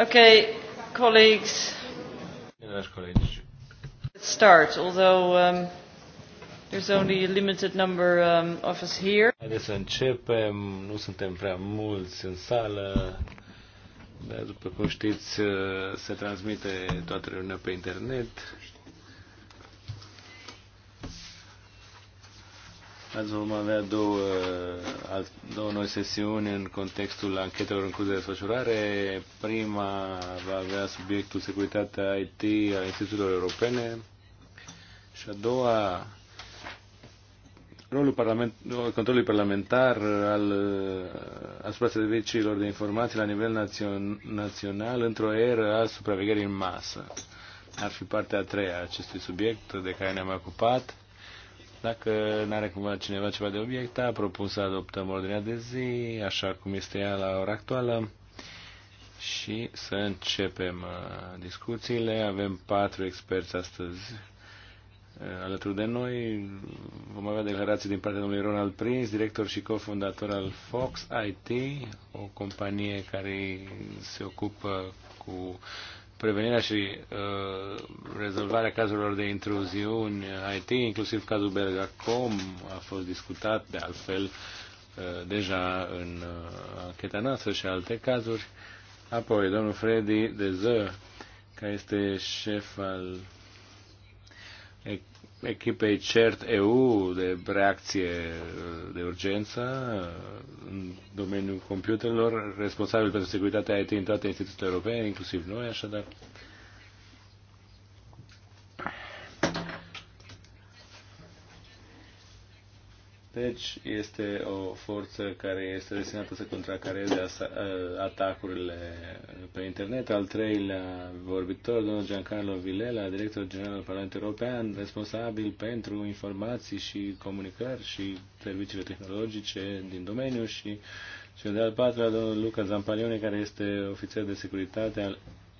Okay, colleagues. colegi. Let's start, although um, there's only a limited number um, of us here. Haideți să începem, nu suntem prea mulți în sală, dar după cum știți uh, se transmite toată reuniunea pe internet Azi vom avea două, două noi sesiuni în contextul anchetelor în curs de desfășurare. Prima va avea subiectul securitatea IT a instituțiilor europene și a doua rolul parlament, controlului parlamentar al, asupra serviciilor de informații la nivel națion, național într-o eră a supravegherii în masă. Ar fi partea a treia a acestui subiect de care ne-am ocupat dacă nu are cumva cineva ceva de obiect, a propun să adoptăm ordinea de zi, așa cum este ea la ora actuală, și să începem uh, discuțiile. Avem patru experți astăzi uh, alături de noi. Vom avea declarații din partea domnului Ronald Prince, director și cofondator al Fox IT, o companie care se ocupă cu prevenirea și uh, rezolvarea cazurilor de intruziuni IT, inclusiv cazul Bergacom, a fost discutat de altfel uh, deja în uh, ancheta noastră și alte cazuri. Apoi, domnul Freddy Deză, care este șef al echipei CERT-EU de reacție de urgență în domeniul computerelor, responsabil pentru securitatea IT în toate instituțiile europene, inclusiv noi, așadar Deci este o forță care este destinată să contracareze atacurile pe internet. Al treilea vorbitor, domnul Giancarlo Vilela, director general al Parlamentului European, responsabil pentru informații și comunicări și serviciile tehnologice din domeniu și cel de-al patrulea, domnul Luca Zampalione, care este ofițer de securitate al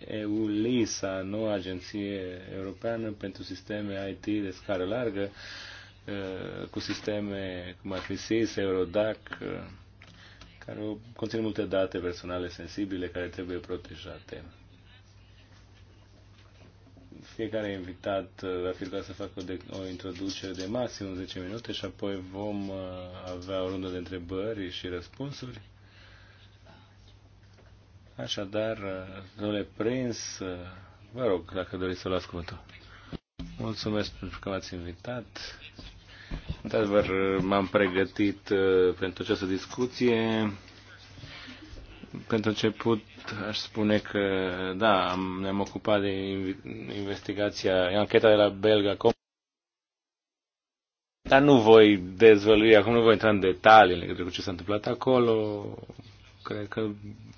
EULISA, noua agenție europeană pentru sisteme IT de scară largă cu sisteme cum ar fi SIS, Eurodac, care conțin multe date personale sensibile care trebuie protejate. Fiecare invitat uh, va fi să facă o, de, o introducere de maxim 10 minute și apoi vom uh, avea o rundă de întrebări și răspunsuri. Așadar, uh, domnule Prins, vă rog, dacă doriți să luați cuvântul. Mulțumesc pentru că m-ați invitat Într-adevăr, m-am pregătit uh, pentru această discuție. Pentru început, aș spune că, da, ne-am ocupat de investigația, ancheta de la Belga.com. Dar nu voi dezvălui, acum nu voi intra în detalii în legătură cu ce s-a întâmplat acolo. Cred că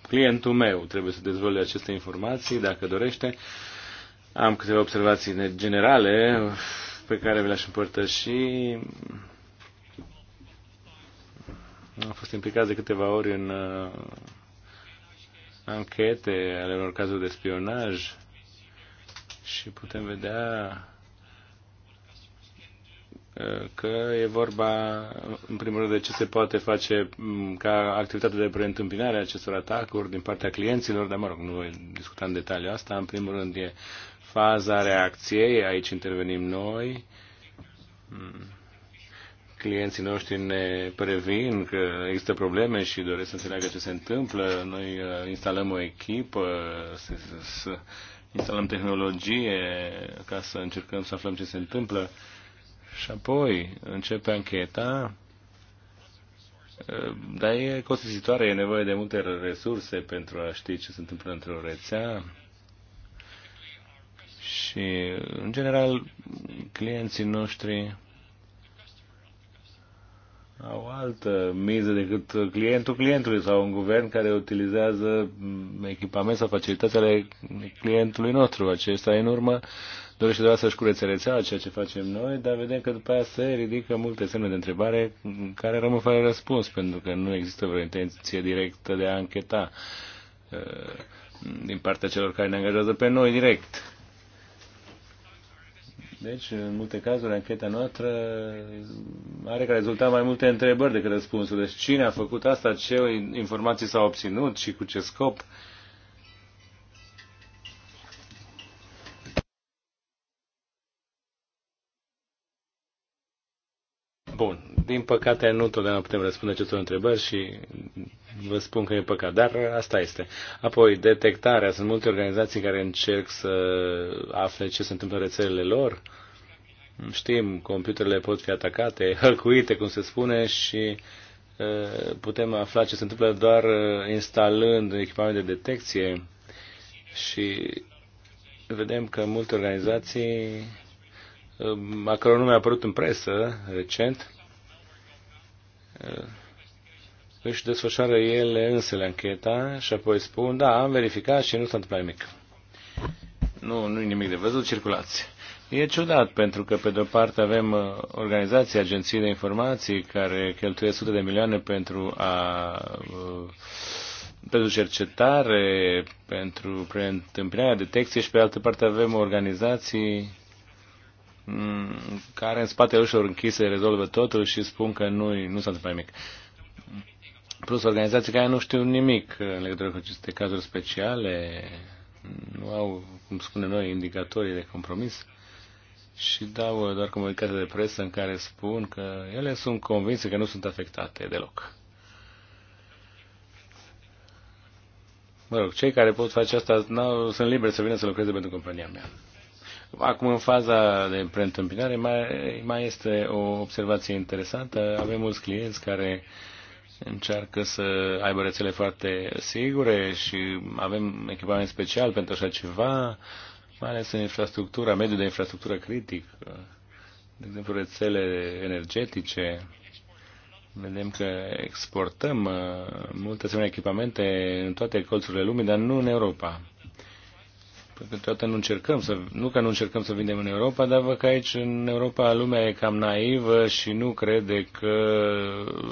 clientul meu trebuie să dezvăluie aceste informații, dacă dorește. Am câteva observații generale pe care vi le-aș împărtăși. Am fost implicat de câteva ori în uh, anchete ale unor cazuri de spionaj și putem vedea uh, că e vorba, în primul rând, de ce se poate face mm, ca activitate de preîntâmpinare a acestor atacuri din partea clienților, dar, mă rog, nu voi discuta în detaliu asta. În primul rând, e faza reacției, aici intervenim noi. Clienții noștri ne previn că există probleme și doresc să înțeleagă ce se întâmplă. Noi uh, instalăm o echipă, să, să instalăm tehnologie ca să încercăm să aflăm ce se întâmplă. Și apoi începe ancheta. Uh, dar e costisitoare, e nevoie de multe resurse pentru a ști ce se întâmplă într-o rețea și, în general, clienții noștri au altă miză decât clientul clientului sau un guvern care utilizează echipament sau facilități ale clientului nostru. Acesta, în urmă, dorește doar să-și curețe rețeaua, ceea ce facem noi, dar vedem că după aceea se ridică multe semne de întrebare care rămân fără răspuns, pentru că nu există vreo intenție directă de a încheta uh, din partea celor care ne angajează pe noi direct. Deci, în multe cazuri, ancheta noastră are ca rezultat mai multe întrebări decât răspunsuri. Deci, cine a făcut asta, ce informații s-au obținut și cu ce scop? păcate, nu întotdeauna putem răspunde acestor întrebări și vă spun că e păcat, dar asta este. Apoi, detectarea. Sunt multe organizații care încerc să afle ce se întâmplă în rețelele lor. Știm, computerele pot fi atacate, hărcuite, cum se spune, și putem afla ce se întâmplă doar instalând echipament de detecție și vedem că multe organizații a căror nume a apărut în presă recent, își păi desfășoară ele însele ancheta și apoi spun, da, am verificat și nu s-a întâmplat nimic. Nu, nu e nimic de văzut, circulați. E ciudat, pentru că, pe de-o parte, avem uh, organizații, agenții de informații care cheltuie sute de milioane pentru a uh, pentru cercetare, pentru preîntâmpinarea detecției, și pe altă parte avem organizații Mm, care în spatele ușor închise rezolvă totul și spun că nu, nu s-a întâmplat nimic. Plus organizații care nu știu nimic în legătură cu aceste cazuri speciale, nu au, cum spunem noi, indicatorii de compromis și dau doar comunicate de presă în care spun că ele sunt convinse că nu sunt afectate deloc. Mă rog, cei care pot face asta sunt liberi să vină să lucreze pentru compania mea. Acum, în faza de preîntâmpinare, mai, mai este o observație interesantă. Avem mulți clienți care încearcă să aibă rețele foarte sigure și avem echipament special pentru așa ceva, mai ales în infrastructura, mediul de infrastructură critic, de exemplu rețele energetice. Vedem că exportăm uh, multe asemenea echipamente în toate colțurile lumii, dar nu în Europa că câteodată nu încercăm să, nu că nu încercăm să vindem în Europa, dar văd că aici în Europa lumea e cam naivă și nu crede că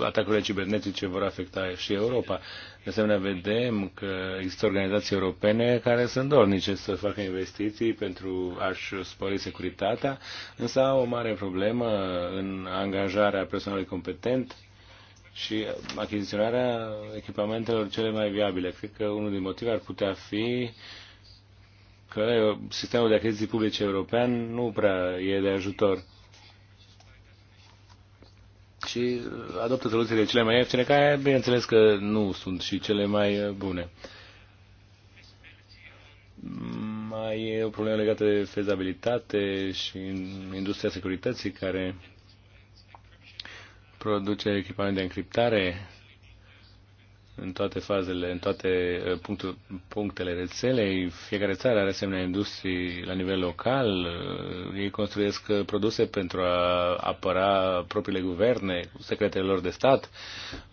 atacurile cibernetice vor afecta și Europa. De asemenea, vedem că există organizații europene care sunt dornice să facă investiții pentru a-și spori securitatea, însă au o mare problemă în angajarea personalului competent și achiziționarea echipamentelor cele mai viabile. Cred că unul din motive ar putea fi că sistemul de achiziții publice european nu prea e de ajutor și adoptă soluțiile cele mai ieftine, care bineînțeles că nu sunt și cele mai bune. Mai e o problemă legată de fezabilitate și industria securității care produce echipament de încriptare în toate fazele, în toate uh, punctul, punctele rețelei. Fiecare țară are asemenea industrii la nivel local. Uh, ei construiesc uh, produse pentru a apăra propriile guverne, secretele lor de stat.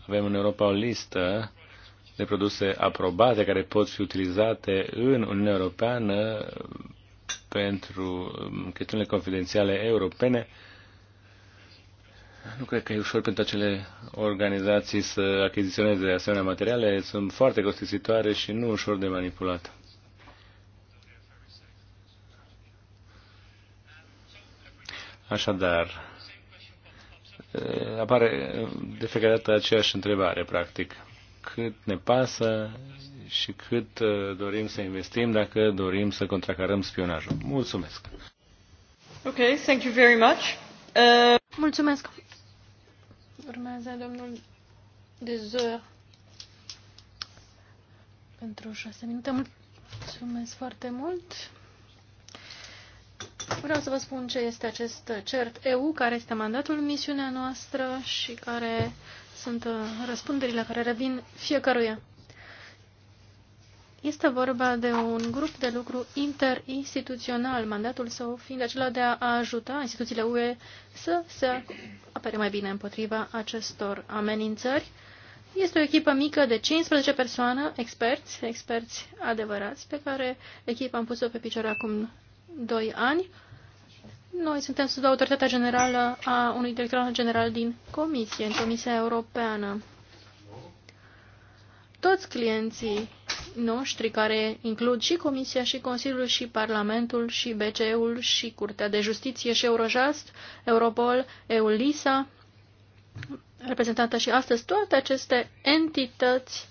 Avem în Europa o listă de produse aprobate care pot fi utilizate în Uniunea Europeană pentru um, chestiunile confidențiale europene nu cred că e ușor pentru acele organizații să achiziționeze asemenea materiale. Sunt foarte costisitoare și nu ușor de manipulat. Așadar, eh, apare de fiecare dată aceeași întrebare, practic. Cât ne pasă și cât eh, dorim să investim dacă dorim să contracarăm spionajul? Mulțumesc! Okay, thank you very much. Uh, Mulțumesc. Urmează domnul zor pentru șase minute. Mulțumesc foarte mult. Vreau să vă spun ce este acest CERT EU, care este mandatul, misiunea noastră și care sunt uh, răspunderile care revin fiecăruia. Este vorba de un grup de lucru interinstituțional, mandatul său fiind acela de a ajuta instituțiile UE să se apere mai bine împotriva acestor amenințări. Este o echipă mică de 15 persoane, experți, experți adevărați, pe care echipa am pus-o pe picioare acum 2 ani. Noi suntem sub autoritatea generală a unui director general din Comisie, în Comisia Europeană. Toți clienții noștri, care includ și Comisia, și Consiliul, și Parlamentul, și BCE-ul, și Curtea de Justiție, și Eurojust, Europol, EULISA, reprezentată și astăzi, toate aceste entități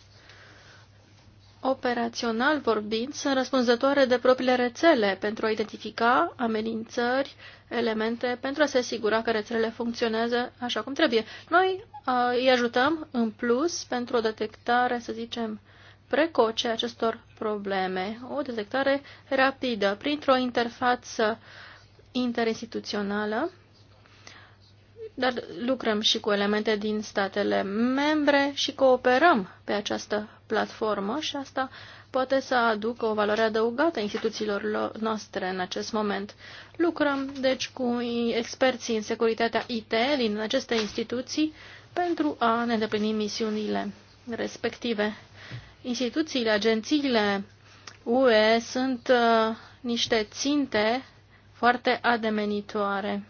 operațional vorbind, sunt răspunzătoare de propriile rețele pentru a identifica amenințări, elemente, pentru a se asigura că rețelele funcționează așa cum trebuie. Noi uh, îi ajutăm în plus pentru o detectare, să zicem, precoce acestor probleme, o detectare rapidă printr-o interfață interinstituțională, dar lucrăm și cu elemente din statele membre și cooperăm pe această platformă și asta poate să aducă o valoare adăugată instituțiilor noastre în acest moment. Lucrăm, deci, cu experții în securitatea IT din aceste instituții pentru a ne îndeplini misiunile respective instituțiile, agențiile UE sunt uh, niște ținte foarte ademenitoare.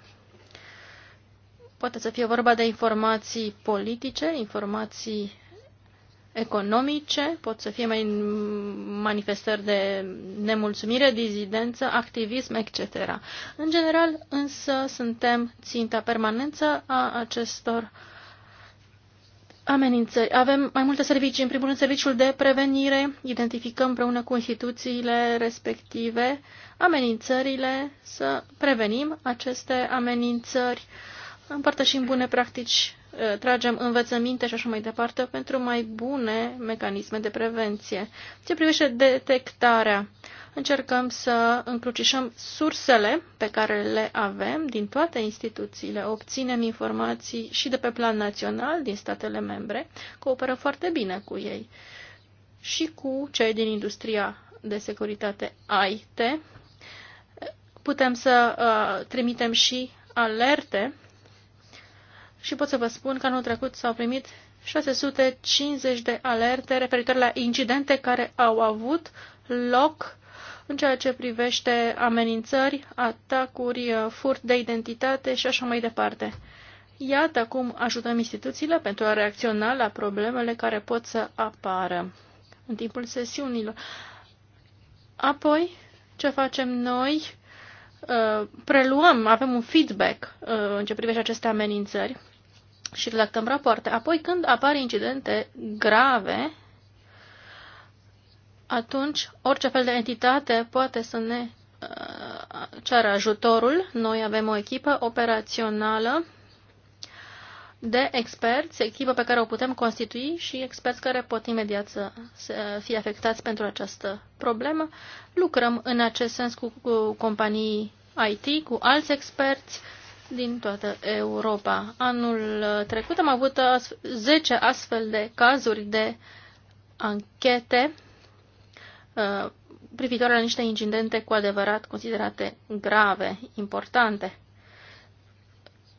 Poate să fie vorba de informații politice, informații economice, pot să fie mai manifestări de nemulțumire, dizidență, activism, etc. În general, însă, suntem ținta permanență a acestor uh, amenințări. Avem mai multe servicii. În primul rând, serviciul de prevenire. Identificăm împreună cu instituțiile respective amenințările, să prevenim aceste amenințări. Împărtășim bune practici Uh, tragem învățăminte și așa mai departe pentru mai bune mecanisme de prevenție. Ce privește detectarea, încercăm să încrucișăm sursele pe care le avem din toate instituțiile, obținem informații și de pe plan național din statele membre, cooperă foarte bine cu ei și cu cei din industria de securitate IT. Putem să uh, trimitem și alerte și pot să vă spun că anul trecut s-au primit 650 de alerte referitoare la incidente care au avut loc în ceea ce privește amenințări, atacuri, furt de identitate și așa mai departe. Iată cum ajutăm instituțiile pentru a reacționa la problemele care pot să apară în timpul sesiunilor. Apoi, ce facem noi? Uh, preluăm, avem un feedback uh, în ce privește aceste amenințări și redactăm rapoarte. Apoi, când apar incidente grave, atunci orice fel de entitate poate să ne uh, ceară ajutorul. Noi avem o echipă operațională de experți, echipă pe care o putem constitui și experți care pot imediat să, fie afectați pentru această problemă. Lucrăm în acest sens cu, cu companii IT, cu alți experți, din toată Europa. Anul trecut am avut 10 astfel de cazuri de anchete uh, privitoare la niște incidente cu adevărat considerate grave, importante.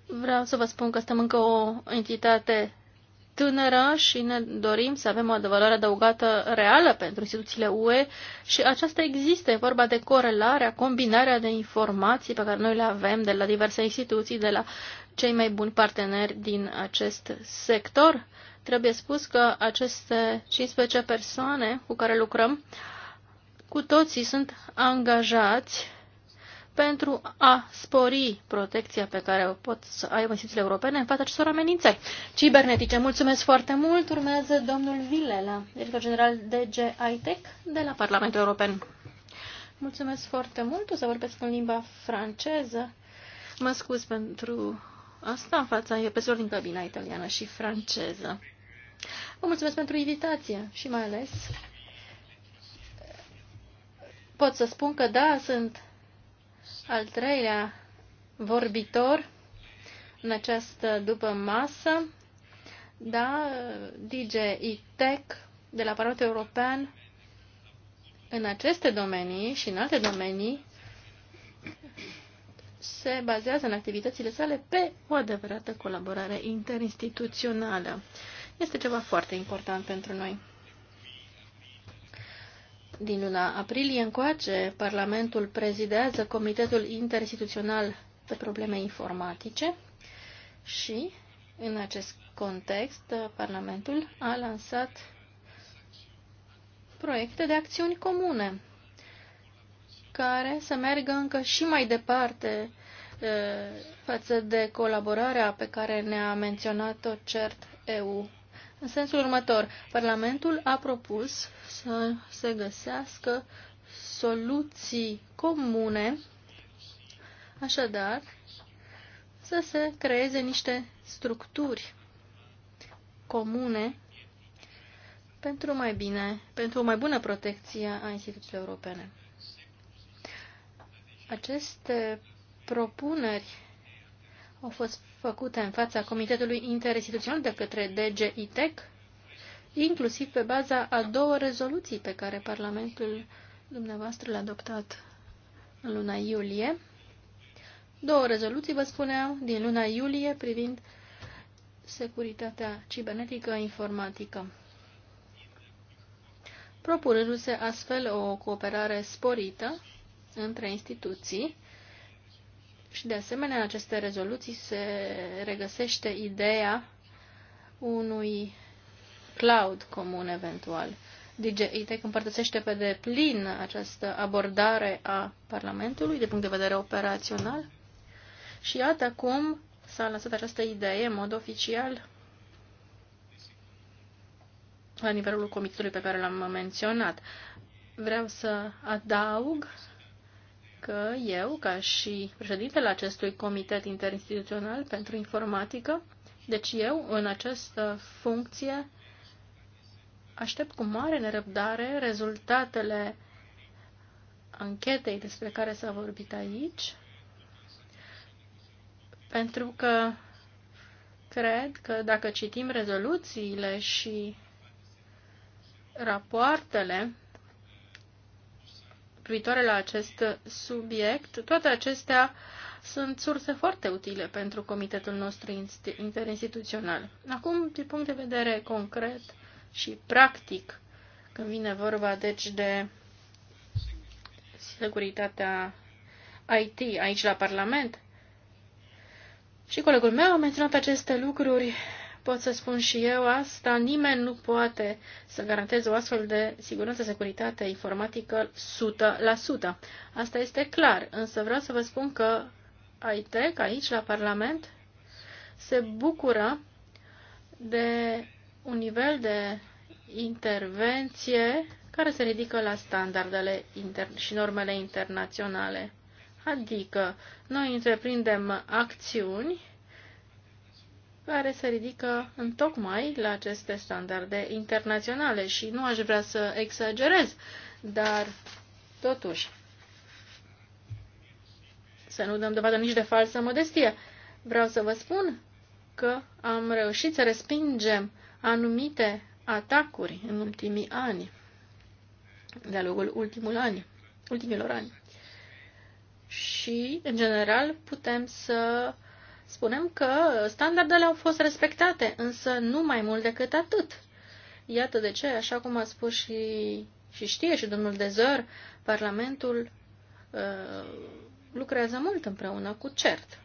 Vreau să vă spun că suntem încă o entitate tânără și ne dorim să avem o adevărare adăugată reală pentru instituțiile UE și aceasta există, e vorba de corelarea, combinarea de informații pe care noi le avem de la diverse instituții, de la cei mai buni parteneri din acest sector. Trebuie spus că aceste 15 persoane cu care lucrăm, cu toții sunt angajați pentru a spori protecția pe care o pot să aibă instituțiile europene în fața acestor amenințări cibernetice. Mulțumesc foarte mult! Urmează domnul Vilela, director general DG ITEC de la Parlamentul European. Mulțumesc foarte mult! O să vorbesc în limba franceză. Mă scuz pentru asta în fața episodelor din cabina italiană și franceză. Vă mulțumesc pentru invitație și mai ales pot să spun că da, sunt al treilea vorbitor în această după masă, da, DJ ITEC de la Parlamentul European în aceste domenii și în alte domenii se bazează în activitățile sale pe o adevărată colaborare interinstituțională. Este ceva foarte important pentru noi. Din luna aprilie încoace, Parlamentul prezidează Comitetul Interinstituțional pe Probleme Informatice și, în acest context, Parlamentul a lansat proiecte de acțiuni comune care să meargă încă și mai departe față de colaborarea pe care ne-a menționat-o CERT EU în sensul următor. Parlamentul a propus să se găsească soluții comune, așadar, să se creeze niște structuri comune pentru mai bine, pentru o mai bună protecție a instituțiilor europene. Aceste propuneri au fost făcute în fața Comitetului Interinstituțional de către DGITEC, inclusiv pe baza a două rezoluții pe care Parlamentul dumneavoastră le-a adoptat în luna iulie. Două rezoluții, vă spuneam, din luna iulie privind securitatea cibernetică informatică. Propunându-se astfel o cooperare sporită între instituții și de asemenea, în aceste rezoluții se regăsește ideea unui cloud comun eventual. DJITEC împărtășește pe deplin această abordare a Parlamentului de punct de vedere operațional și iată acum s-a lansat această idee în mod oficial la nivelul comitetului pe care l-am menționat. Vreau să adaug că eu, ca și președintele acestui comitet interinstituțional pentru informatică, deci eu, în această funcție, aștept cu mare nerăbdare rezultatele anchetei despre care s-a vorbit aici, pentru că cred că dacă citim rezoluțiile și rapoartele privitoare la acest subiect. Toate acestea sunt surse foarte utile pentru comitetul nostru interinstituțional. Acum, din punct de vedere concret și practic, când vine vorba deci de securitatea IT aici la Parlament, și colegul meu a menționat aceste lucruri pot să spun și eu asta, nimeni nu poate să garanteze o astfel de siguranță, securitate informatică 100%. Asta este clar, însă vreau să vă spun că ITEC aici la Parlament se bucură de un nivel de intervenție care se ridică la standardele și normele internaționale. Adică noi întreprindem acțiuni care se ridică întocmai la aceste standarde internaționale și nu aș vrea să exagerez, dar totuși să nu dăm dovadă nici de falsă modestie. Vreau să vă spun că am reușit să respingem anumite atacuri în ultimii ani, de-a lungul ultimul ani, ultimilor ani. Și, în general, putem să spunem că standardele au fost respectate, însă nu mai mult decât atât. Iată de ce, așa cum a spus și, și știe și domnul Dezor, Parlamentul uh, lucrează mult împreună cu CERT.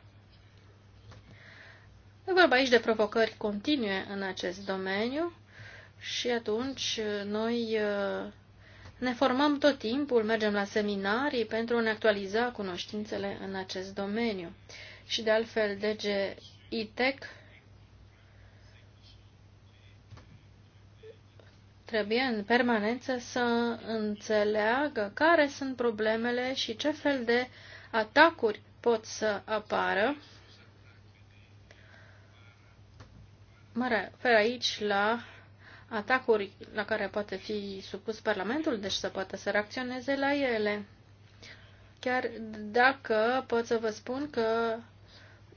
E vorba aici de provocări continue în acest domeniu și atunci noi uh, ne formăm tot timpul, mergem la seminarii pentru a ne actualiza cunoștințele în acest domeniu și de altfel DG ITEC trebuie în permanență să înțeleagă care sunt problemele și ce fel de atacuri pot să apară. Mă refer aici la atacuri la care poate fi supus Parlamentul, deci să poată să reacționeze la ele. Chiar dacă pot să vă spun că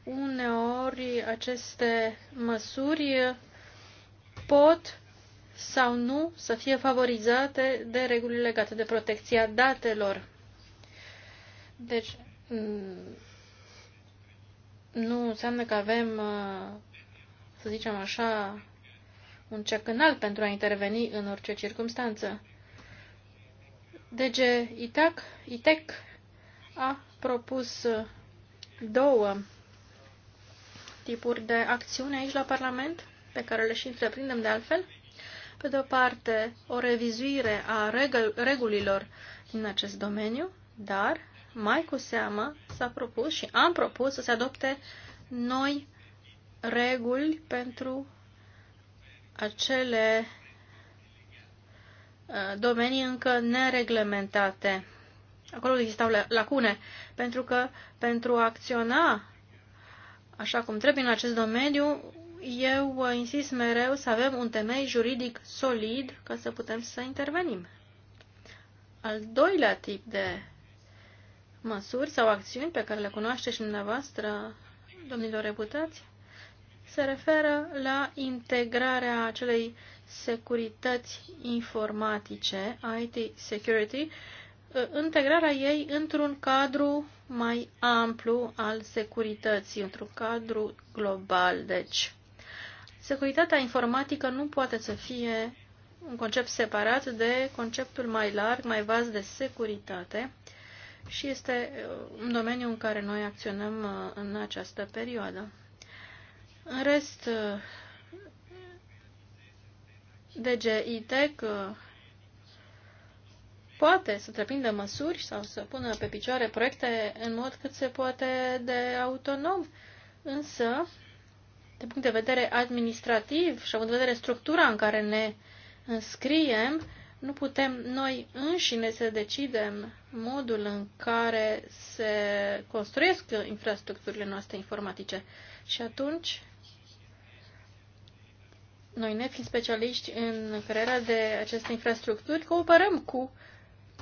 uneori aceste măsuri pot sau nu să fie favorizate de reguli legate de protecția datelor. Deci, mm, nu înseamnă că avem, uh, să zicem așa, un cec înalt pentru a interveni în orice circunstanță. DG ITAC, ITEC a propus două tipuri de acțiune aici la Parlament, pe care le și întreprindem de altfel. Pe de o parte, o revizuire a regul regulilor din acest domeniu, dar mai cu seamă s-a propus și am propus să se adopte noi reguli pentru acele ă, domenii încă nereglementate. Acolo existau lacune, pentru că pentru a acționa așa cum trebuie în acest domeniu, eu uh, insist mereu să avem un temei juridic solid ca să putem să intervenim. Al doilea tip de măsuri sau acțiuni pe care le cunoașteți și dumneavoastră, domnilor reputați, se referă la integrarea acelei securități informatice, IT security, Uh, integrarea ei într-un cadru mai amplu al securității, într-un cadru global. Deci, securitatea informatică nu poate să fie un concept separat de conceptul mai larg, mai vast de securitate și este uh, un domeniu în care noi acționăm uh, în această perioadă. În rest, DGITEC poate să întreprindă măsuri sau să pună pe picioare proiecte în mod cât se poate de autonom, însă, de punct de vedere administrativ și având în vedere structura în care ne înscriem, nu putem noi înșine să decidem modul în care se construiesc infrastructurile noastre informatice. Și atunci, noi ne fiind specialiști în crearea de aceste infrastructuri, cooperăm cu uh,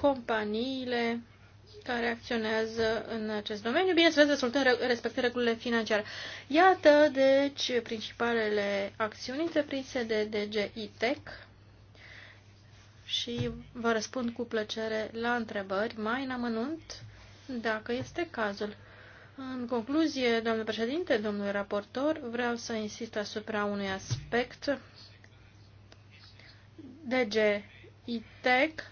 companiile care acționează în acest domeniu, bineînțeles, rezultând respectă regulile financiare. Iată, deci, principalele acțiuni întreprinse de DG Tech și vă răspund cu plăcere la întrebări mai în amănunt, dacă este cazul. În concluzie, domnule președinte, domnule raportor, vreau să insist asupra unui aspect. DG Tech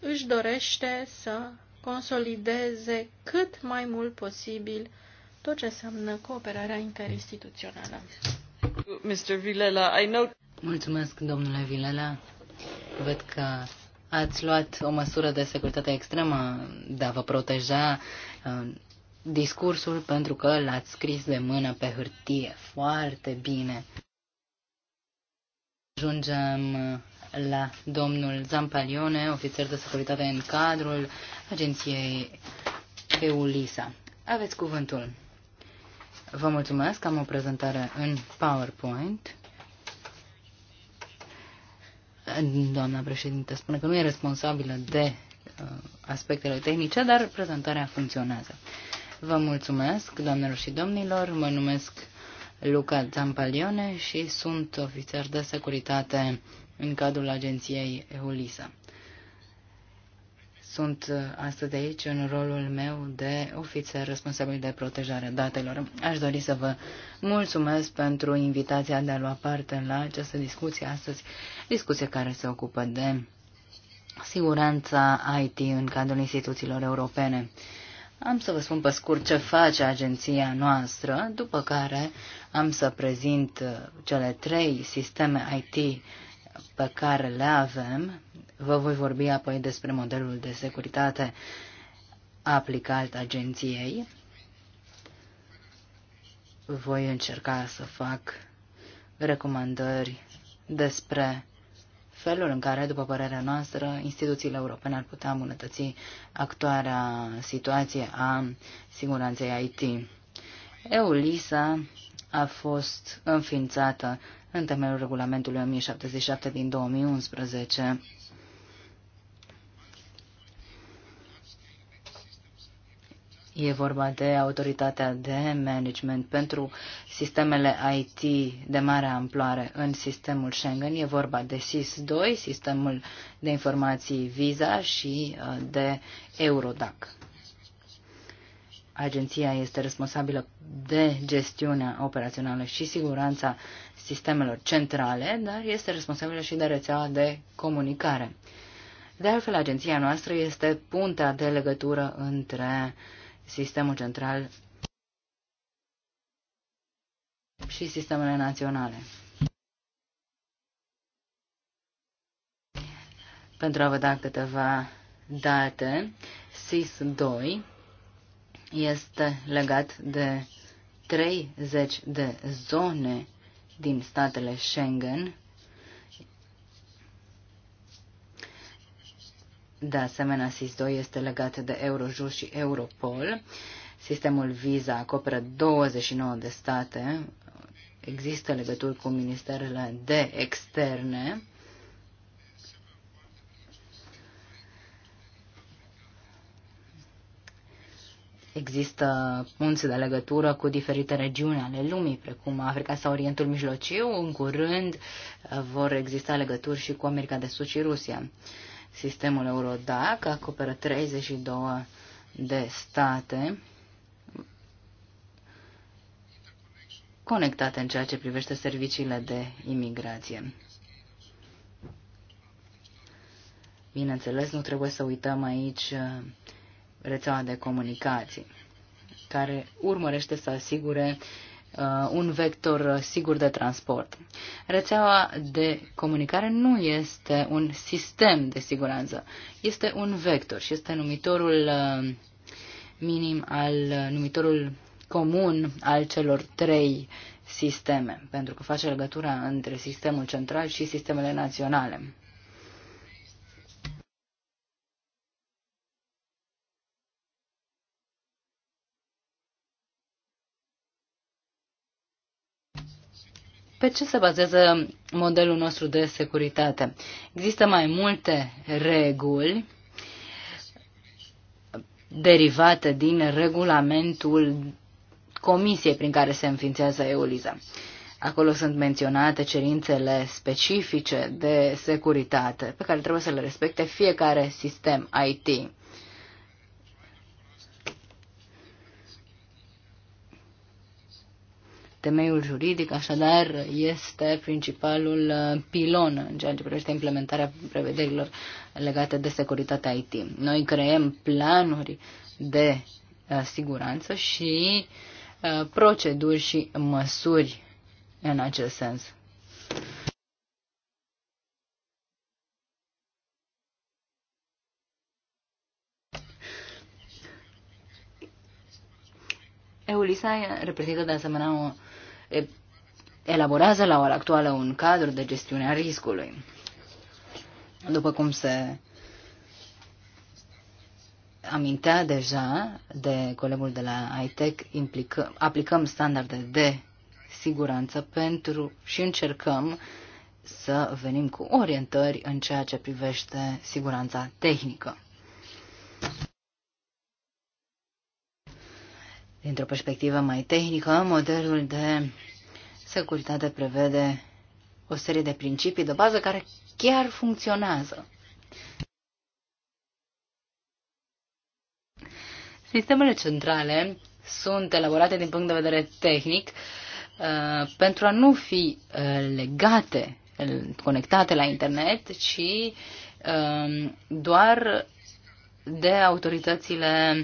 își dorește să consolideze cât mai mult posibil tot ce înseamnă cooperarea interinstituțională. Mr. Vilela, I know... Mulțumesc, domnule Vilela. Văd că ați luat o măsură de securitate extremă de a vă proteja uh, discursul pentru că l-ați scris de mână pe hârtie foarte bine. Ajungem la domnul Zampalione, ofițer de securitate în cadrul agenției EULISA. Aveți cuvântul. Vă mulțumesc, am o prezentare în PowerPoint. Doamna președinte spune că nu e responsabilă de uh, aspectele tehnice, dar prezentarea funcționează. Vă mulțumesc, doamnelor și domnilor, mă numesc Luca Zampalione și sunt ofițer de securitate în cadrul agenției EULISA. Sunt uh, astăzi aici în rolul meu de ofițer responsabil de protejarea datelor. Aș dori să vă mulțumesc pentru invitația de a lua parte la această discuție astăzi, discuție care se ocupă de siguranța IT în cadrul instituțiilor europene. Am să vă spun pe scurt ce face agenția noastră, după care am să prezint uh, cele trei sisteme IT pe care le avem. Vă voi vorbi apoi despre modelul de securitate aplicat agenției. Voi încerca să fac recomandări despre felul în care, după părerea noastră, instituțiile europene ar putea îmbunătăți actuarea situație a siguranței IT. EULISA a fost înființată în temelul regulamentului 1077 din 2011. E vorba de autoritatea de management pentru sistemele IT de mare amploare în sistemul Schengen. E vorba de SIS-2, sistemul de informații Visa și uh, de Eurodac. Agenția este responsabilă de gestiunea operațională și siguranța sistemelor centrale, dar este responsabilă și de rețeaua de comunicare. De altfel, agenția noastră este puntea de legătură între sistemul central și sistemele naționale. Pentru a vă da câteva date, SIS-2 este legat de 30 de zone din statele Schengen. De asemenea, SIS-2 este legat de Eurojust și Europol. Sistemul Visa acoperă 29 de state. Există legături cu ministerele de externe. Există punți de legătură cu diferite regiuni ale lumii, precum Africa sau Orientul Mijlociu. În curând uh, vor exista legături și cu America de Sud și Rusia. Sistemul Eurodac acoperă 32 de state conectate în ceea ce privește serviciile de imigrație. Bineînțeles, nu trebuie să uităm aici uh, rețeaua de comunicații, care urmărește să asigure uh, un vector sigur de transport. Rețeaua de comunicare nu este un sistem de siguranță, este un vector și este numitorul uh, minim al uh, numitorul comun al celor trei sisteme, pentru că face legătura între sistemul central și sistemele naționale. Pe ce se bazează modelul nostru de securitate? Există mai multe reguli derivate din regulamentul comisiei prin care se înființează EULISA. Acolo sunt menționate cerințele specifice de securitate pe care trebuie să le respecte fiecare sistem IT. Temeiul juridic, așadar, este principalul uh, pilon în ceea ce privește implementarea prevederilor legate de securitatea IT. Noi creăm planuri de uh, siguranță și uh, proceduri și măsuri în acest sens. Eulisa reprezintă de asemenea o elaborează la ora actuală un cadru de gestiune a riscului. După cum se amintea deja de colegul de la ITEC, aplicăm standarde de siguranță pentru și încercăm să venim cu orientări în ceea ce privește siguranța tehnică. Dintr-o perspectivă mai tehnică, modelul de securitate prevede o serie de principii de bază care chiar funcționează. Sistemele centrale sunt elaborate din punct de vedere tehnic uh, pentru a nu fi uh, legate, uh, conectate la internet, ci doar de autoritățile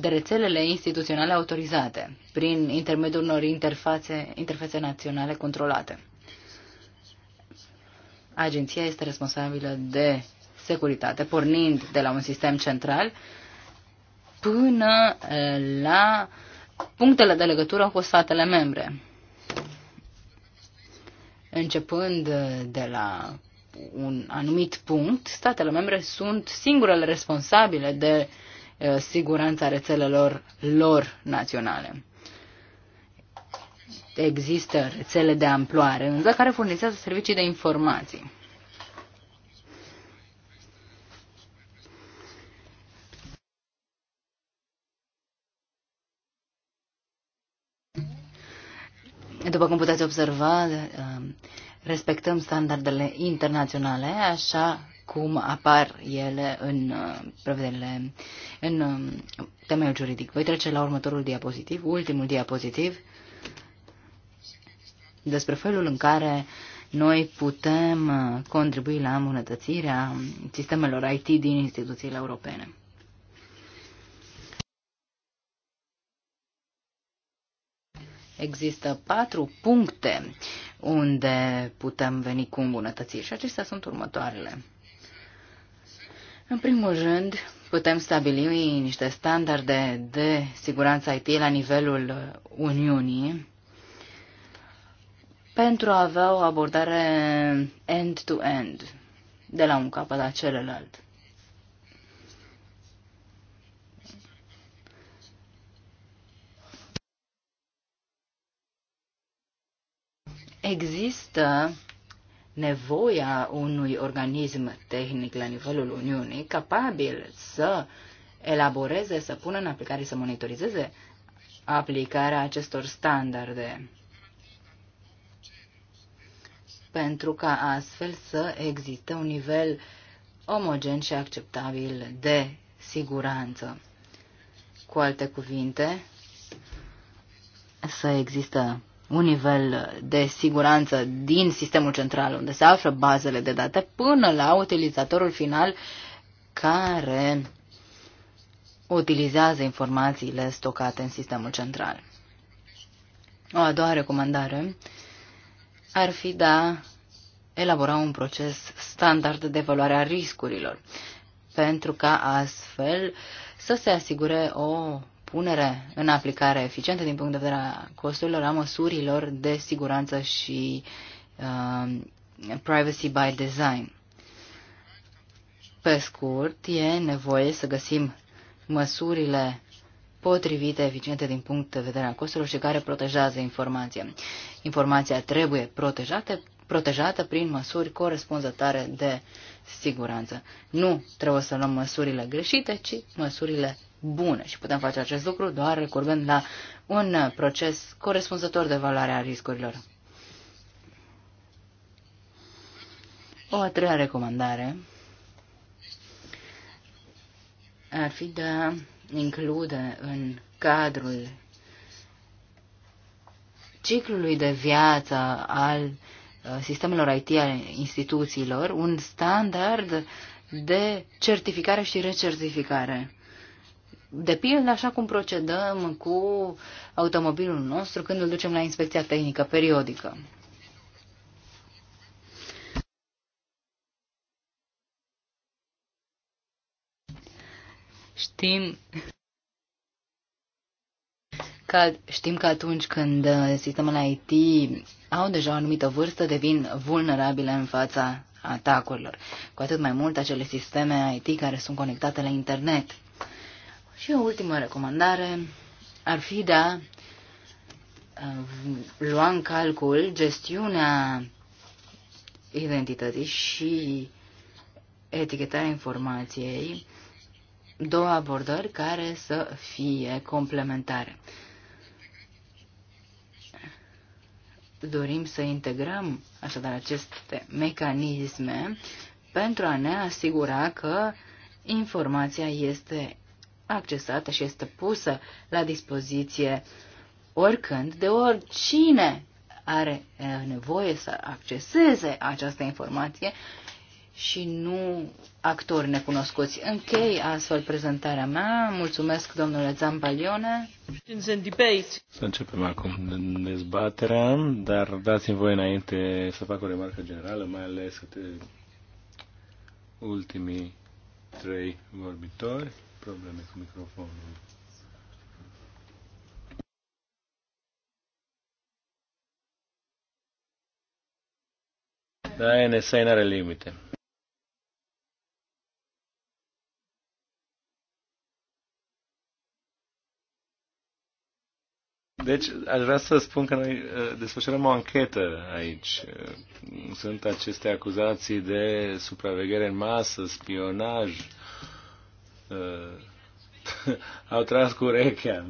de rețelele instituționale autorizate prin intermediul unor interfațe, interfețe naționale controlate. Agenția este responsabilă de securitate, pornind de la un sistem central până eh, la punctele de legătură cu statele membre. Începând eh, de la un anumit punct, statele membre sunt singurele responsabile de uh, Uh, siguranța rețelelor lor naționale. Există rețele de amploare, însă care furnizează servicii de informații. După cum puteți observa, uh, respectăm standardele internaționale, așa cum apar ele în uh, prevederile, în um, temeiul juridic. Voi trece la următorul diapozitiv, ultimul diapozitiv, despre felul în care noi putem uh, contribui la îmbunătățirea sistemelor IT din instituțiile europene. Există patru puncte unde putem veni cu îmbunătățiri și acestea sunt următoarele. În primul rând, putem stabili niște standarde de siguranță IT la nivelul Uniunii pentru a avea o abordare end-to-end, -end, de la un capăt la celălalt. Există nevoia unui organism tehnic la nivelul Uniunii capabil să elaboreze, să pună în aplicare, să monitorizeze aplicarea acestor standarde pentru ca astfel să existe un nivel omogen și acceptabil de siguranță. Cu alte cuvinte, să există un nivel de siguranță din sistemul central unde se află bazele de date până la utilizatorul final care utilizează informațiile stocate în sistemul central. O a doua recomandare ar fi de a elabora un proces standard de evaluare a riscurilor, pentru ca astfel să se asigure o punere în aplicare eficientă din punct de vedere a costurilor, a măsurilor de siguranță și uh, privacy by design. Pe scurt, e nevoie să găsim măsurile potrivite, eficiente din punct de vedere al costurilor și care protejează informația. Informația trebuie protejată, protejată prin măsuri corespunzătoare de siguranță. Nu trebuie să luăm măsurile greșite, ci măsurile bune și putem face acest lucru doar recurgând la un proces corespunzător de valoare a riscurilor. O a treia recomandare ar fi de a include în cadrul ciclului de viață al uh, sistemelor IT ale instituțiilor un standard de certificare și recertificare de pildă, așa cum procedăm cu automobilul nostru când îl ducem la inspecția tehnică periodică. Știm că, știm că atunci când uh, sistemele IT au deja o anumită vârstă, devin vulnerabile în fața atacurilor. Cu atât mai mult acele sisteme IT care sunt conectate la internet. Și o ultimă recomandare ar fi de a lua în calcul gestiunea identității și etichetarea informației, două abordări care să fie complementare. Dorim să integrăm așadar aceste mecanisme pentru a ne asigura că informația este accesată și este pusă la dispoziție oricând de oricine are nevoie să acceseze această informație și nu actori necunoscuți. Închei astfel prezentarea mea. Mulțumesc, domnule Zambalione. Să începem acum dezbaterea, dar dați-mi voi înainte să fac o remarcă generală, mai ales ultimii trei vorbitori probleme cu microfonul. Da, NSA nu are limite. Deci, aș vrea să spun că noi uh, desfășurăm o anchetă aici. Uh, sunt aceste acuzații de supraveghere în masă, spionaj, uh, au tras cu urechea.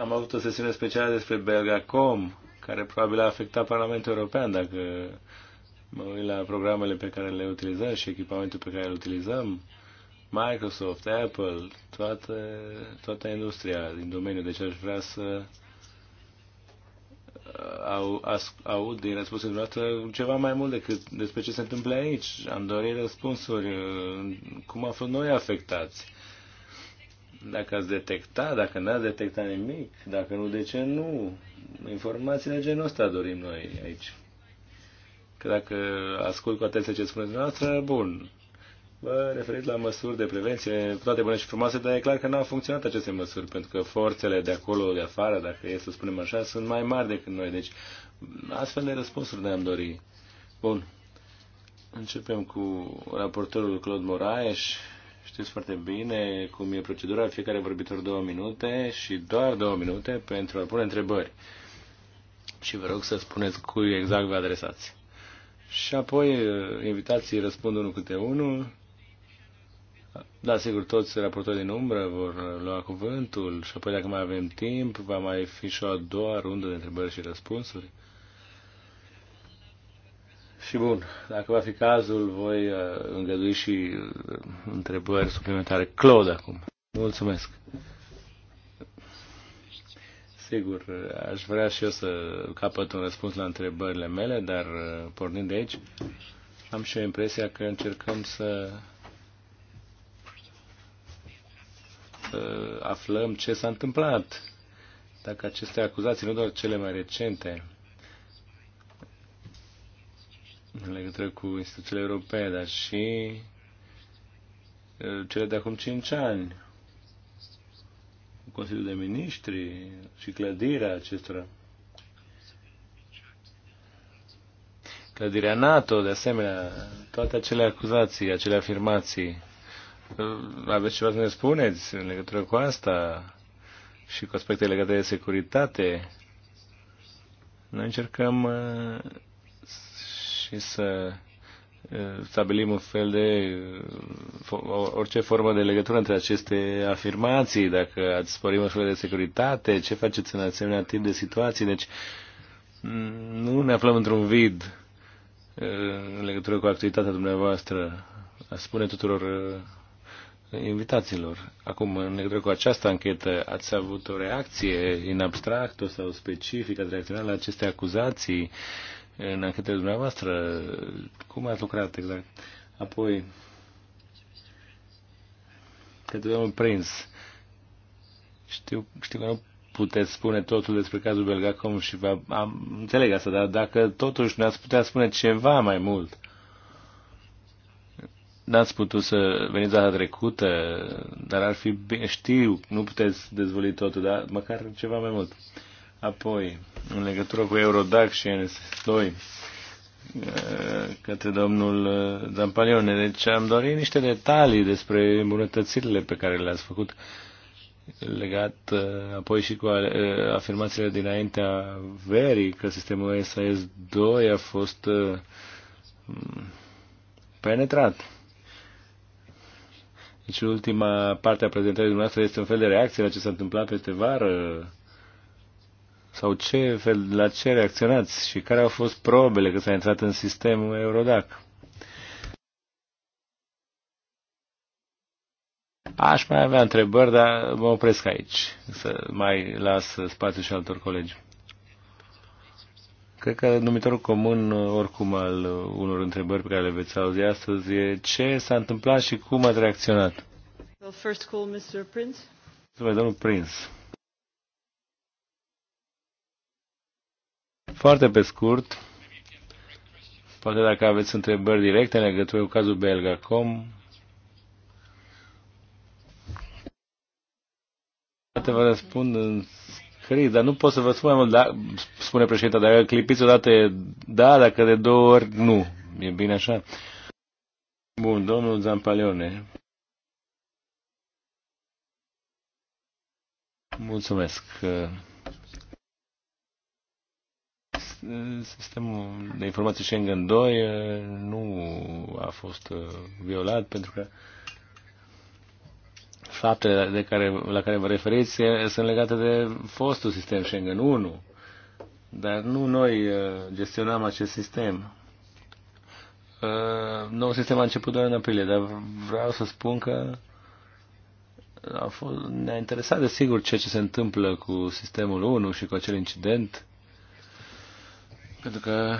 Am avut o sesiune specială despre Belgacom, care probabil a afectat Parlamentul European, dacă mă uit la programele pe care le utilizăm și echipamentul pe care îl utilizăm. Microsoft, Apple, toată, toată industria din domeniu. Deci aș vrea să uh, Uh, au, as, aud din răspunsul dumneavoastră ceva mai mult decât despre ce se întâmplă aici. Am dorit răspunsuri, uh, cum am fost noi afectați. Dacă ați detecta, dacă n-ați detectat nimic, dacă nu, de ce nu? Informații de genul ăsta dorim noi aici. Că dacă ascult cu atenție ce spuneți dumneavoastră, bun, Bă, referit la măsuri de prevenție, toate bune și frumoase, dar e clar că nu au funcționat aceste măsuri, pentru că forțele de acolo, de afară, dacă e să spunem așa, sunt mai mari decât noi. Deci, astfel de răspunsuri ne-am dorit. Bun. Începem cu raportorul Claude Moraes. Știți foarte bine cum e procedura. Fiecare vorbitor două minute și doar două minute pentru a pune întrebări. Și vă rog să spuneți cui exact vă adresați. Și apoi eh, invitații răspund unul câte unul da, sigur, toți raportorii din umbră vor lua cuvântul și apoi dacă mai avem timp, va mai fi și o a doua rundă de întrebări și răspunsuri. Și bun, dacă va fi cazul, voi uh, îngădui și uh, întrebări suplimentare. Claude acum. Mulțumesc. Sigur, aș vrea și eu să capăt un răspuns la întrebările mele, dar uh, pornind de aici, am și eu impresia că încercăm să să uh, aflăm ce s-a întâmplat, dacă aceste acuzații, nu doar cele mai recente, în legătură cu instituțiile europene, dar și uh, cele de acum 5 ani, Consiliul de Ministri și clădirea acestora. Clădirea NATO, de asemenea, toate acele acuzații, acele afirmații Uh, aveți ceva să ne spuneți în legătură cu asta și cu aspectele legate de securitate. Noi încercăm uh, și să uh, stabilim un fel de orice formă de legătură între aceste afirmații, dacă ați un fel de securitate, ce faceți în asemenea tip de situații. Deci mm, nu ne aflăm într-un vid în legătură cu activitatea dumneavoastră. A spune tuturor invitațiilor. Acum, în legătură cu această anchetă, ați avut o reacție în abstract sau specifică, ați reacționat la aceste acuzații în anchetele dumneavoastră? Cum ați lucrat exact? Apoi, către domnul prins. știu, știu că nu puteți spune totul despre cazul Belgacom și vă, am, înțeleg asta, dar dacă totuși ne-ați putea spune ceva mai mult, n-ați putut să veniți data trecută, dar ar fi bine, știu, nu puteți dezvolui totul, dar măcar ceva mai mult. Apoi, în legătură cu Eurodac și NS2, uh, către domnul uh, Zampalione. Deci am dorit niște detalii despre îmbunătățirile pe care le-ați făcut legat uh, apoi și cu afirmațiile dinaintea verii că sistemul SAS2 a fost penetrat. Deci ultima parte a prezentării dumneavoastră este un fel de reacție la ce s-a întâmplat peste vară? Sau ce fel, la ce reacționați și care au fost probele că s-a intrat în sistemul Eurodac? Aș mai avea întrebări, dar mă opresc aici, să mai las spațiu și altor colegi. Cred că numitorul comun, oricum, al unor întrebări pe care le veți auzi astăzi e ce s-a întâmplat și cum ați reacționat. Well, first call Mr. Prince. domnul Prince. Foarte pe scurt, poate dacă aveți întrebări directe în legătură cu cazul Belgacom, poate vă răspund în dar Nu pot să vă spun mai mult, da, spune președinta, dacă clipiți odată da, dacă de două ori nu. E bine așa? Bun, domnul Zampaleone. Mulțumesc. Sistemul de informații Schengen 2 eh, nu a fost eh, violat pentru că faptele de care, la care vă referiți sunt legate de fostul sistem Schengen 1. Dar nu noi uh, gestionam acest sistem. Uh, Noul sistem a început doar în aprilie, dar vreau să spun că a fost, ne-a interesat desigur ceea ce se întâmplă cu sistemul 1 și cu acel incident. Pentru că,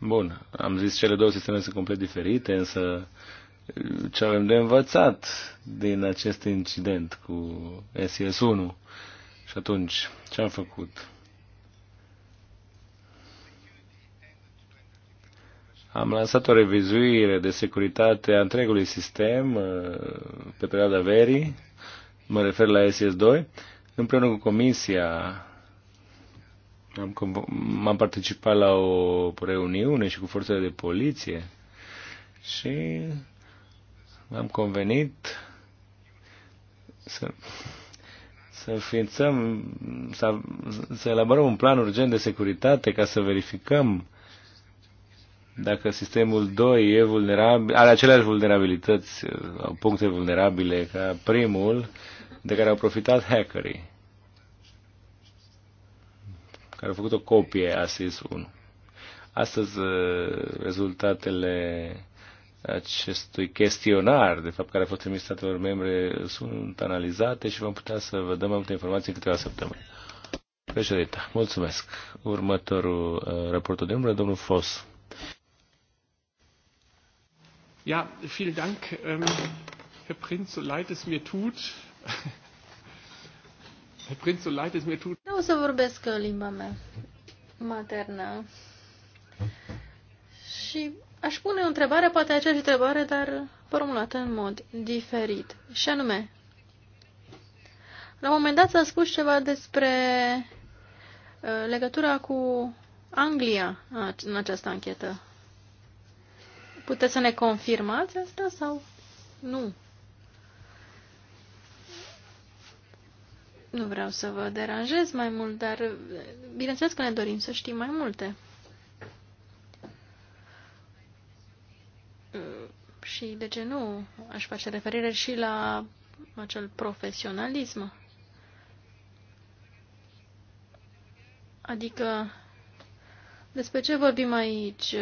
bun, am zis cele două sisteme sunt complet diferite, însă ce avem de învățat din acest incident cu ss 1 Și atunci, ce am făcut? Am lansat o revizuire de securitate a întregului sistem uh, pe perioada verii, mă refer la ss 2 împreună cu Comisia am, am participat la o reuniune și cu forțele de poliție și am convenit să, să înființăm, să, să elaborăm un plan urgent de securitate ca să verificăm dacă sistemul 2 e vulnerabil, are aceleași vulnerabilități, au puncte vulnerabile ca primul de care au profitat hackerii, care au făcut o copie a SIS-1. Astăzi eh, rezultatele acestui chestionar, de fapt, care a fost trimis statelor membre, sunt analizate și vom putea să vă dăm mai multe informații în câteva săptămâni. Președinte, mulțumesc. Următorul uh, raportul de umbră, domnul Fos. Ja, vielen Dank, ähm, Herr Prinz, so leid es mir tut. Herr Prinz, so leid es mir tut. Nu o să vorbesc limba mea maternă. Și aș pune o întrebare, poate aceeași întrebare, dar formulată în mod diferit. Și anume, la un moment dat s-a spus ceva despre uh, legătura cu Anglia în această anchetă. Puteți să ne confirmați asta sau nu? Nu vreau să vă deranjez mai mult, dar uh, bineînțeles că ne dorim să știm mai multe. Și de ce nu aș face referire și la acel profesionalism? Adică, despre ce vorbim aici?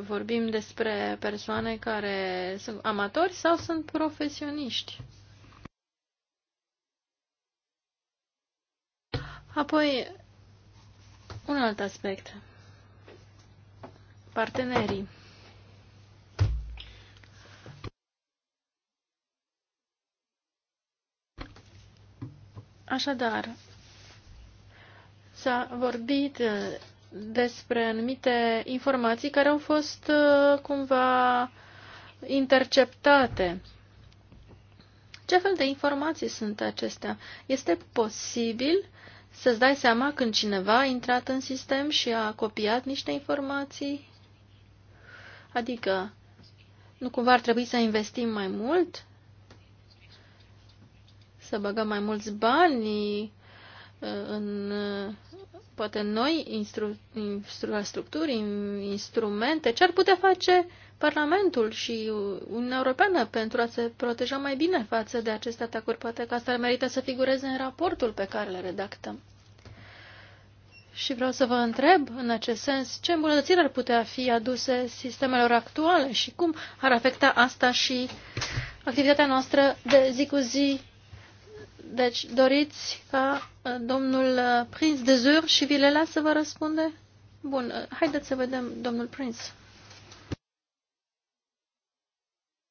Vorbim despre persoane care sunt amatori sau sunt profesioniști? Apoi, un alt aspect. Partenerii. Așadar, s-a vorbit uh, despre anumite informații care au fost uh, cumva interceptate. Ce fel de informații sunt acestea? Este posibil să-ți dai seama când cineva a intrat în sistem și a copiat niște informații? Adică, nu cumva ar trebui să investim mai mult să băgăm mai mulți bani uh, în uh, poate noi instru, instru, structuri, instrumente, ce ar putea face Parlamentul și Uniunea Europeană pentru a se proteja mai bine față de aceste atacuri. Poate că asta ar merită să figureze în raportul pe care le redactăm. Și vreau să vă întreb, în acest sens, ce îmbunătățiri ar putea fi aduse sistemelor actuale și cum ar afecta asta și activitatea noastră de zi cu zi deci doriți ca uh, domnul uh, prinț de Zur și Vilela să vă răspunde? Bun, uh, haideți să vedem domnul prinț.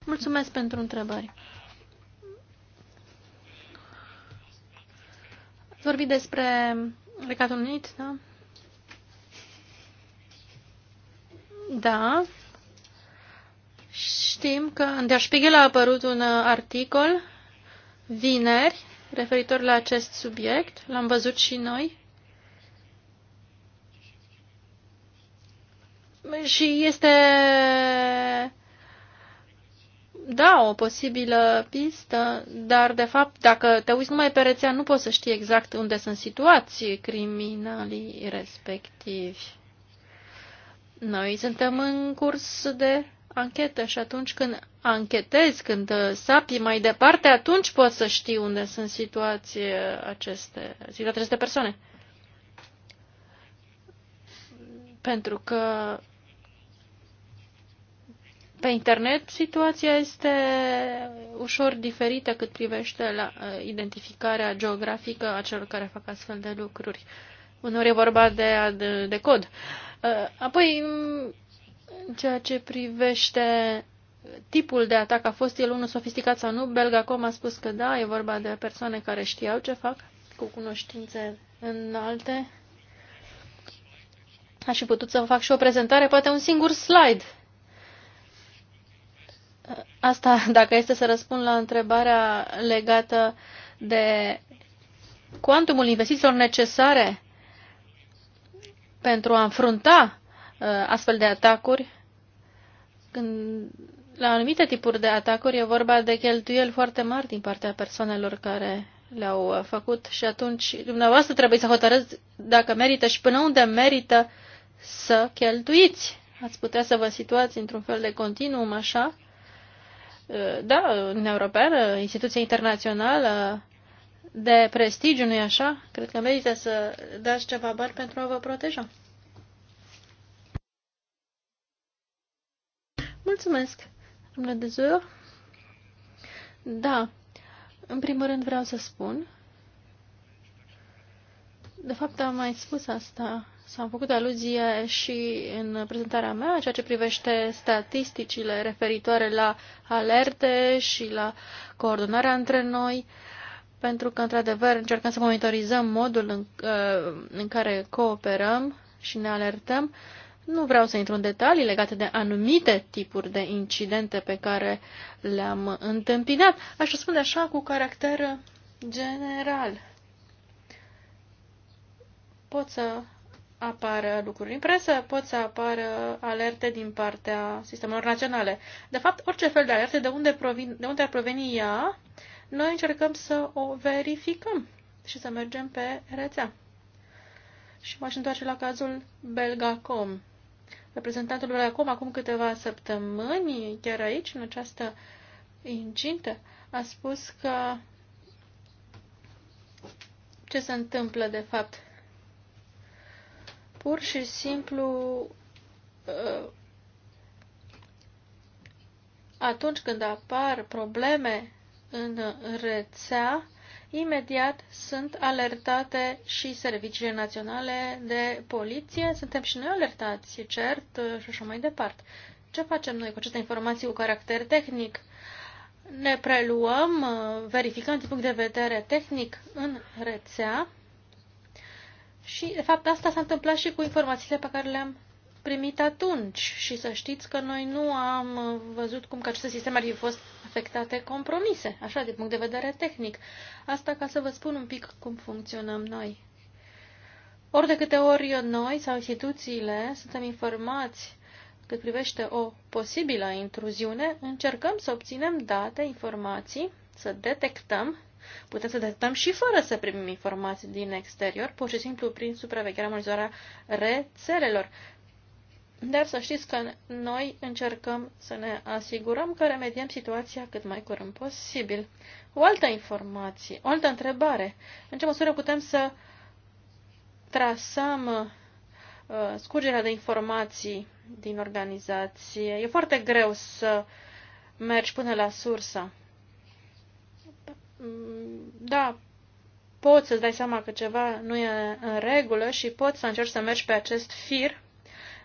Mulțumesc pentru întrebări. Ați vorbit despre Regatul Unit, da? Da. Știm că în Der Spiegel a apărut un articol vineri referitor la acest subiect. L-am văzut și noi. Și este, da, o posibilă pistă, dar de fapt, dacă te uiți numai pe rețea, nu poți să știi exact unde sunt situații criminalii respectivi. Noi suntem în curs de anchetă și atunci când anchetezi, când uh, sapi mai departe, atunci poți să știi unde sunt situații aceste, situații aceste persoane. Pentru că pe internet situația este ușor diferită cât privește la uh, identificarea geografică a celor care fac astfel de lucruri. Uneori e vorba de, de, de cod. Uh, apoi, în ceea ce privește tipul de atac, a fost el unul sofisticat sau nu, Belgacom a spus că da, e vorba de persoane care știau ce fac, cu cunoștințe înalte. Aș fi putut să fac și o prezentare, poate un singur slide. Asta dacă este să răspund la întrebarea legată de cuantumul investițiilor necesare pentru a înfrunta Uh, astfel de atacuri. Când la anumite tipuri de atacuri e vorba de cheltuieli foarte mari din partea persoanelor care le-au uh, făcut și atunci dumneavoastră trebuie să hotărâți dacă merită și până unde merită să cheltuiți. Ați putea să vă situați într-un fel de continuum așa. Uh, da, în Europeană, instituția internațională de prestigiu, nu-i așa? Cred că merită să dați ceva bani pentru a vă proteja. Mulțumesc, domnule Dezur. Da, în primul rând vreau să spun, de fapt am mai spus asta, s-am făcut aluzie și în prezentarea mea, ceea ce privește statisticile referitoare la alerte și la coordonarea între noi, pentru că, într-adevăr, încercăm să monitorizăm modul în, uh, în care cooperăm și ne alertăm nu vreau să intru în detalii legate de anumite tipuri de incidente pe care le-am întâmpinat. Aș spune așa cu caracter general. Pot să apară lucruri în presă, pot să apară alerte din partea sistemelor naționale. De fapt, orice fel de alerte, de unde, provin, de unde ar proveni ea, noi încercăm să o verificăm și să mergem pe rețea. Și m-aș întoarce la cazul Belgacom reprezentantul acum, acum câteva săptămâni, chiar aici, în această incintă, a spus că ce se întâmplă de fapt. Pur și simplu uh, atunci când apar probleme în rețea, Imediat sunt alertate și serviciile naționale de poliție, suntem și noi alertați, cert, și așa mai departe. Ce facem noi cu aceste informații cu caracter tehnic? Ne preluăm, verificăm din punct de vedere tehnic în rețea și, de fapt, asta s-a întâmplat și cu informațiile pe care le-am primit atunci și să știți că noi nu am văzut cum că aceste sisteme ar fi fost afectate compromise, așa, de punct de vedere tehnic. Asta ca să vă spun un pic cum funcționăm noi. Ori de câte ori noi sau instituțiile suntem informați cât privește o posibilă intruziune, încercăm să obținem date, informații, să detectăm, putem să detectăm și fără să primim informații din exterior, pur și simplu prin supravegherea monitorizarea rețelelor. Dar să știți că noi încercăm să ne asigurăm că remediem situația cât mai curând posibil. O altă informație, o altă întrebare. În ce măsură putem să trasăm uh, scurgerea de informații din organizație? E foarte greu să mergi până la sursă. Da, poți să-ți dai seama că ceva nu e în regulă și poți să încerci să mergi pe acest fir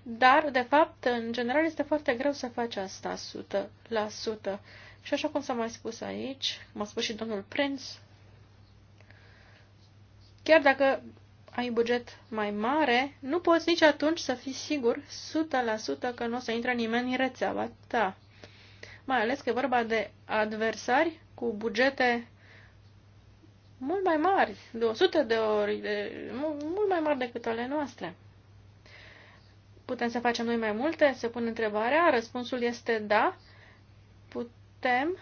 dar, de fapt, în general este foarte greu să faci asta 100%. Și așa cum s-a mai spus aici, cum a spus și domnul Prince, chiar dacă ai buget mai mare, nu poți nici atunci să fii sigur 100% că nu o să intre nimeni în rețeaua ta. Mai ales că e vorba de adversari cu bugete mult mai mari, de 100 de ori, de, mult mai mari decât ale noastre. Putem să facem noi mai multe? Se pune întrebarea. Răspunsul este da. Putem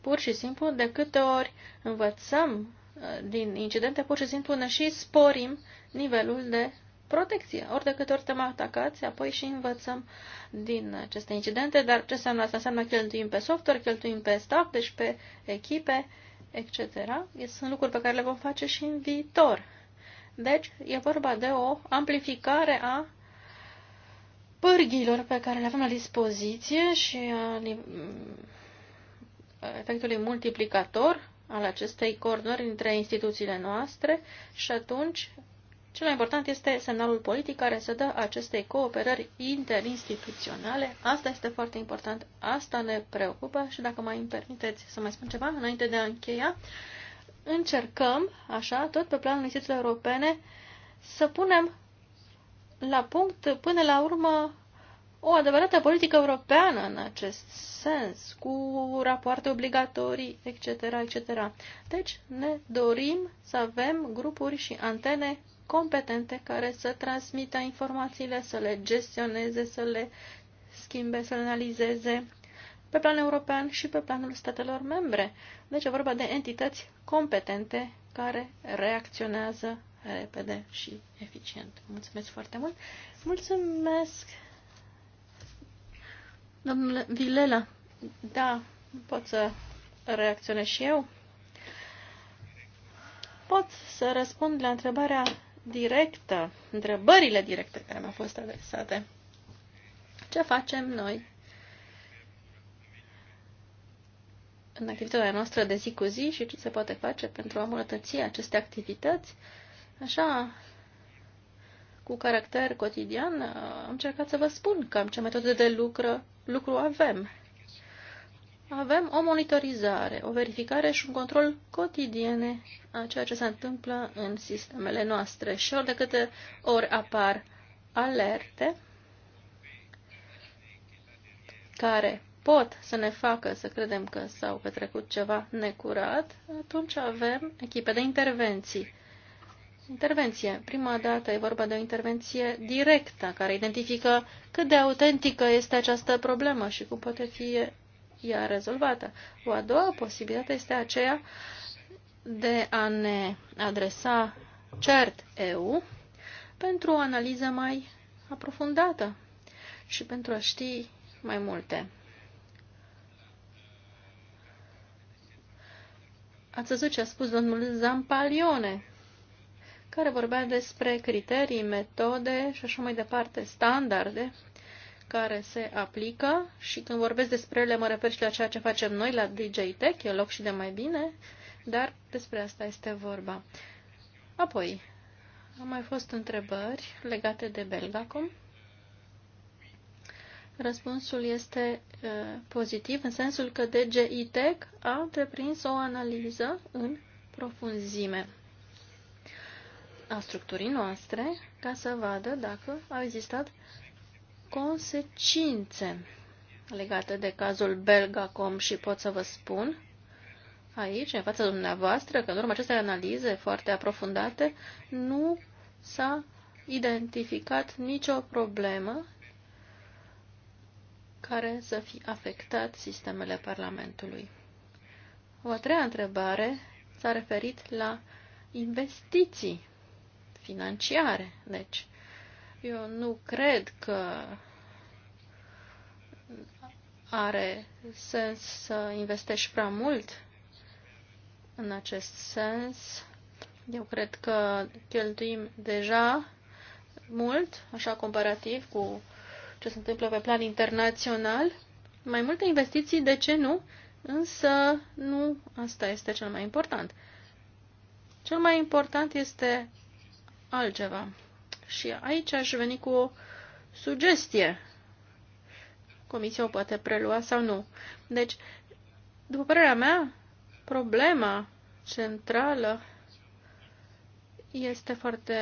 pur și simplu de câte ori învățăm uh, din incidente, pur și simplu ne și sporim nivelul de protecție. Ori de câte ori suntem atacați, apoi și învățăm din aceste incidente, dar ce înseamnă asta? Înseamnă cheltuim pe software, cheltuim pe staff, deci pe echipe, etc. Sunt lucruri pe care le vom face și în viitor. Deci, e vorba de o amplificare a pârghilor pe care le avem la dispoziție și a efectului multiplicator al acestei coordonări între instituțiile noastre și atunci cel mai important este semnalul politic care se dă acestei cooperări interinstituționale. Asta este foarte important, asta ne preocupă și dacă mai îmi permiteți să mai spun ceva înainte de a încheia, încercăm, așa, tot pe planul instituțiilor europene, să punem la punct, până la urmă, o adevărată politică europeană în acest sens, cu rapoarte obligatorii, etc., etc. Deci ne dorim să avem grupuri și antene competente care să transmită informațiile, să le gestioneze, să le schimbe, să le analizeze pe plan european și pe planul statelor membre. Deci e vorba de entități competente care reacționează repede și eficient. Mulțumesc foarte mult! Mulțumesc! Domnule Vilela, da, pot să reacționez și eu? Pot să răspund la întrebarea directă, întrebările directe care mi-au fost adresate. Ce facem noi în activitatea noastră de zi cu zi și ce se poate face pentru a îmbunătăți aceste activități? Uh, Așa, cu caracter cotidian, uh, am încercat să vă spun cam ce metode de lucru, lucru avem. Avem o monitorizare, o verificare și un control cotidiene a ceea ce se întâmplă în sistemele noastre și ori de câte ori apar alerte care pot să ne facă să credem că s-au petrecut ceva necurat, atunci avem echipe de intervenții intervenție. Prima dată e vorba de o intervenție directă care identifică cât de autentică este această problemă și cum poate fi ea rezolvată. O a doua posibilitate este aceea de a ne adresa CERT-EU pentru o analiză mai aprofundată și pentru a ști mai multe. Ați văzut ce a spus domnul Zampalione care vorbea despre criterii, metode și așa mai departe, standarde care se aplică și când vorbesc despre ele mă refer și la ceea ce facem noi la DJ Tech, e loc și de mai bine, dar despre asta este vorba. Apoi, au mai fost întrebări legate de Belgacom. Răspunsul este uh, pozitiv în sensul că DGI Tech a întreprins o analiză în profunzime a structurii noastre ca să vadă dacă au existat consecințe legate de cazul Belgacom și pot să vă spun aici, în fața dumneavoastră, că în urma acestei analize foarte aprofundate nu s-a identificat nicio problemă care să fi afectat sistemele Parlamentului. O a treia întrebare s-a referit la investiții financiare. Deci, eu nu cred că are sens să investești prea mult în acest sens. Eu cred că cheltuim deja mult, așa comparativ cu ce se întâmplă pe plan internațional. Mai multe investiții, de ce nu? Însă nu asta este cel mai important. Cel mai important este altceva. Și aici aș veni cu o sugestie. Comisia o poate prelua sau nu. Deci, după părerea mea, problema centrală este foarte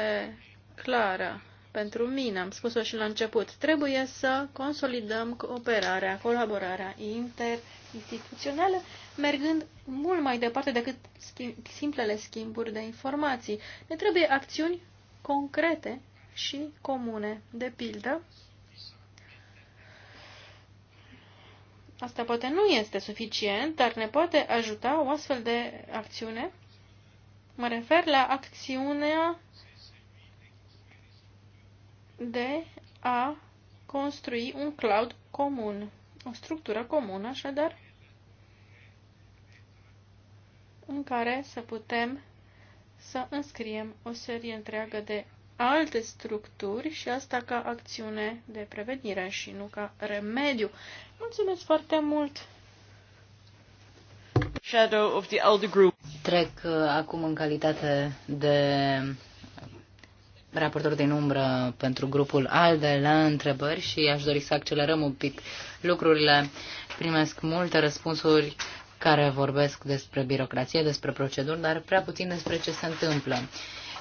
clară pentru mine, am spus-o și la început. Trebuie să consolidăm cooperarea, colaborarea interinstituțională, mergând mult mai departe decât schimb, simplele schimburi de informații. Ne trebuie acțiuni concrete și comune. De pildă, asta poate nu este suficient, dar ne poate ajuta o astfel de acțiune. Mă refer la acțiunea de a construi un cloud comun, o structură comună, așadar, în care să putem să înscriem o serie întreagă de alte structuri și asta ca acțiune de prevenire și nu ca remediu. Mulțumesc foarte mult! Shadow of the Elder Group. Trec uh, acum în calitate de raportor din umbră pentru grupul ALDE la întrebări și aș dori să accelerăm un pic lucrurile. Primesc multe răspunsuri care vorbesc despre birocrație, despre proceduri, dar prea puțin despre ce se întâmplă.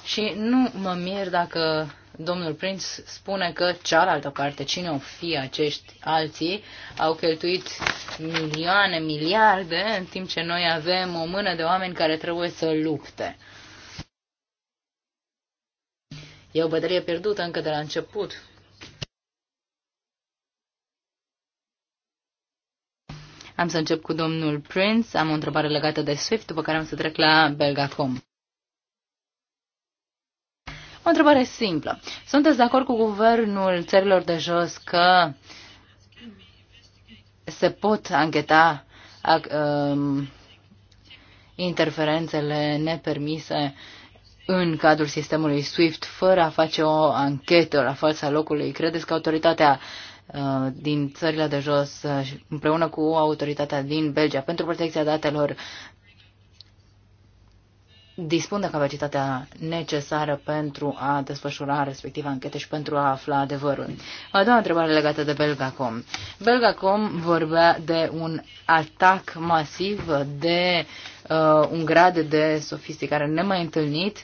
Și nu mă mir dacă domnul Prinț spune că cealaltă parte, cine o fi acești alții, au cheltuit milioane, miliarde, în timp ce noi avem o mână de oameni care trebuie să lupte. E o bătălie pierdută încă de la început. Am să încep cu domnul Prince, am o întrebare legată de SWIFT, după care am să trec la Belgacom. O întrebare simplă. Sunteți de acord cu guvernul țărilor de jos că se pot ancheta um, interferențele nepermise în cadrul sistemului SWIFT fără a face o anchetă la fața locului? Credeți că autoritatea Uh, din țările de jos uh, împreună cu autoritatea din Belgia pentru protecția datelor dispun de capacitatea necesară pentru a desfășura respectiva anchetă și pentru a afla adevărul. A doua întrebare legată de Belgacom. Belgacom vorbea de un atac masiv, de uh, un grad de sofisticare nemai întâlnit uh,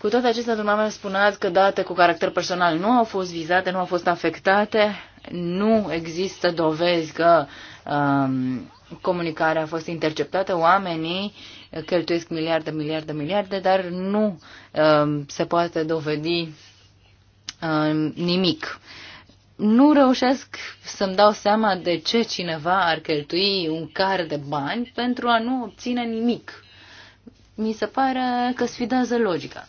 cu toate acestea, dumneavoastră spuneați că date cu caracter personal nu au fost vizate, nu au fost afectate, nu există dovezi că um, comunicarea a fost interceptată, oamenii cheltuiesc miliarde, miliarde, miliarde, dar nu um, se poate dovedi um, nimic. Nu reușesc să-mi dau seama de ce cineva ar cheltui un car de bani pentru a nu obține nimic. Mi se pare că sfidează logica.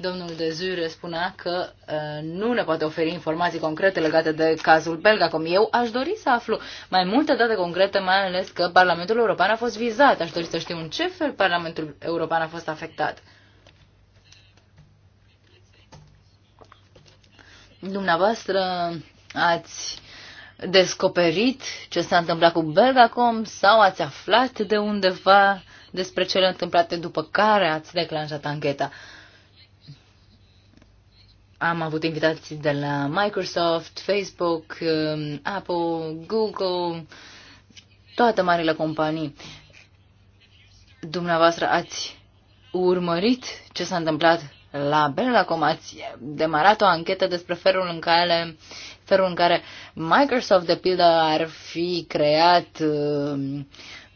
Domnul de spunea că uh, nu ne poate oferi informații concrete legate de cazul Belgacom. Eu aș dori să aflu mai multe date concrete, mai ales că Parlamentul European a fost vizat. Aș dori să știu în ce fel Parlamentul European a fost afectat. Dumneavoastră ați descoperit ce s-a întâmplat cu Belgacom sau ați aflat de undeva despre cele întâmplate după care ați declanșat ancheta. Uh, am avut invitații de la Microsoft, Facebook, um, Apple, Google, toate marile companii. Dumneavoastră ați urmărit ce s-a întâmplat la Belacom. ați demarat o anchetă despre felul în care, felul în care Microsoft, de pildă, ar fi creat um,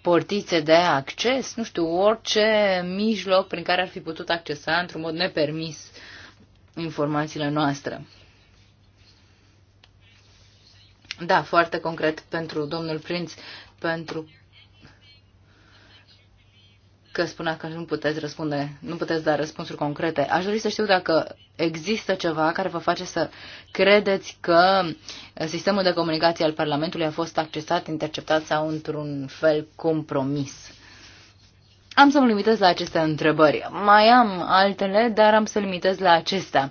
portițe de acces, nu știu, orice mijloc prin care ar fi putut accesa într-un mod nepermis informațiile noastre. Da, foarte concret pentru domnul Prinț, pentru că spunea că nu puteți răspunde, nu puteți da răspunsuri concrete. Aș dori să știu dacă există ceva care vă face să credeți că sistemul de comunicație al Parlamentului a fost accesat, interceptat sau într-un fel compromis. Am să mă limitez la aceste întrebări. Mai am altele, dar am să limitez la acestea.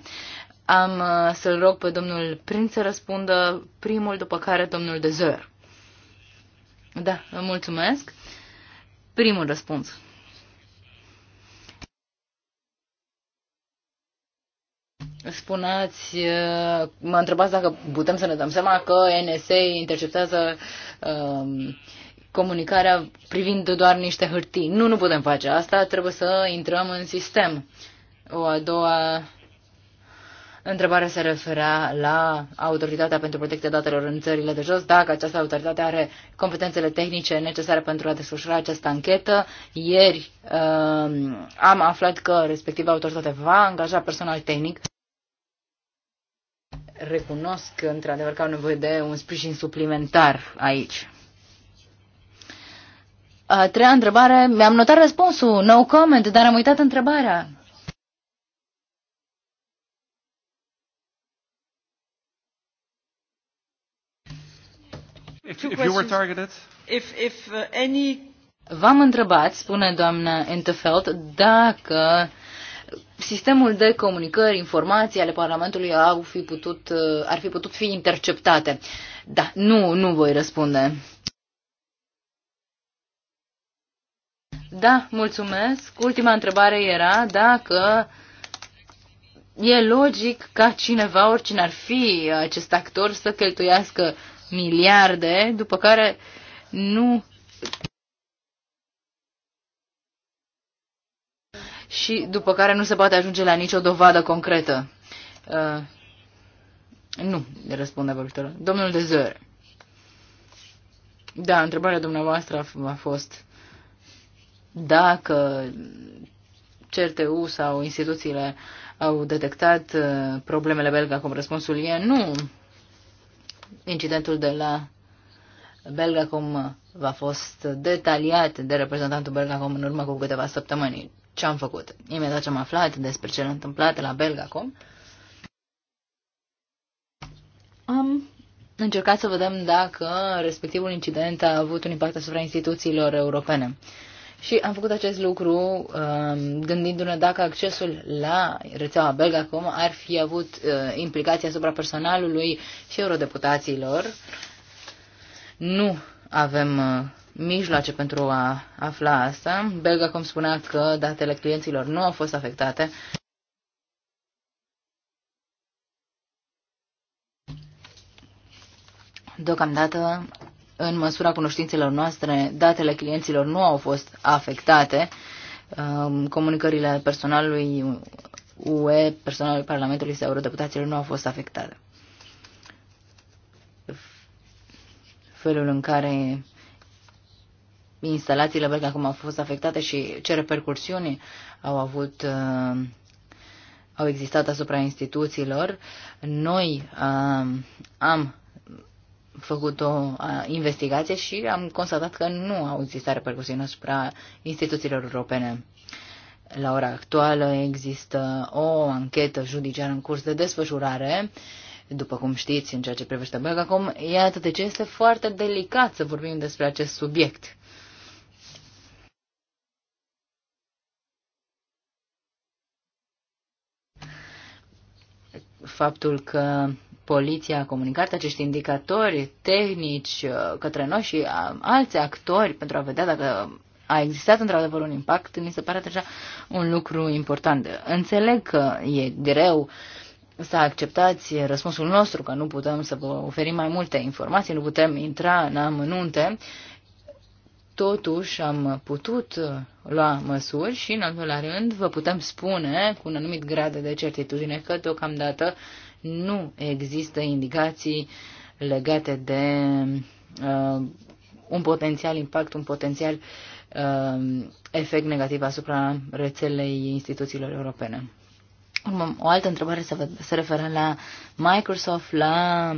Am uh, să-l rog pe domnul Prinț să răspundă primul, după care domnul Dezor. Da, mulțumesc. Primul răspuns. Spuneați, uh, mă întrebați dacă putem să ne dăm seama că NSA interceptează uh, comunicarea privind doar niște hârtii. Nu, nu putem face asta, trebuie să intrăm în sistem. O a doua întrebare se referea la Autoritatea pentru Protecția Datelor în țările de jos, dacă această autoritate are competențele tehnice necesare pentru a desfășura această anchetă. Ieri um, am aflat că respectiva autoritate va angaja personal tehnic. Recunosc, într-adevăr, că au nevoie de un sprijin suplimentar aici. A treia întrebare, mi-am notat răspunsul, no comment, dar am uitat întrebarea. If, if you were targeted? If, if uh, any... V-am întrebat, spune doamna Entefeld, dacă sistemul de comunicări, informații ale Parlamentului au fi putut, uh, ar fi putut fi interceptate. Da, nu, nu voi răspunde. Da, mulțumesc. Ultima întrebare era dacă e logic ca cineva, oricine ar fi acest actor, să cheltuiască miliarde, după care nu. Și după care nu se poate ajunge la nicio dovadă concretă. Uh, nu, răspunde vorbitorul. Domnul Dezăr. Da, întrebarea dumneavoastră a fost dacă CRTU sau instituțiile au detectat uh, problemele belga cum răspunsul e nu. Incidentul de la belga cum va fost detaliat de reprezentantul belga cum în urmă cu câteva săptămâni. Ce am făcut? Imediat ce am aflat despre ce a întâmplat la Belgacom, am încercat să vedem dacă respectivul incident a avut un impact asupra instituțiilor europene. Și am făcut acest lucru um, gândindu-ne dacă accesul la rețeaua Belgacom ar fi avut uh, implicații asupra personalului și eurodeputaților. Nu avem uh, mijloace pentru a afla asta. Belgacom spunea că datele clienților nu au fost afectate. Deocamdată în măsura cunoștințelor noastre, datele clienților nu au fost afectate. Um, comunicările personalului UE, personalului Parlamentului sau deputaților nu au fost afectate. Felul în care instalațiile belga acum au fost afectate și ce repercursiuni au avut uh, au existat asupra instituțiilor. Noi uh, am făcut o investigație și am constatat că nu au existat repercusiuni asupra instituțiilor europene. La ora actuală există o anchetă judiciară în curs de desfășurare, după cum știți, în ceea ce privește Belgacom. Iată de ce este foarte delicat să vorbim despre acest subiect. Faptul că poliția a comunicat acești indicatori tehnici uh, către noi și uh, alți actori pentru a vedea dacă a existat într-adevăr un impact, mi se pare deja un lucru important. Înțeleg că e greu să acceptați răspunsul nostru, că nu putem să vă oferim mai multe informații, nu putem intra în amănunte, totuși am putut lua măsuri și, în al doilea rând, vă putem spune cu un anumit grad de certitudine că deocamdată nu există indicații legate de uh, un potențial impact, un potențial uh, efect negativ asupra rețelei instituțiilor europene. o altă întrebare se, se referă la Microsoft, la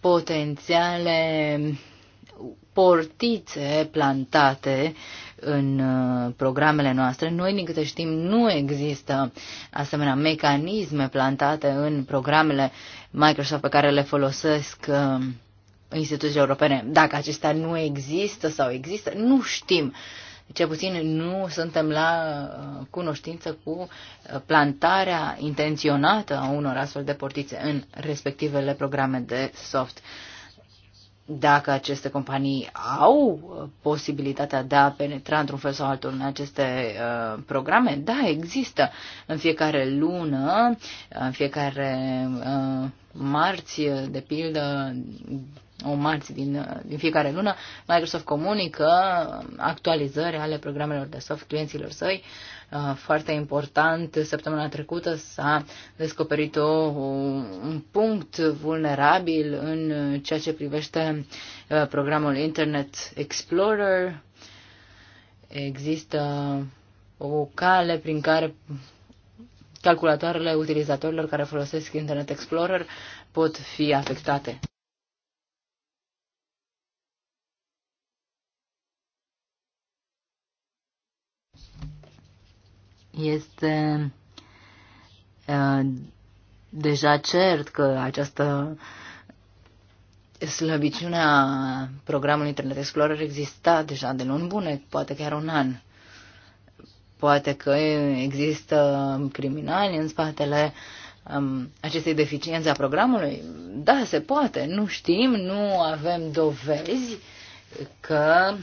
potențiale portițe plantate uh, în uh, programele noastre. Noi, din câte știm, nu există asemenea mecanisme plantate în programele Microsoft pe care le folosesc uh, instituțiile europene. Dacă acestea nu există sau există, nu știm. Ce puțin nu suntem la uh, cunoștință cu plantarea intenționată a unor astfel de portițe în respectivele programe de soft dacă aceste companii au uh, posibilitatea de a penetra într-un fel sau altul în aceste uh, programe, da, există. În fiecare lună, uh, în fiecare uh, marți, uh, de pildă, o marți din, din fiecare lună, Microsoft comunică actualizări ale programelor de soft clienților săi. Uh, Uh, foarte important. Săptămâna trecută s-a descoperit o, un punct vulnerabil în ceea ce privește uh, programul Internet Explorer. Există o cale prin care calculatoarele utilizatorilor care folosesc Internet Explorer pot fi afectate. Este uh, deja cert că această slăbiciunea programului Internet Explorer exista deja de luni bune, poate chiar un an. Poate că există criminali în spatele um, acestei deficiențe a programului? Da, se poate. Nu știm, nu avem dovezi că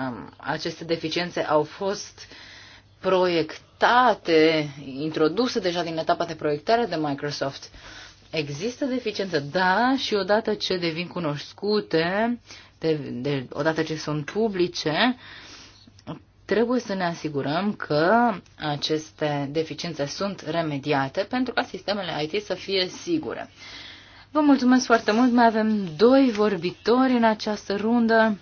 um, aceste deficiențe au fost proiectate jumătate introdusă deja din etapa de proiectare de Microsoft. Există deficiențe, da, și odată ce devin cunoscute, de, de, odată ce sunt publice, trebuie să ne asigurăm că aceste deficiențe sunt remediate pentru ca sistemele IT să fie sigure. Vă mulțumesc foarte mult, mai avem doi vorbitori în această rundă.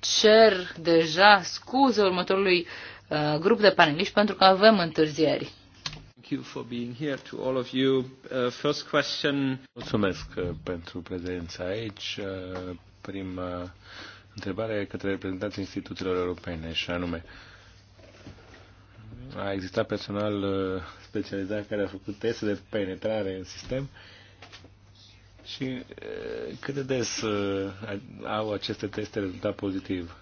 Cer deja scuze următorului Uh, grup de paneliști pentru că avem întârzieri. Uh, Mulțumesc uh, pentru prezența aici. Prima întrebare către reprezentanții instituțiilor europene și anume a existat personal specializat care a făcut teste de penetrare în sistem și cât de des au aceste teste rezultat pozitiv?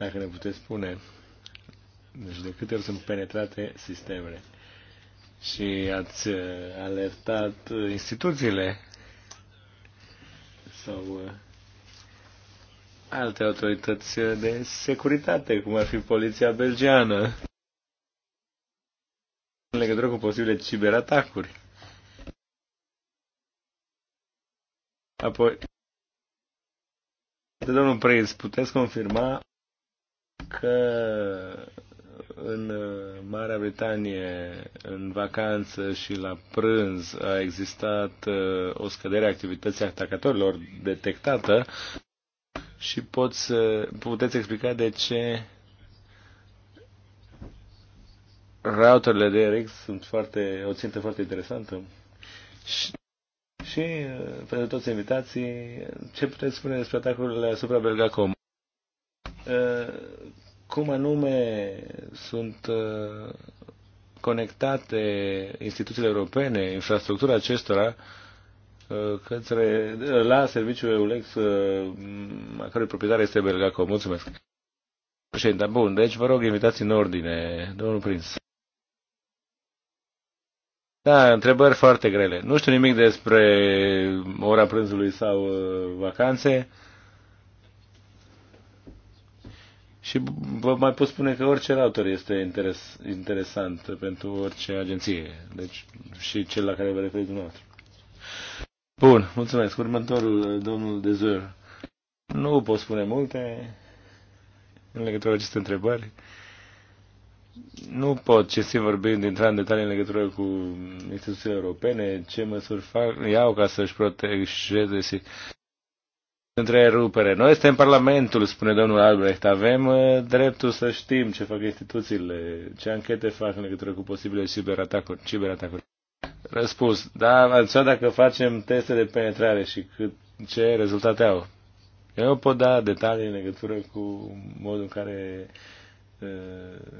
dacă ne puteți spune. Deci de câte ori sunt penetrate sistemele. Și ați uh, alertat uh, instituțiile sau uh, alte autorități de securitate, cum ar fi poliția belgeană, în legătură cu posibile ciberatacuri. Apoi, de domnul Preț, puteți confirma că în Marea Britanie, în vacanță și la prânz, a existat uh, o scădere a activității atacatorilor detectată și poți, puteți explica de ce routerele RX sunt foarte, o țintă foarte interesantă. Și, și uh, pentru toți invitații, ce puteți spune despre atacurile asupra Belgacom? Uh, cum anume sunt uh, conectate instituțiile europene, infrastructura acestora, uh, către, la serviciul EULEX, uh, a cărui proprietar este Belgacom. Mulțumesc. Președinte, bun, deci vă rog, invitați în ordine, domnul Prins. Da, întrebări foarte grele. Nu știu nimic despre ora prânzului sau vacanțe. Și vă mai pot spune că orice router este interes, interesant pentru orice agenție. Deci și cel la care vă referiți dumneavoastră. Bun, mulțumesc. Următorul, domnul Dezur. Nu pot spune multe în legătură cu aceste întrebări. Nu pot, ce să vorbim intra în detalii în legătură cu instituțiile europene, ce măsuri fac, iau ca să-și protejeze Întrerupere. Noi suntem Parlamentul, spune domnul Albrecht. Avem uh, dreptul să știm ce fac instituțiile, ce anchete fac în legătură cu posibile ciberatacuri. ciberatacuri. Răspuns. Da, așa dacă facem teste de penetrare și cât, ce rezultate au. Eu pot da detalii în legătură cu modul în care uh,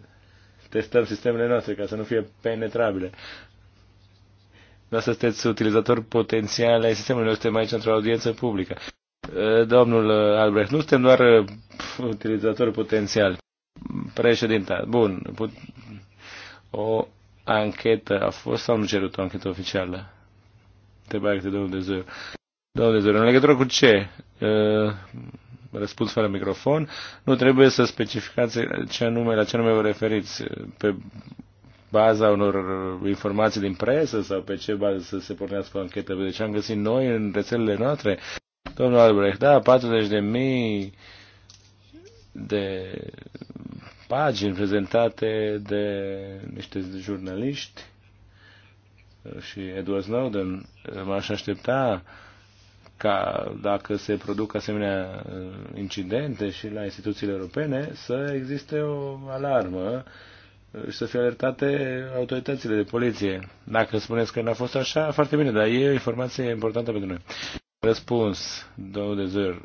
testăm sistemele noastre ca să nu fie penetrabile. să sunteți utilizatori potențiali ai sistemului nostru, suntem aici într-o audiență publică. Domnul Albrecht, nu suntem doar utilizatori potențiali. Președinte, bun, o anchetă a fost sau nu cerut o anchetă oficială? Întrebarea către domnul Dezeu. Domnul Dezeu, în legătură cu ce? Răspuns fără microfon. Nu trebuie să specificați ce nume, la ce nume vă referiți. Pe baza unor informații din presă sau pe ce bază să se pornească o anchetă? Deci am găsit noi în rețelele noastre Domnul Albrecht, da, 40.000 de mii de pagini prezentate de niște jurnaliști uh, și Edward Snowden. Uh, m-aș aștepta ca dacă se produc asemenea uh, incidente și la instituțiile europene să existe o alarmă și să fie alertate autoritățile de poliție. Dacă spuneți că n-a fost așa, foarte bine, dar e o informație importantă pentru noi. Răspuns, domnule Zer.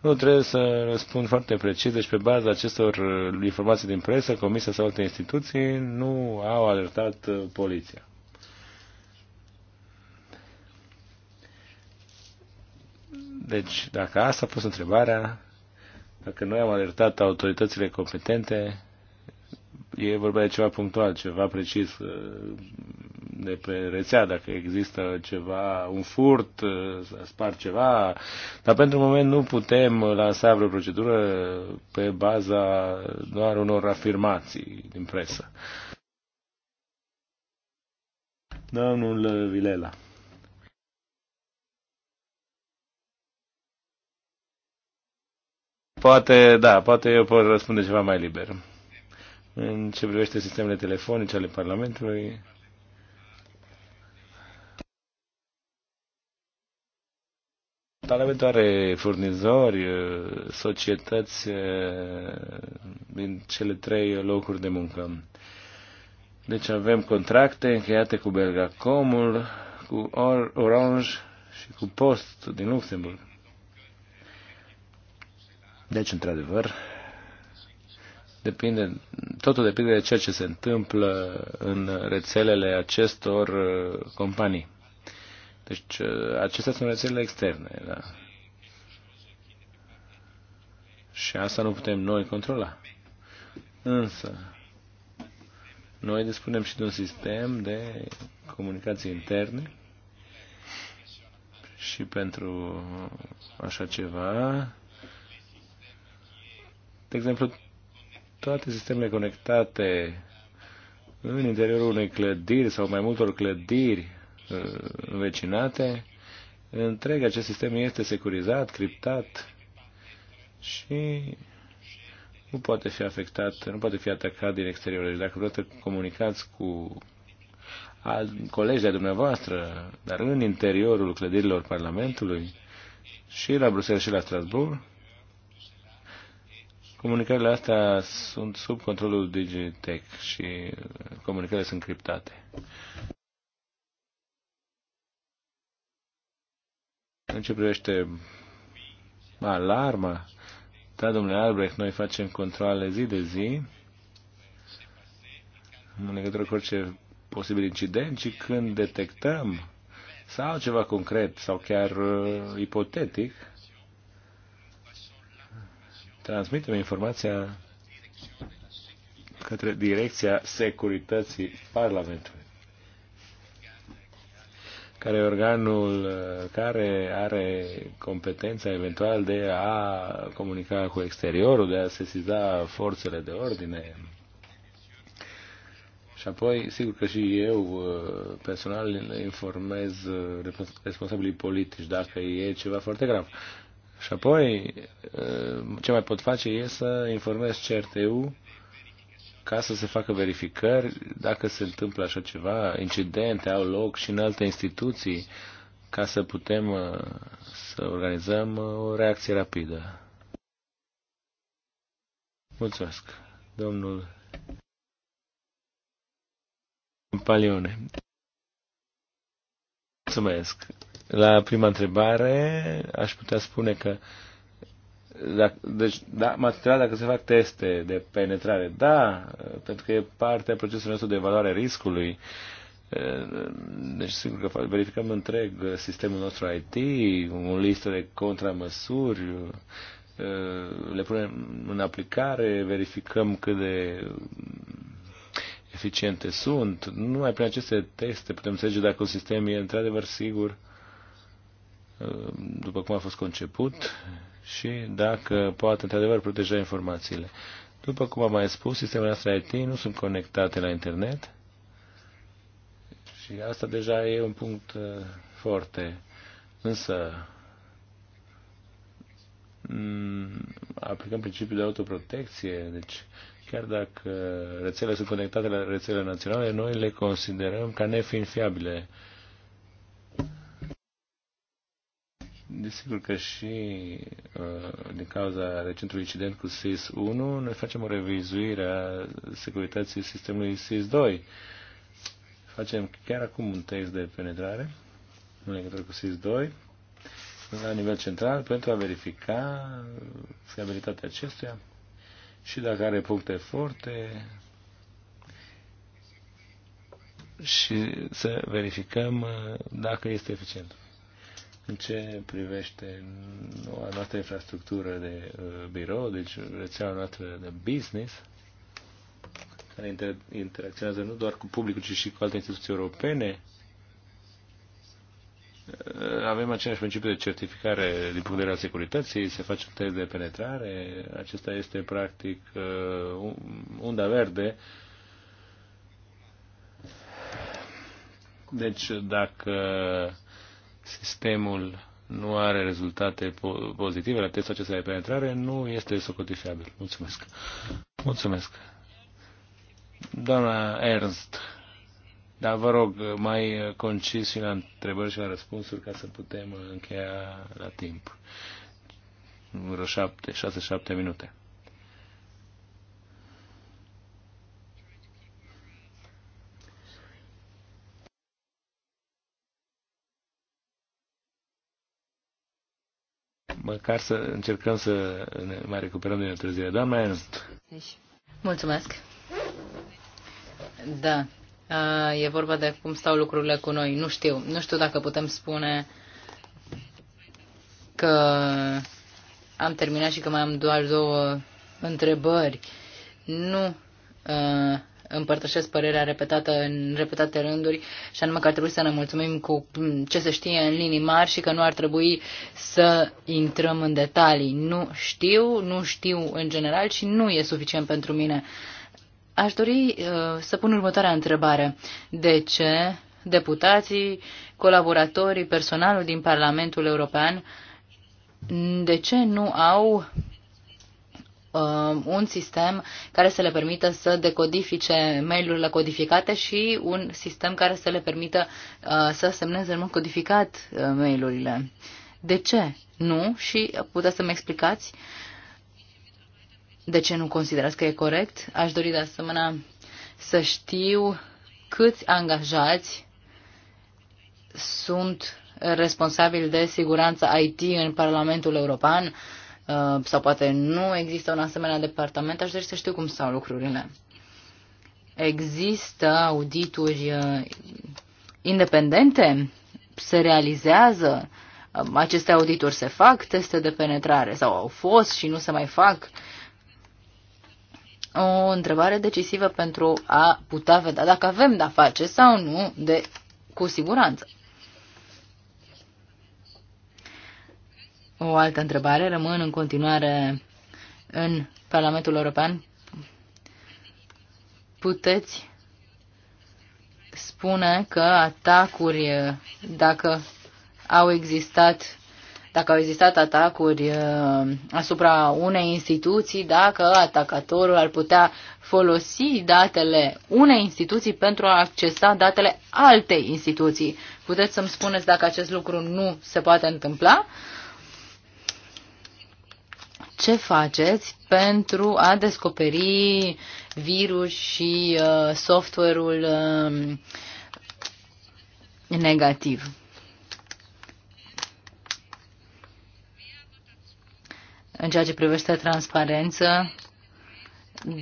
Nu trebuie să răspund foarte precis, deci pe baza acestor informații din presă, Comisia sau alte instituții nu au alertat uh, poliția. Deci, dacă asta a fost întrebarea, dacă noi am alertat autoritățile competente, e vorba de ceva punctual, ceva precis uh, de pe rețea, dacă există ceva, un furt, eh, să spar ceva, dar pentru moment nu putem lansa vreo procedură pe baza doar unor afirmații din presă. Domnul Vilela. Poate, da, poate eu pot răspunde ceva mai liber. În ce privește sistemele telefonice ale Parlamentului, avem doar furnizori, societăți din cele trei locuri de muncă. Deci avem contracte încheiate cu Belgacomul, cu Or Orange și cu Post din Luxemburg. Deci, într-adevăr, depinde, totul depinde de ceea ce se întâmplă în rețelele acestor companii. Deci uh, acestea sunt rețelele externe. Da? Și asta nu putem noi controla. Însă, noi dispunem și de un sistem de comunicații interne și pentru așa ceva, de exemplu, toate sistemele conectate în interiorul unei clădiri sau mai multor clădiri Uh, vecinate, întreg acest sistem este securizat, criptat și nu poate fi afectat, nu poate fi atacat din exterior. Deci dacă vreți să comunicați cu colegi de dumneavoastră, dar în interiorul clădirilor Parlamentului și la Bruxelles și la Strasbourg, comunicările astea sunt sub controlul Digitech și comunicările sunt criptate. În ce privește alarma, da, domnule Albrecht, noi facem controle zi de zi în legătură cu orice posibil incident, și când detectăm sau ceva concret sau chiar uh, ipotetic, transmitem informația către direcția securității Parlamentului care e organul uh, care are competența eventual de a comunica cu exteriorul, de a sesiza forțele de ordine. Și apoi, sigur că și eu uh, personal informez uh, responsabilii politici dacă e ceva foarte grav. Și apoi, ce mai pot face e să informez CRTU ca să se facă verificări dacă se întâmplă așa ceva, incidente au loc și în alte instituții, ca să putem uh, să organizăm uh, o reacție rapidă. Mulțumesc, domnul Palione. Mulțumesc. La prima întrebare aș putea spune că deci, da, m întrebat dacă se fac teste de penetrare. Da, pentru că e parte a procesului nostru de evaluare riscului. Deci, sigur că verificăm întreg sistemul nostru IT, o listă de contramăsuri, le punem în aplicare, verificăm cât de eficiente sunt. Numai prin aceste teste putem înțelege dacă un sistem e într-adevăr sigur, după cum a fost conceput și dacă poate într-adevăr proteja informațiile. După cum am mai spus, sistemele noastre IT nu sunt conectate la internet și asta deja e un punct uh, foarte. Însă mm, aplicăm principiul de autoprotecție, deci chiar dacă rețelele sunt conectate la rețelele naționale, noi le considerăm ca nefiind fiabile Desigur că și uh, din cauza recentului incident cu SIS-1, noi facem o revizuire a securității sistemului SIS-2. Facem chiar acum un test de penetrare în legătură cu SIS-2 la nivel central pentru a verifica fiabilitatea acestuia și dacă are puncte forte și să verificăm uh, dacă este eficient. În ce privește noua noastră infrastructură de uh, birou, deci rețeaua noastră de business, care inter- interacționează nu doar cu publicul, ci și cu alte instituții europene, uh, avem același principiu de certificare din punct de vedere al securității, se face un test de penetrare, acesta este practic uh, unda verde. Deci dacă sistemul nu are rezultate pozitive la testul acesta de penetrare, nu este socotifiabil. Mulțumesc. Mulțumesc. Doamna Ernst, dar vă rog, mai concis și la întrebări și la răspunsuri ca să putem încheia la timp. Vreo șapte, șase, șapte minute. măcar să încercăm să ne mai recuperăm din întârziere. Doamna Ernst. Mulțumesc. Da, e vorba de cum stau lucrurile cu noi. Nu știu. Nu știu dacă putem spune că am terminat și că mai am doar două întrebări. Nu împărtășesc părerea repetată în repetate rânduri și anume că ar trebui să ne mulțumim cu ce se știe în linii mari și că nu ar trebui să intrăm în detalii. Nu știu, nu știu în general și nu e suficient pentru mine. Aș dori uh, să pun următoarea întrebare. De ce deputații, colaboratorii, personalul din Parlamentul European, de ce nu au uh, un sistem care să le permită să decodifice mail-urile codificate și un sistem care să le permită uh, să semneze în mod codificat uh, mail-urile. De ce nu? Și puteți să-mi explicați de ce nu considerați că e corect? Aș dori de asemenea să știu câți angajați sunt responsabili de siguranța IT în Parlamentul European. Uh, Uh, sau poate nu există un asemenea departament, aș dori să știu cum stau lucrurile. Există audituri uh, independente? Se realizează? Uh, aceste audituri se fac? Teste de penetrare? Sau au fost și nu se mai fac? O întrebare decisivă pentru a putea vedea dacă avem de-a face sau nu de cu siguranță. o altă întrebare. Rămân în continuare în Parlamentul European. Puteți spune că atacuri, dacă au existat dacă au existat atacuri uh, asupra unei instituții, dacă atacatorul ar putea folosi datele unei instituții pentru a accesa datele altei instituții. Puteți să-mi spuneți dacă acest lucru nu se poate întâmpla? ce faceți pentru a descoperi virus și uh, software-ul uh, negativ. În ceea ce privește transparență,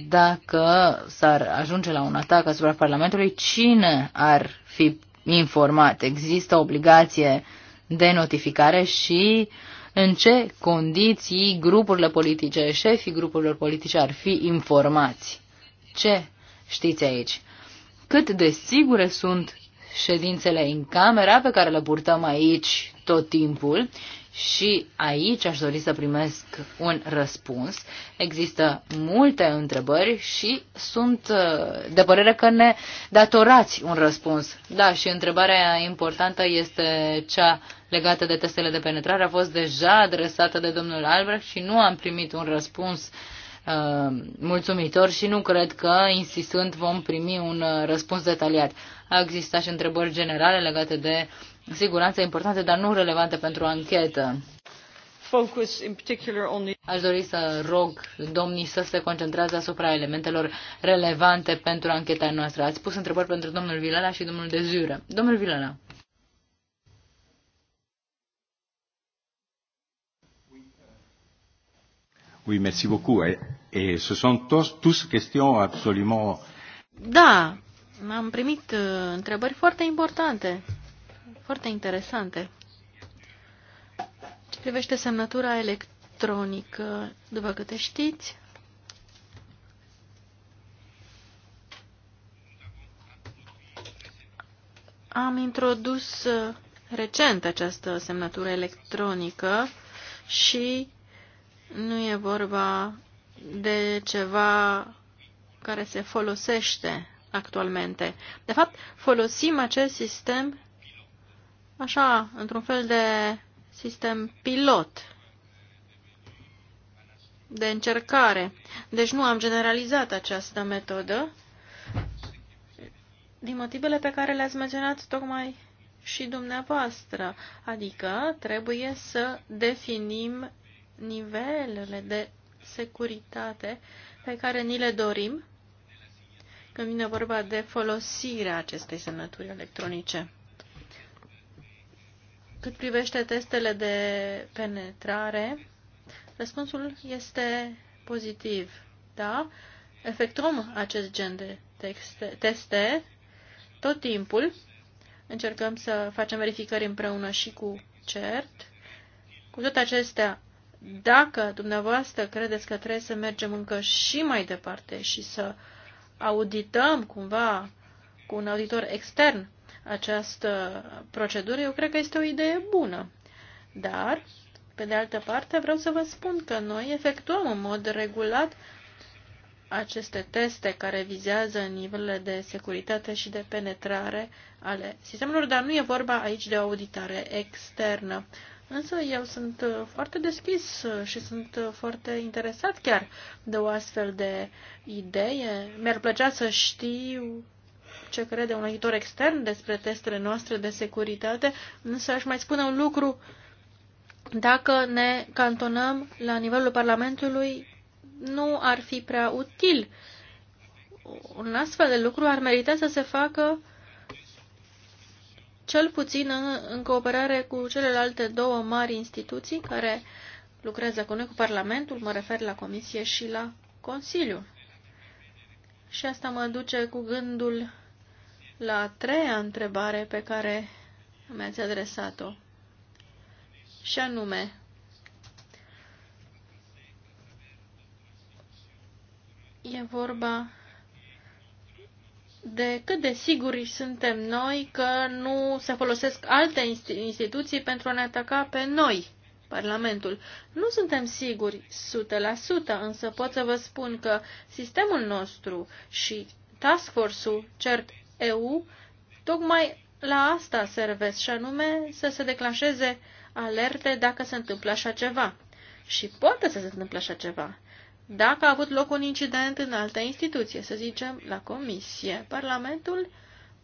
dacă s-ar ajunge la un atac asupra Parlamentului, cine ar fi informat? Există obligație de notificare și uh, în ce condiții grupurile politice, șefii grupurilor politice ar fi informați. Ce știți aici? Cât de sigure sunt ședințele în camera pe care le purtăm aici tot timpul și aici aș dori să primesc un răspuns. Există multe întrebări și sunt uh, de părere că ne datorați un răspuns. Da, și întrebarea importantă este cea legată de testele de penetrare. A fost deja adresată de domnul Albrecht și nu am primit un răspuns uh, mulțumitor și nu cred că, insistând, vom primi un uh, răspuns detaliat. A existat și întrebări generale legate de siguranță importante, dar nu relevante pentru anchetă. Focus in particular on the... Aș dori să rog domnii să se concentreze asupra elementelor relevante pentru ancheta noastră. Ați pus întrebări pentru domnul Vilana și domnul Dezură. Domnul Vilana? Oui, merci beaucoup. Et, et ce sont tous, tous questions absolument... Da, am primit uh, întrebări foarte importante foarte interesante. Ce privește semnătura electronică, după câte știți, am introdus uh, recent această semnătură electronică și nu e vorba de ceva care se folosește actualmente. De fapt, folosim acest sistem așa, într-un fel de sistem pilot, de încercare. Deci nu am generalizat această metodă din motivele pe care le-ați menționat tocmai și dumneavoastră, adică trebuie să definim nivelele de securitate pe care ni le dorim când vine vorba de folosirea acestei semnături electronice. Cât privește testele de penetrare, răspunsul este pozitiv. Da? Efectuăm acest gen de texte, teste tot timpul. Încercăm să facem verificări împreună și cu CERT. Cu toate acestea, dacă dumneavoastră credeți că trebuie să mergem încă și mai departe și să audităm cumva cu un auditor extern această procedură, eu cred că este o idee bună. Dar, pe de altă parte, vreau să vă spun că noi efectuăm în mod regulat aceste teste care vizează nivelele de securitate și de penetrare ale sistemelor, dar nu e vorba aici de auditare externă. Însă eu sunt foarte deschis și sunt foarte interesat chiar de o astfel de idee. Mi-ar plăcea să știu ce crede un editor extern despre testele noastre de securitate, însă aș mai spune un lucru. Dacă ne cantonăm la nivelul Parlamentului, nu ar fi prea util. Un astfel de lucru ar merita să se facă cel puțin în, în cooperare cu celelalte două mari instituții care lucrează cu noi, cu Parlamentul, mă refer la Comisie și la Consiliu. Și asta mă duce cu gândul la a treia întrebare pe care mi-ați adresat-o. Și anume, e vorba de cât de siguri suntem noi că nu se folosesc alte instituții pentru a ne ataca pe noi, Parlamentul. Nu suntem siguri 100%, însă pot să vă spun că sistemul nostru și task force-ul CERT EU tocmai la asta servesc și anume să se declanșeze alerte dacă se întâmplă așa ceva. Și poate să se întâmple așa ceva. Dacă a avut loc un incident în altă instituție, să zicem la comisie, Parlamentul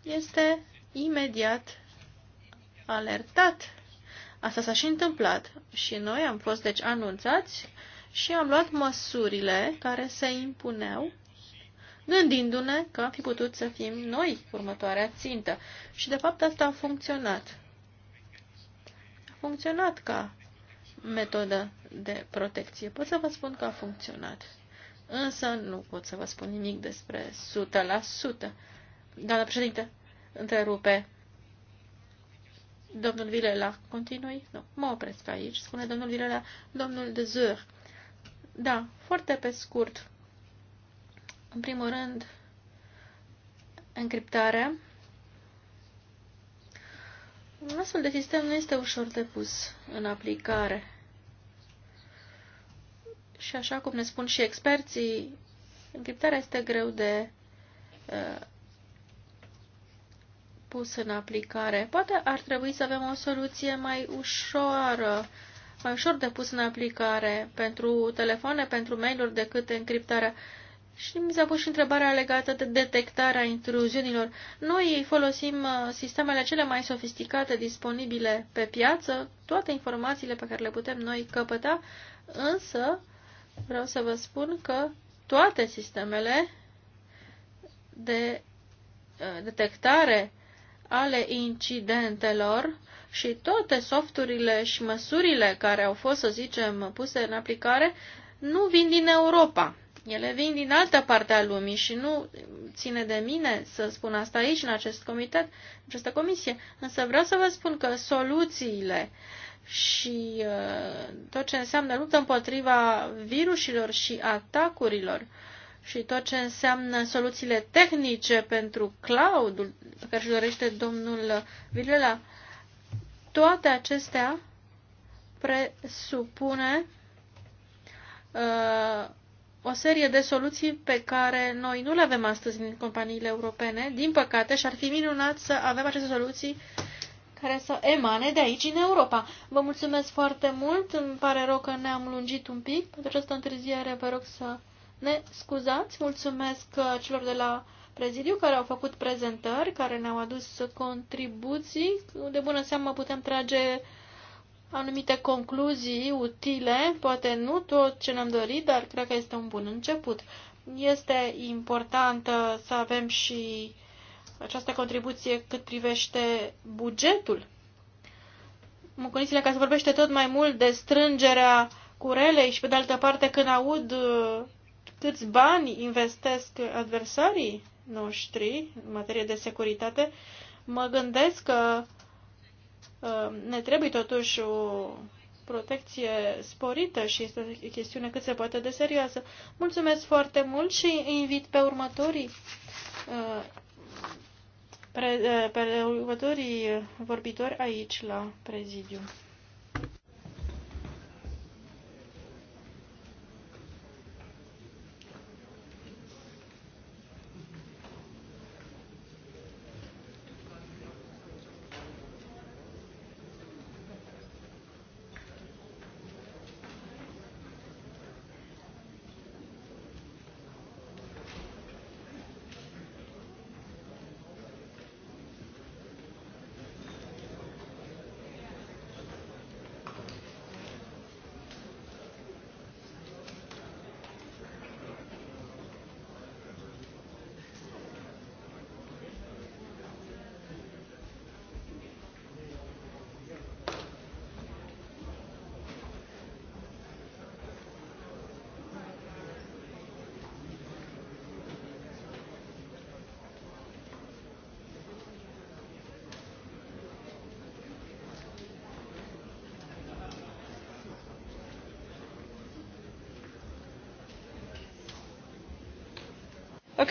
este imediat alertat. Asta s-a și întâmplat și noi am fost deci anunțați și am luat măsurile care se impuneau gândindu-ne că am fi putut să fim noi următoarea țintă. Și de fapt asta a funcționat. A funcționat ca metodă de protecție. Pot să vă spun că a funcționat. Însă nu pot să vă spun nimic despre 100%. Doamna președinte, întrerupe. Domnul Vilela, continui? Nu, mă opresc aici, spune domnul Vilela, domnul de Zur. Da, foarte pe scurt. În primul rând, încriptarea. Un astfel de sistem nu este ușor de pus în aplicare. Și așa cum ne spun și experții, încriptarea este greu de uh, pus în aplicare. Poate ar trebui să avem o soluție mai ușoară, mai ușor de pus în aplicare pentru telefoane, pentru mail-uri decât încriptarea. Uh, și mi s-a pus și întrebarea legată de detectarea intruziunilor. Noi folosim uh, sistemele cele mai sofisticate disponibile pe piață, toate informațiile pe care le putem noi căpăta, însă vreau să vă spun că toate sistemele de uh, detectare ale incidentelor și toate softurile și măsurile care au fost, să zicem, puse în aplicare nu vin din Europa. Ele vin din altă parte a lumii și nu ține de mine să spun asta aici, în acest comitet, în această comisie. Însă vreau să vă spun că soluțiile și uh, tot ce înseamnă luptă împotriva virusilor și atacurilor și tot ce înseamnă soluțiile tehnice pentru cloud pe care își dorește domnul Vilela, toate acestea presupune uh, o serie de soluții pe care noi nu le avem astăzi în companiile europene, din păcate, și ar fi minunat să avem aceste soluții care să emane de aici în Europa. Vă mulțumesc foarte mult, îmi pare rău că ne-am lungit un pic pentru această întârziere, vă rog să ne scuzați. Mulțumesc uh, celor de la prezidiu care au făcut prezentări, care ne-au adus contribuții. De bună seamă putem trage anumite concluzii utile, poate nu tot ce ne-am dorit, dar cred că este un bun început. Este important să avem și această contribuție cât privește bugetul. În condițiile în se vorbește tot mai mult de strângerea curelei și, pe de altă parte, când aud uh, câți bani investesc adversarii noștri în materie de securitate, mă gândesc că Ehm, ne trebuie totuși o protecție sporită și este o chestiune cât se poate de serioasă. Mulțumesc foarte mult și invit pe următorii ehm, pe următorii vorbitori aici la prezidiu.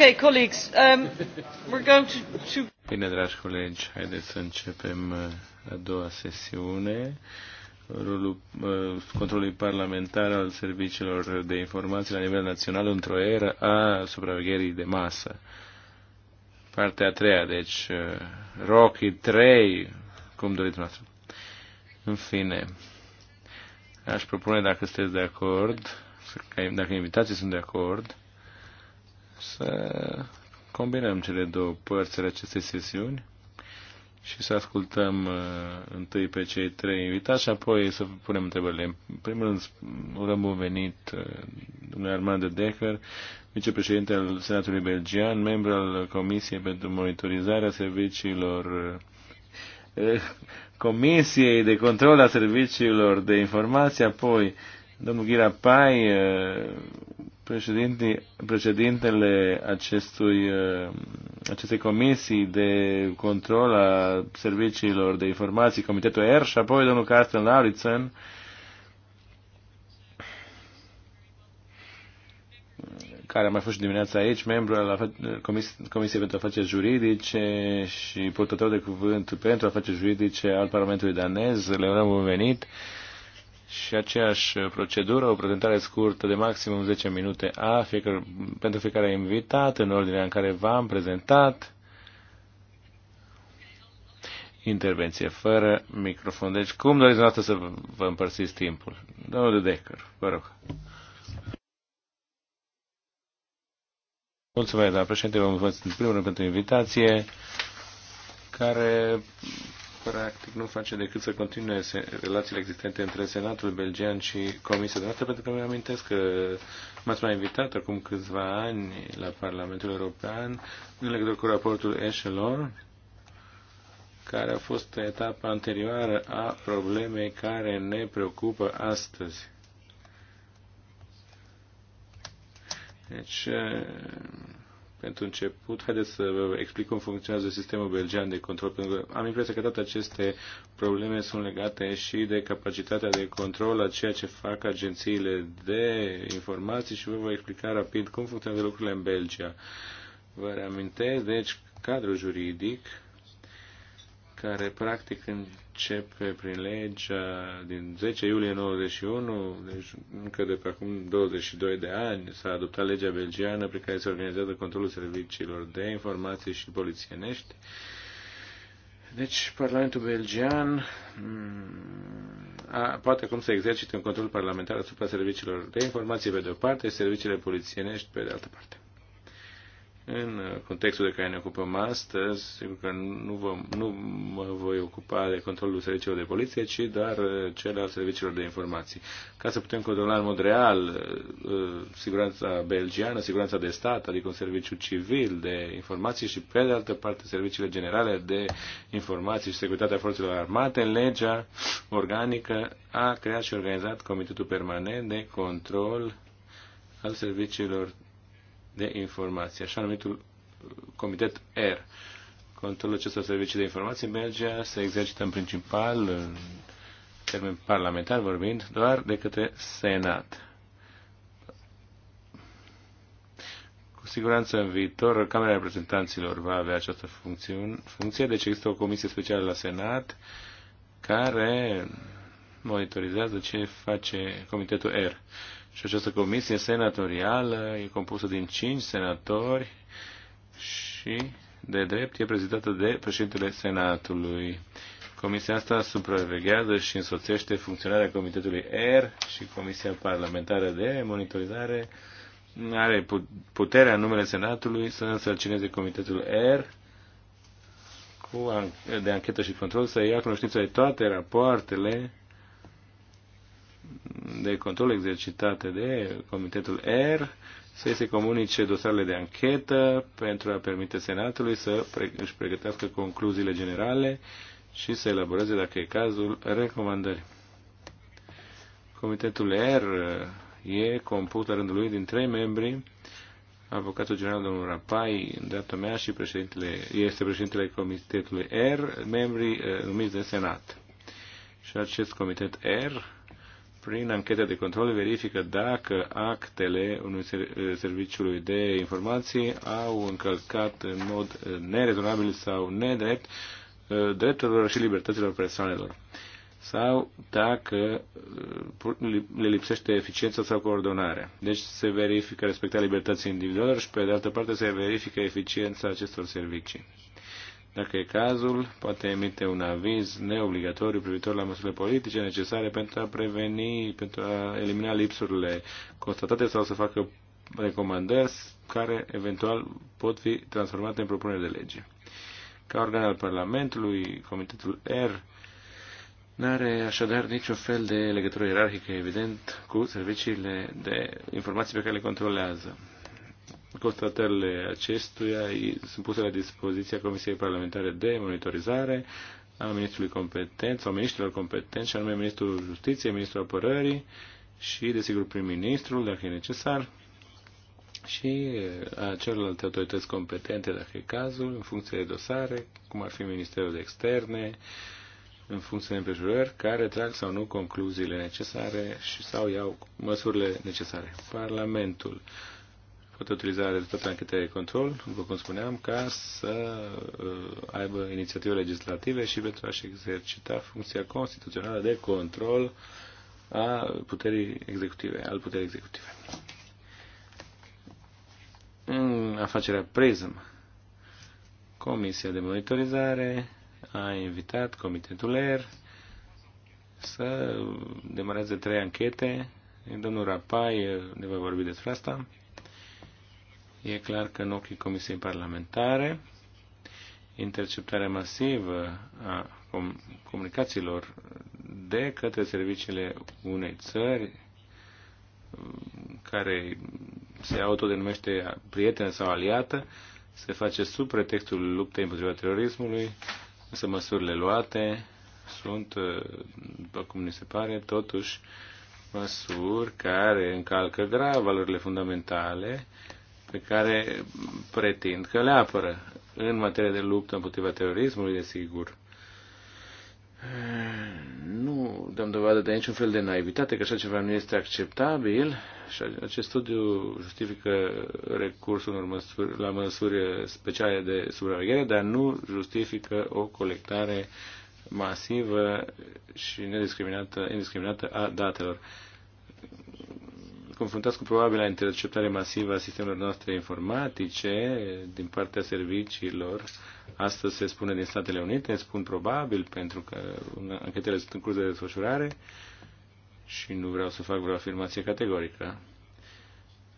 Um, Bine, dragi colegi, haideți să începem uh, a doua sesiune. Rolul uh, controlului parlamentar al serviciilor de informații la nivel național într-o era a supravegherii de masă. Partea a treia, deci uh, Rocky 3, cum doriți noastră. În fine, aș propune, dacă sunteți de acord, dacă invitații sunt de acord, să combinăm cele două părți ale acestei sesiuni și să ascultăm uh, întâi pe cei trei invitați și apoi să punem întrebările. În primul rând, urăm bun venit uh, domnul Armand de Decker, vicepreședinte al Senatului Belgian, membru al Comisiei pentru Monitorizarea Serviciilor uh, uh Comisiei de Control a Serviciilor de Informație, apoi domnul Ghira Pai, uh, președintele acestui, uh, acestei comisii de control a serviciilor de informații, Comitetul R, și apoi domnul Carsten Lauritsen, care a mai fost și dimineața aici, membru al Comisiei Comisie pentru Afaceri Juridice și purtător de cuvânt pentru afaceri juridice al Parlamentului Danez. Le urăm bun venit. Uh, și aceeași procedură, o prezentare scurtă de maximum 10 minute a fiecare, pentru fiecare invitat, în ordinea în care v-am prezentat. Intervenție fără microfon. Deci, cum doriți dumneavoastră să vă împărțiți timpul? Domnul de Decker, vă rog. Mulțumesc, doamnă președinte, vă mulțumesc în primul rând pentru invitație, care practic nu face decât să continue relațiile existente între Senatul belgian și Comisia de noastră, pentru că mi amintesc că m-ați mai invitat acum câțiva ani la Parlamentul European în legătură cu raportul Echelon, care a fost etapa anterioară a problemei care ne preocupă astăzi. Deci, pentru început, haideți să vă explic cum funcționează sistemul belgean de control, pentru că am impresia că toate aceste probleme sunt legate și de capacitatea de control a ceea ce fac agențiile de informații și vă voi explica rapid cum funcționează lucrurile în Belgia. Vă reamintesc, deci, cadrul juridic care practic începe prin legea din 10 iulie 91, deci încă de pe acum 22 de ani, s-a adoptat legea belgiană prin care se organizează controlul serviciilor de informații și polițienești. Deci Parlamentul belgian mm, a, poate acum să exercite un control parlamentar asupra serviciilor de informații pe de o parte și serviciile polițienești pe de altă parte. În contextul de care ne ocupăm astăzi, sigur că nu, vă nu mă voi ocupa de controlul serviciilor de poliție, ci dar uh, cel al serviciilor de informații. Ca să putem controla în mod real uh, siguranța belgiană, siguranța de stat, adică un serviciu civil de informații și, pe de altă parte, serviciile generale de informații și securitatea forțelor armate, legea organică a creat și organizat Comitetul Permanent de Control al Serviciilor de informații, așa numitul Comitet R. Controlul acestor servicii de informații în Belgia se exercită în principal, în termen parlamentar vorbind, doar de către Senat. Cu siguranță în viitor Camera Reprezentanților va avea această funcție, deci există o comisie specială la Senat care monitorizează ce face Comitetul R. Și această comisie senatorială e compusă din cinci senatori și de drept e prezidată de președintele Senatului. Comisia asta supraveghează și însoțește funcționarea Comitetului R și Comisia Parlamentară de Monitorizare are puterea în numele Senatului să însărcineze Comitetul R cu de anchetă și control să ia cunoștință de toate rapoartele de control exercitate de Comitetul R să se comunice dosarele de anchetă pentru a permite Senatului să își pregătească concluziile generale și să elaboreze, dacă e cazul, recomandări. Comitetul R e compus la rândul lui din trei membri, avocatul general domnul Rapai, în dreapta mea, și președintele, este președintele Comitetului R, membrii eh, numiți de Senat. Și acest Comitet R prin anchete de control verifică dacă actele unui serviciului de informații au încălcat în mod nerezonabil sau nedrept uh, drepturilor și libertăților persoanelor sau dacă uh, le lipsește eficiența sau coordonarea. Deci se verifică respectarea libertății individuale, și pe de altă parte se verifică eficiența acestor servicii dacă e cazul, poate emite un aviz neobligatoriu privitor la măsurile politice necesare pentru a preveni, pentru a elimina lipsurile constatate sau să facă recomandări care eventual pot fi transformate în propuneri de lege. Ca organ al Parlamentului, Comitetul R nu are așadar niciun fel de legătură ierarhică, evident, cu serviciile de informații pe care le controlează. Constatările acestuia sunt puse la dispoziția Comisiei Parlamentare de Monitorizare a ministrului competent sau ministrilor competenți, și anume ministrul justiției, ministrul apărării și, desigur, prim-ministrul, dacă e necesar, și a celorlalte autorități competente, dacă e cazul, în funcție de dosare, cum ar fi Ministerul de Externe, în funcție de împrejurări, care trag sau nu concluziile necesare și sau iau măsurile necesare. Parlamentul poate utiliza rezultatele anchetei de control, după cum spuneam, ca să uh, aibă inițiative legislative și pentru a-și exercita funcția constituțională de control a puterii executive, al puterii executive. În afacerea PRISM, Comisia de Monitorizare a invitat Comitetul ER să demareze trei anchete. Domnul Rapai ne va vorbi despre asta. E clar că în ochii Comisiei Parlamentare, interceptarea masivă a comunicațiilor de către serviciile unei țări care se autodenumește prietenă sau aliată, se face sub pretextul luptei împotriva terorismului, însă măsurile luate sunt, după cum ni se pare, totuși măsuri care încalcă grav valorile fundamentale pe care pretind că le apără în materie de luptă împotriva terorismului, desigur. Nu dăm dovadă de niciun fel de naivitate, că așa ceva nu este acceptabil și acest studiu justifică recursul la măsuri speciale de supraveghere, dar nu justifică o colectare masivă și nediscriminată, indiscriminată a datelor confruntați cu probabilă interceptare masivă a sistemelor noastre informatice din partea serviciilor. Asta se spune din Statele Unite, spun probabil, pentru că anchetele sunt în curs de desfășurare și nu vreau să fac vreo afirmație categorică.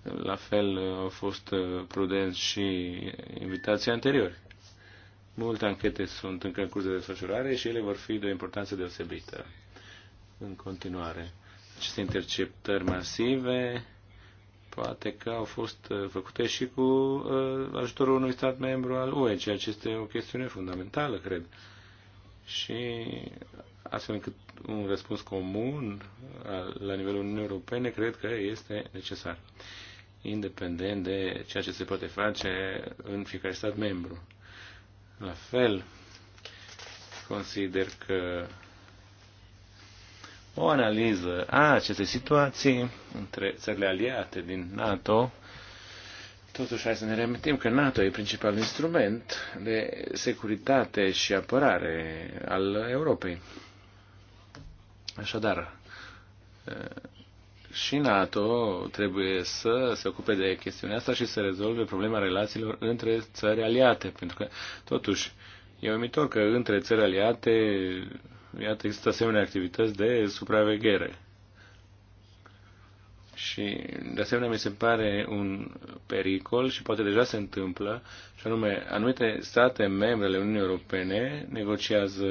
La fel au fost prudenți și invitații anteriori. Multe anchete sunt încă în curs de desfășurare și ele vor fi de o importanță deosebită în continuare aceste interceptări masive poate că au fost uh, făcute și cu uh, ajutorul unui stat membru al UE, ceea ce este o chestiune fundamentală, cred. Și astfel încât un răspuns comun uh, la nivelul Uniunii Europene cred că este necesar, independent de ceea ce se poate face în fiecare stat membru. La fel, consider că o analiză a acestei situații între țările aliate din NATO. Totuși, hai să ne reamintim că NATO e principal instrument de securitate și apărare al Europei. Așadar, eh, și NATO trebuie să se ocupe de chestiunea asta și să rezolve problema relațiilor între țări aliate, pentru că, totuși, e uimitor că între țări aliate Iată, există asemenea activități de supraveghere. Și, de asemenea, mi se pare un pericol și poate deja se întâmplă, și anume, anumite state membre ale Uniunii Europene negociază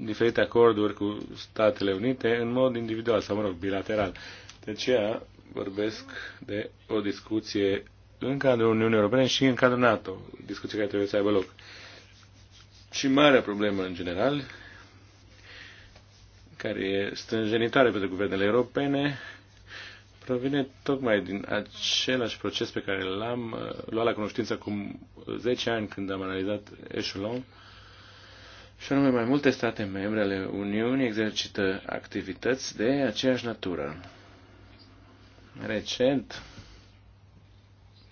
diferite acorduri cu Statele Unite în mod individual sau, mă rog, bilateral. De aceea vorbesc de o discuție în cadrul Uniunii Europene și în cadrul NATO, discuție care trebuie să aibă loc. Și marea problemă în general, care e strânjenitoare pentru guvernele europene, provine tocmai din același proces pe care l-am uh, luat la cunoștință acum 10 ani când am analizat Echelon, și anume mai multe state membre ale Uniunii exercită activități de aceeași natură. Recent,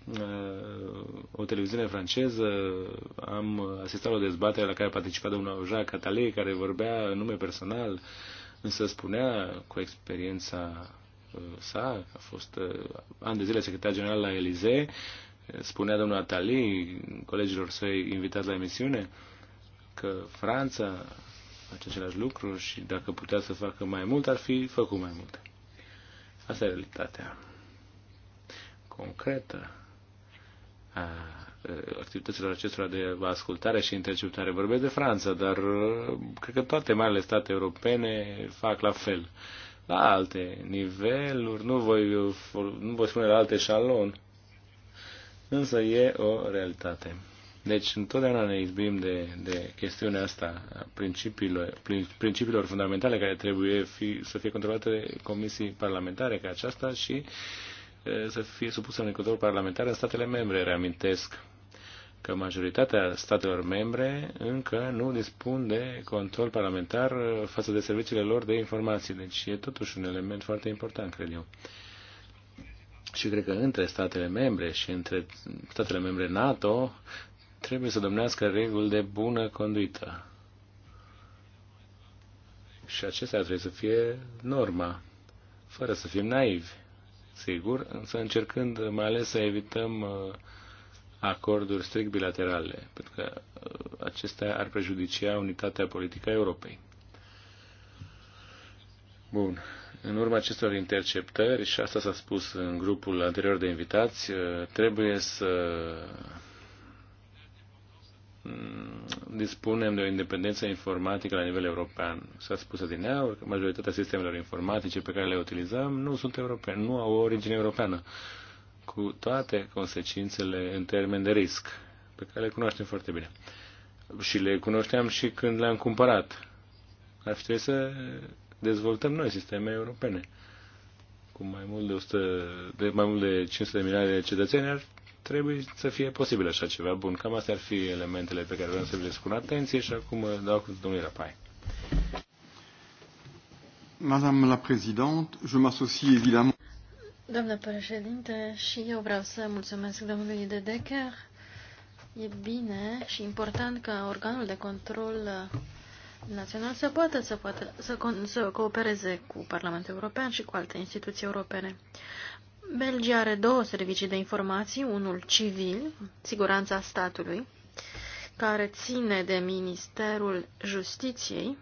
Uh, o televiziune franceză, am asistat la o dezbatere la care a participat domnul Jacques Catalei, care vorbea în nume personal, însă spunea cu experiența uh, sa, a fost uh, an de zile secretar general la Elisee, spunea domnul Atali, colegilor săi invitați la emisiune, că Franța face același lucru și dacă putea să facă mai mult, ar fi făcut mai multe Asta e realitatea concretă a activităților acestora de ascultare și interceptare. Vorbesc de Franța, dar cred că toate marile state europene fac la fel. La alte niveluri, nu voi, nu voi spune la alte șalon, însă e o realitate. Deci întotdeauna ne izbim de, de chestiunea asta, principiilor, principiilor fundamentale care trebuie fi, să fie controlate de comisii parlamentare ca aceasta și uh, să fie supusă unui control parlamentar în statele membre, reamintesc că majoritatea statelor membre încă nu dispun de control parlamentar față de serviciile lor de informații. Deci e totuși un element foarte important, cred eu. Și cred că între statele membre și între statele membre NATO trebuie să domnească reguli de bună conduită. Și acestea trebuie să fie norma, fără să fim naivi sigur, însă încercând mai ales să evităm uh, acorduri strict bilaterale, pentru că uh, acestea ar prejudicia unitatea politică a Europei. Bun. În urma acestor interceptări, și asta s-a spus în grupul anterior de invitați, uh, trebuie să Mm, dispunem de o independență informatică la nivel european. S-a spus adineaur că majoritatea sistemelor informatice pe care le utilizăm nu sunt europene, nu au o origine europeană, cu toate consecințele în termen de risc, pe care le cunoaștem foarte bine. Și le cunoșteam și când le-am cumpărat. Ar fi trebuit să dezvoltăm noi sisteme europene. Cu mai mult de, 100, de mai mult de 500 de milioane de cetățeni ar Trebuie să fie posibil așa ceva. Bun, cam astea ar fi elementele pe care vreau să vi le spun atenție și acum dau cu domnul Rapai. Madame la Présidente, je m'associe évidemment. Domnule președinte, și eu vreau să mulțumesc domnului de Decker. E bine și important ca organul de control uh, național să poată să, poată, să, să coopereze cu Parlamentul European și cu alte instituții europene. Belgia are două servicii de informații, unul civil, siguranța statului, care ține de Ministerul Justiției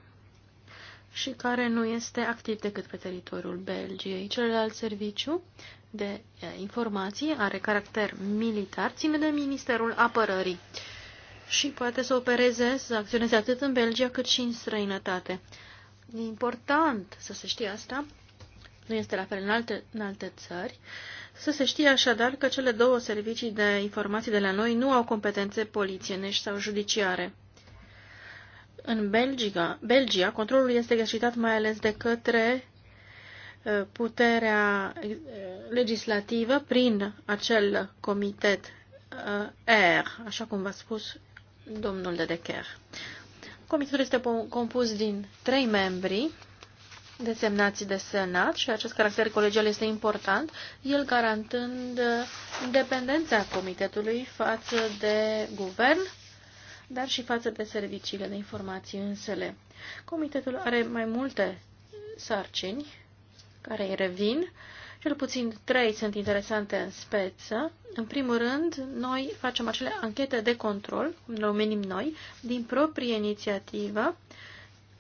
și care nu este activ decât pe teritoriul Belgiei. Celălalt serviciu de informații are caracter militar, ține de Ministerul Apărării și poate să opereze, să acționeze atât în Belgia cât și în străinătate. E important să se știe asta, nu este la fel în alte, în alte țări. Să se știe așadar că cele două servicii de informații de la noi nu au competențe polițienești sau judiciare. În Belgia, Belgia controlul este exercitat mai ales de către uh, puterea uh, legislativă prin acel comitet uh, R, așa cum v-a spus domnul de Decker. Comitetul este compus din trei membri, desemnați de Senat și acest caracter colegial este important, el garantând independența Comitetului față de guvern, dar și față de serviciile de informații însele. Comitetul are mai multe sarcini care îi revin, cel puțin trei sunt interesante în speță. În primul rând, noi facem acele anchete de control, cum le numim noi, din proprie inițiativă,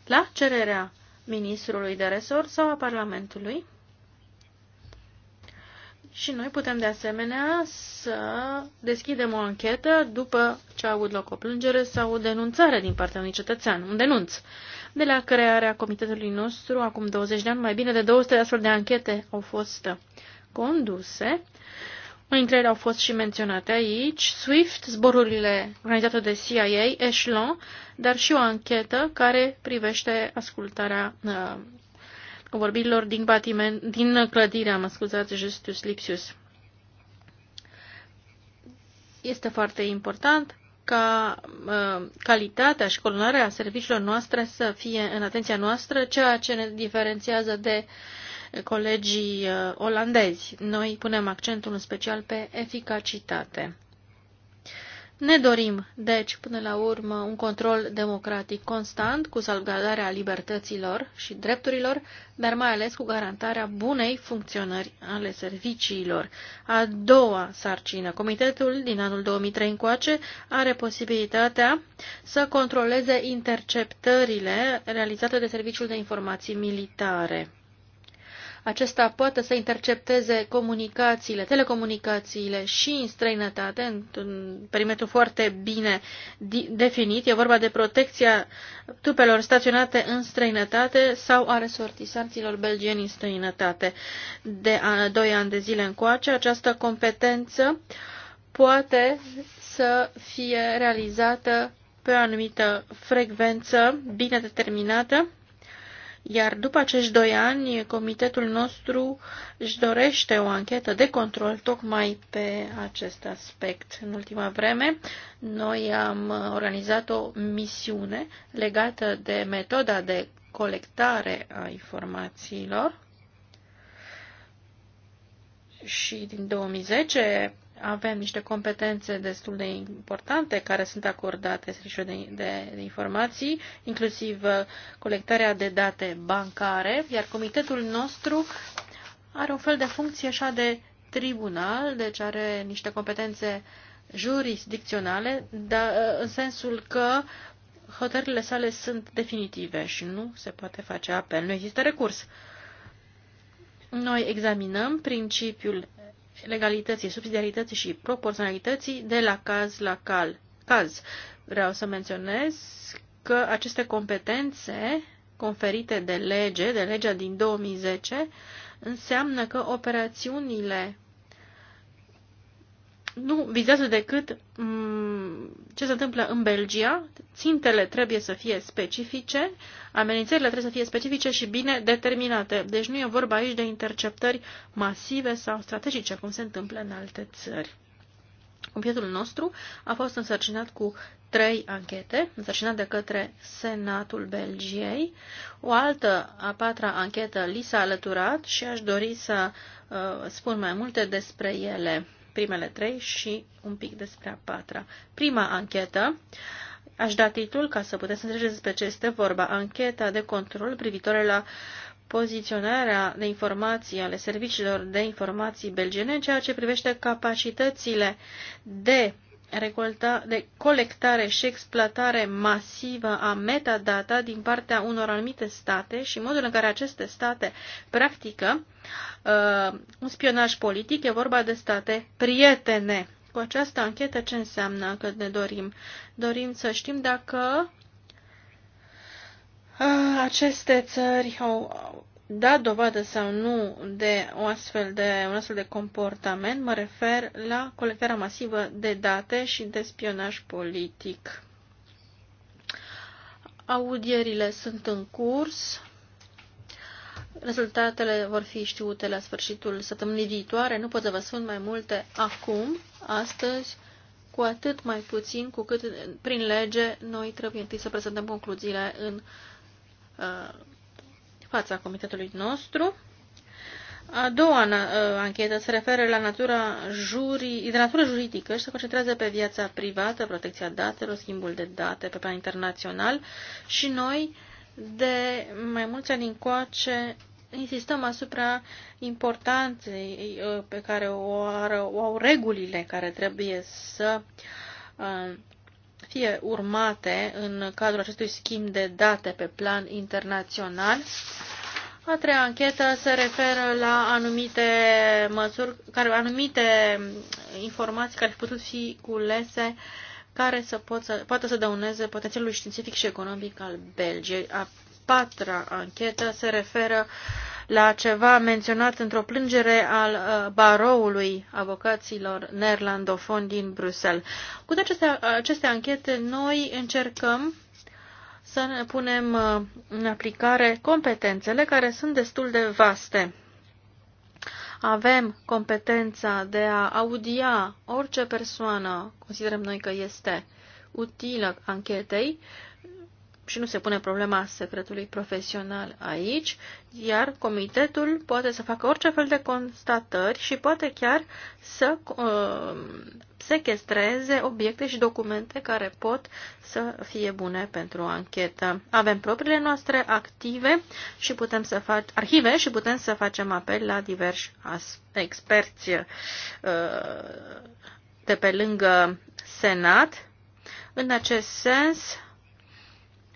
la cererea ministrului de resort sau a Parlamentului. Și noi putem de asemenea să deschidem o anchetă după ce a avut loc o plângere sau o denunțare din partea unui cetățean, un denunț. De la crearea comitetului nostru, acum 20 de ani, mai bine de 200 de astfel de anchete au fost conduse unii ele au fost și menționate aici, SWIFT, zborurile organizate de CIA, Echelon, dar și o anchetă care privește ascultarea uh, vorbirilor din, batiment, din clădirea, mă scuzați, Justus Lipsius. Este foarte important ca uh, calitatea și colonarea serviciilor noastre să fie în atenția noastră, ceea ce ne diferențiază de uh, colegii uh, olandezi. Noi punem accentul în special pe eficacitate. Ne dorim, deci, până la urmă, un control democratic constant cu salvgardarea libertăților și drepturilor, dar mai ales cu garantarea bunei funcționări ale serviciilor. A doua sarcină, comitetul din anul 2003 încoace are posibilitatea să controleze interceptările realizate de Serviciul de Informații Militare acesta poate să intercepteze comunicațiile, telecomunicațiile și în străinătate, într-un perimetru foarte bine definit. E vorba de protecția trupelor staționate în străinătate sau a resortisanților belgieni în străinătate. De 2 ani de zile încoace, această competență poate să fie realizată pe o anumită frecvență bine determinată iar după acești doi ani, comitetul nostru își dorește o anchetă de control tocmai pe acest aspect. În ultima vreme, noi am organizat o misiune legată de metoda de colectare a informațiilor și din 2010 avem niște competențe destul de importante care sunt acordate serviciului de, de, de informații, inclusiv uh, colectarea de date bancare, iar comitetul nostru are un fel de funcție așa de tribunal, deci are niște competențe jurisdicționale, dar uh, în sensul că hotările sale sunt definitive și nu se poate face apel, nu există recurs. Noi examinăm principiul legalității, subsidiarității și proporționalității de la caz la cal. caz. Vreau să menționez că aceste competențe conferite de lege, de legea din 2010, înseamnă că operațiunile nu vizează decât mm, ce se întâmplă în Belgia. Țintele trebuie să fie specifice, amenințările trebuie să fie specifice și bine determinate. Deci nu e vorba aici de interceptări masive sau strategice, cum se întâmplă în alte țări. Comitetul nostru a fost însărcinat cu trei anchete, însărcinat de către Senatul Belgiei. O altă, a patra anchetă, li s-a alăturat și aș dori să uh, spun mai multe despre ele primele trei și un pic despre a patra. Prima anchetă. Aș da titlul ca să puteți înțelegeți despre ce este vorba. Ancheta de control privitoare la poziționarea de informații ale serviciilor de informații belgiene în ceea ce privește capacitățile de recolta, de colectare și exploatare masivă a metadata din partea unor anumite state și modul în care aceste state practică uh, un spionaj politic, e vorba de state prietene. Cu această anchetă ce înseamnă că ne dorim? Dorim să știm dacă uh, aceste țări au, da dovadă sau nu de, o astfel de un astfel de comportament, mă refer la colectarea masivă de date și de spionaj politic. Audierile sunt în curs. Rezultatele vor fi știute la sfârșitul săptămânii viitoare. Nu pot să vă spun mai multe acum, astăzi, cu atât mai puțin cu cât prin lege noi trebuie întâi să prezentăm concluziile în uh, fața comitetului nostru. A doua uh, anchetă se referă la natura juri, de natură juridică și se concentrează pe viața privată, protecția datelor, schimbul de date pe plan internațional și noi de mai mulți ani încoace insistăm asupra importanței uh, pe care o, ară, o au regulile care trebuie să uh, fie urmate în cadrul acestui schimb de date pe plan internațional. A treia anchetă se referă la anumite măsuri, care, anumite informații care au putut fi culese care să, poată, poată să dăuneze potențialul științific și economic al Belgiei. A patra anchetă se referă uh, la ceva menționat într-o plângere al uh, baroului avocaților neerlandofoni din Bruxelles. Cu aceste, aceste anchete, noi încercăm să ne punem uh, în aplicare competențele care sunt destul de vaste. Avem competența de a audia orice persoană, considerăm noi că este utilă anchetei, și nu se pune problema secretului profesional aici, iar comitetul poate să facă orice fel de constatări și poate chiar să uh, sequestreze obiecte și documente care pot să fie bune pentru o anchetă. Avem propriile noastre active și putem să fac, arhive și putem să facem apel la diversi experți uh, de pe lângă Senat. În acest sens,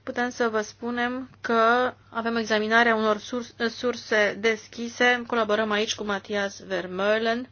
putem să vă spunem că avem examinarea unor eh, surse deschise, colaborăm aici cu Matias Vermeulen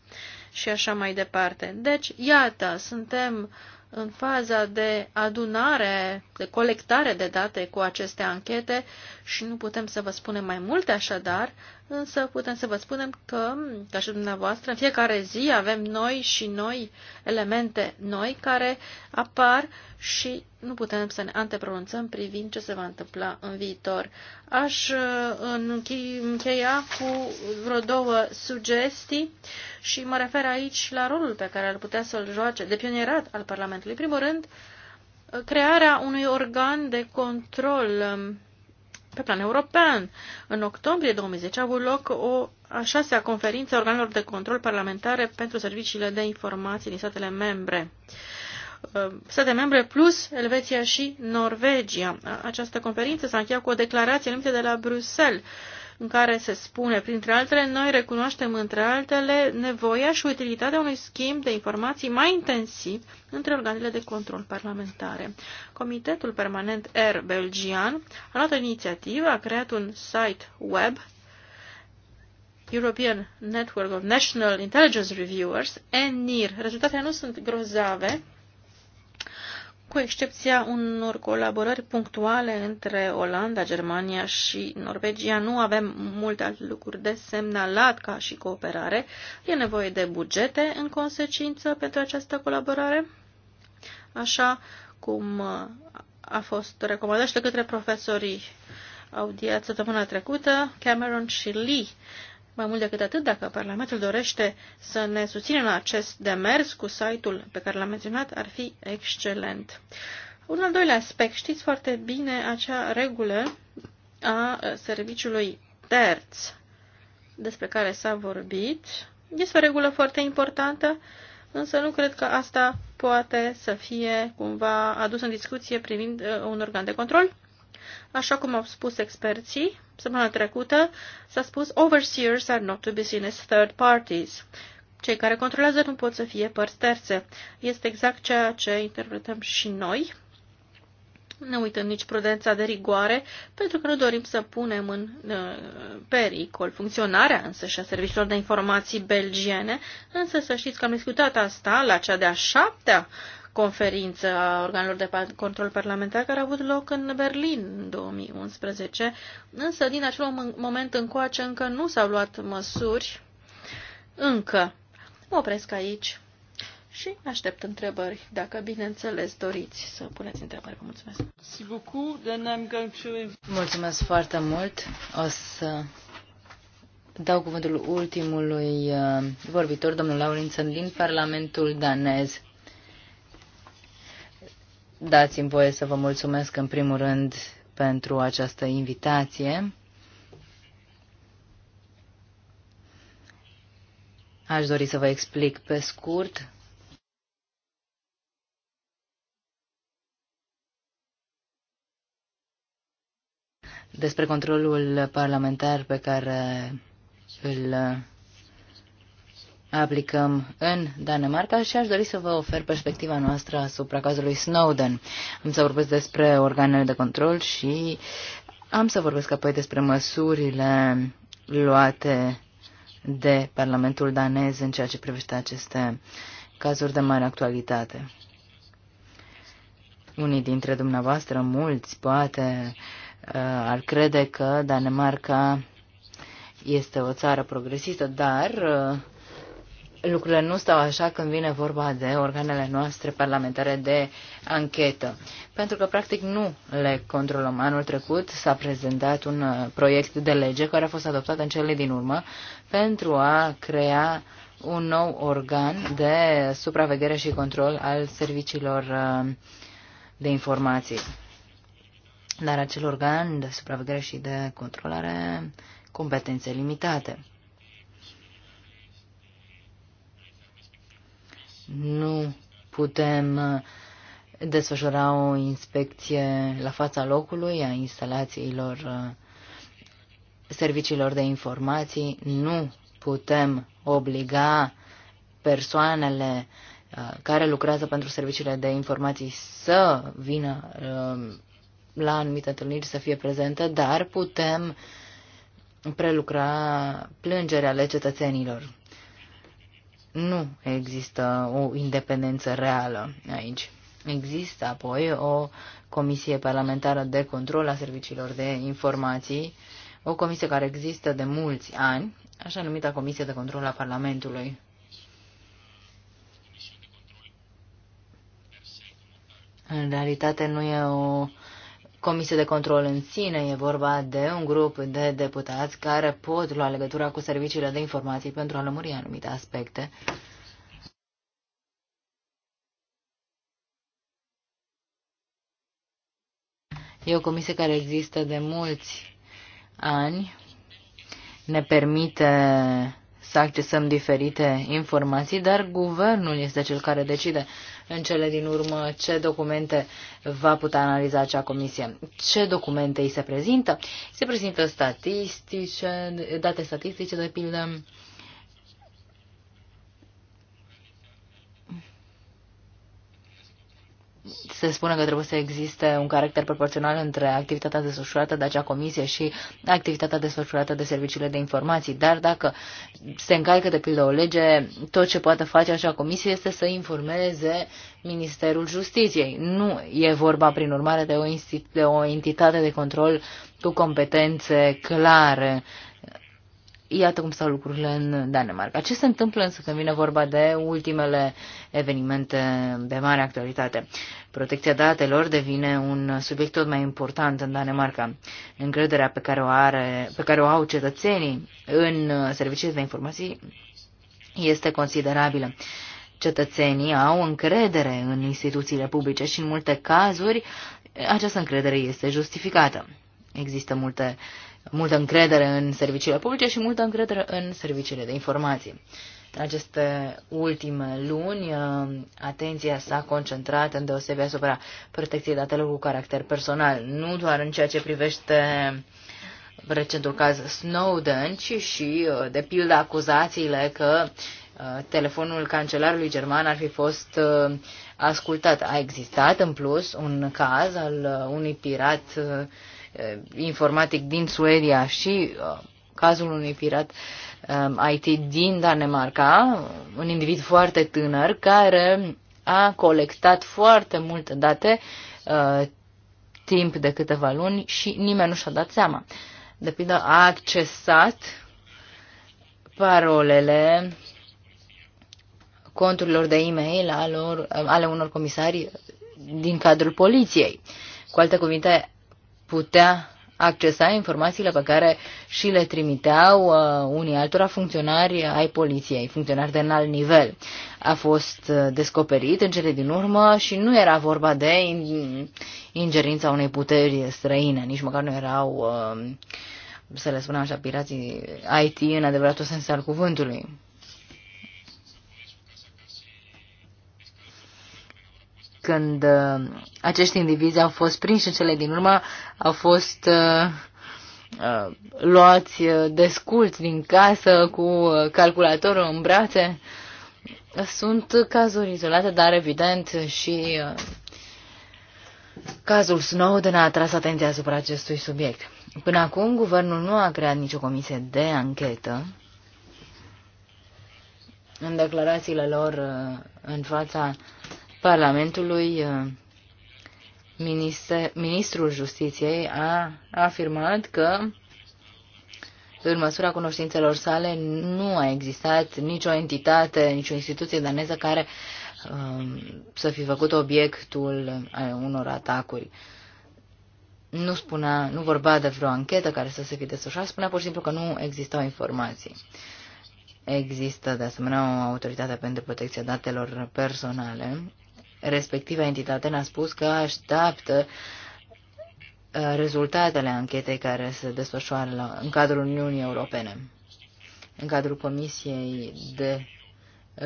și așa mai departe. Deci, iată, suntem în faza de adunare, de colectare de date cu aceste anchete și nu putem să vă spunem mai multe așadar, însă putem să vă spunem că, ca și dumneavoastră, în fiecare zi avem noi și noi elemente noi care apar și nu putem să ne antepronunțăm privind ce se va întâmpla în viitor. Aș uh, încheia cu vreo două sugestii și mă refer aici la rolul pe care ar putea să-l joace de pionierat al Parlamentului. Primul rând, crearea unui organ de control um, pe plan european, în octombrie 2010 a avut loc o a șasea conferință a organelor de control parlamentare pentru serviciile de informații din statele membre. Uh, state membre plus Elveția și Norvegia. Această conferință s-a încheiat cu o declarație limită de la Bruxelles în care se spune, printre altele, noi recunoaștem, între altele, nevoia și utilitatea unui schimb de informații mai intensiv între organele de control parlamentare. Comitetul Permanent R belgian a luat o inițiativă, a creat un site web European Network of National Intelligence Reviewers, ENIR. Rezultatele nu sunt grozave, cu excepția unor colaborări punctuale între Olanda, Germania și Norvegia. Nu avem multe alte lucruri de semnalat ca și cooperare. E nevoie de bugete în consecință pentru această colaborare, așa cum uh, a fost recomandat și de către profesorii audiat săptămâna trecută, Cameron și Lee mai mult decât atât, dacă Parlamentul dorește să ne susțină în acest demers cu site-ul pe care l-am menționat, ar fi excelent. Un al doilea aspect, știți foarte bine acea regulă a serviciului terț despre care s-a vorbit. Este o regulă foarte importantă, însă nu cred că asta poate să fie cumva adus în discuție privind uh, un organ de control Așa cum au spus experții, săptămâna trecută s-a spus overseers are not to be seen as third parties. Cei care controlează nu pot să fie părți terțe. Este exact ceea ce interpretăm și noi. Ne uităm nici prudența de rigoare, pentru că nu dorim să punem în uh, pericol funcționarea însă și a serviciilor de informații belgiene, însă să știți că am discutat asta la cea de-a șaptea uh, conferință a organelor de control parlamentar care a avut loc în Berlin în 2011, însă din acel moment încoace încă nu s-au luat măsuri, încă. Mă opresc aici și aștept întrebări, dacă bineînțeles doriți să puneți întrebări. Vă mulțumesc! Mulțumesc foarte mult! O să dau cuvântul ultimului uh, vorbitor, domnul Laurin din Parlamentul danez. Dați-mi voie să vă mulțumesc în primul rând pentru această invitație. Aș dori să vă explic pe scurt despre controlul parlamentar pe care îl aplicăm în Danemarca și aș dori să vă ofer perspectiva noastră asupra cazului Snowden. Am să vorbesc despre organele de control și am să vorbesc apoi despre măsurile luate de Parlamentul danez în ceea ce privește aceste cazuri de mare actualitate. Unii dintre dumneavoastră, mulți, poate, uh, ar crede că Danemarca este o țară progresistă, dar uh, lucrurile nu stau așa când vine vorba de organele noastre parlamentare de anchetă. Pentru că, practic, nu le controlăm. Anul trecut s-a prezentat un uh, proiect de lege care a fost adoptat în cele din urmă pentru a crea un nou organ de supraveghere și control al serviciilor uh, de informații. Dar acel organ de supraveghere și de control are competențe limitate. Nu putem uh, desfășura o inspecție la fața locului a instalațiilor uh, serviciilor de informații. Nu putem obliga persoanele uh, care lucrează pentru serviciile de informații să vină la anumite întâlniri să fie prezente, dar putem prelucra plângeri ale cetățenilor nu există o independență reală aici. Există apoi o comisie parlamentară de control a serviciilor de informații, o comisie care există de mulți ani, așa numită Comisie de Control a Parlamentului. În realitate nu e o comisie de control în sine, e vorba de un grup de deputați care pot lua legătura cu serviciile de informații pentru a lămuri anumite aspecte. E o comisie care există de mulți ani, ne permite să accesăm diferite informații, dar guvernul este cel care decide în cele din urmă ce documente va putea analiza acea comisie. Ce documente îi se prezintă? se prezintă statistice, date statistice, de pildă, se spune că trebuie să existe un caracter proporțional între activitatea desfășurată de acea comisie și activitatea desfășurată de serviciile de informații. Dar dacă se încalcă de pildă o lege, tot ce poate face acea comisie este să informeze Ministerul Justiției. Nu e vorba, prin urmare, de o, de o entitate de control cu competențe clare Iată cum stau lucrurile în Danemarca. Ce se întâmplă însă când vine vorba de ultimele evenimente de mare actualitate? Protecția datelor devine un subiect tot mai important în Danemarca. Încrederea pe care o, are, pe care o au cetățenii în serviciile de informații este considerabilă. Cetățenii au încredere în instituțiile publice și în multe cazuri această încredere este justificată. Există multe uh, multă încredere în serviciile publice și multă încredere în serviciile de informații. În aceste ultime luni, uh, atenția s-a concentrat în deosebire asupra protecției datelor cu caracter personal, nu doar în ceea ce privește recentul caz Snowden, ci și, uh, de pildă, acuzațiile că uh, telefonul cancelarului german ar fi fost ascultat. A existat, în plus, un caz al unui pirat Eh, informatic din Suedia și eh, cazul unui pirat eh, IT din Danemarca, un individ foarte tânăr care a colectat foarte multe date timp de câteva luni și nimeni nu și-a dat seama. De pildă, a accesat parolele conturilor de e-mail ale, ale unor comisari din cadrul poliției. Cu alte cuvinte, putea accesa informațiile pe care și le trimiteau uh, unii altora funcționari ai poliției, funcționari de înalt nivel. A fost uh, descoperit în cele din urmă și nu era vorba de ingerința unei puteri străine, nici măcar nu erau, uh, să le spunem așa, pirații IT în adevăratul sens al cuvântului. când uh, acești indivizi au fost prinși în cele din urmă, au fost uh, uh, luați desculți din casă cu calculatorul în brațe. Sunt cazuri izolate, dar evident și cazul Snowden a atras atenția asupra acestui subiect. Până acum, guvernul nu a creat nicio comisie de anchetă. În declarațiile lor în fața Parlamentului, eh, minister, ministrul Justiției a afirmat că în măsura cunoștințelor sale, nu a existat nicio entitate, nicio instituție daneză care eh, să fi făcut obiectul eh, unor atacuri. Nu spunea, nu vorba de vreo anchetă care să se fi desfășurat, spunea pur și simplu că nu existau informații. Există, de asemenea, o autoritate pentru protecția datelor personale, respectiva entitate ne-a spus că așteaptă uh, rezultatele anchetei care se desfășoară în cadrul Uniunii Europene. În cadrul Comisiei de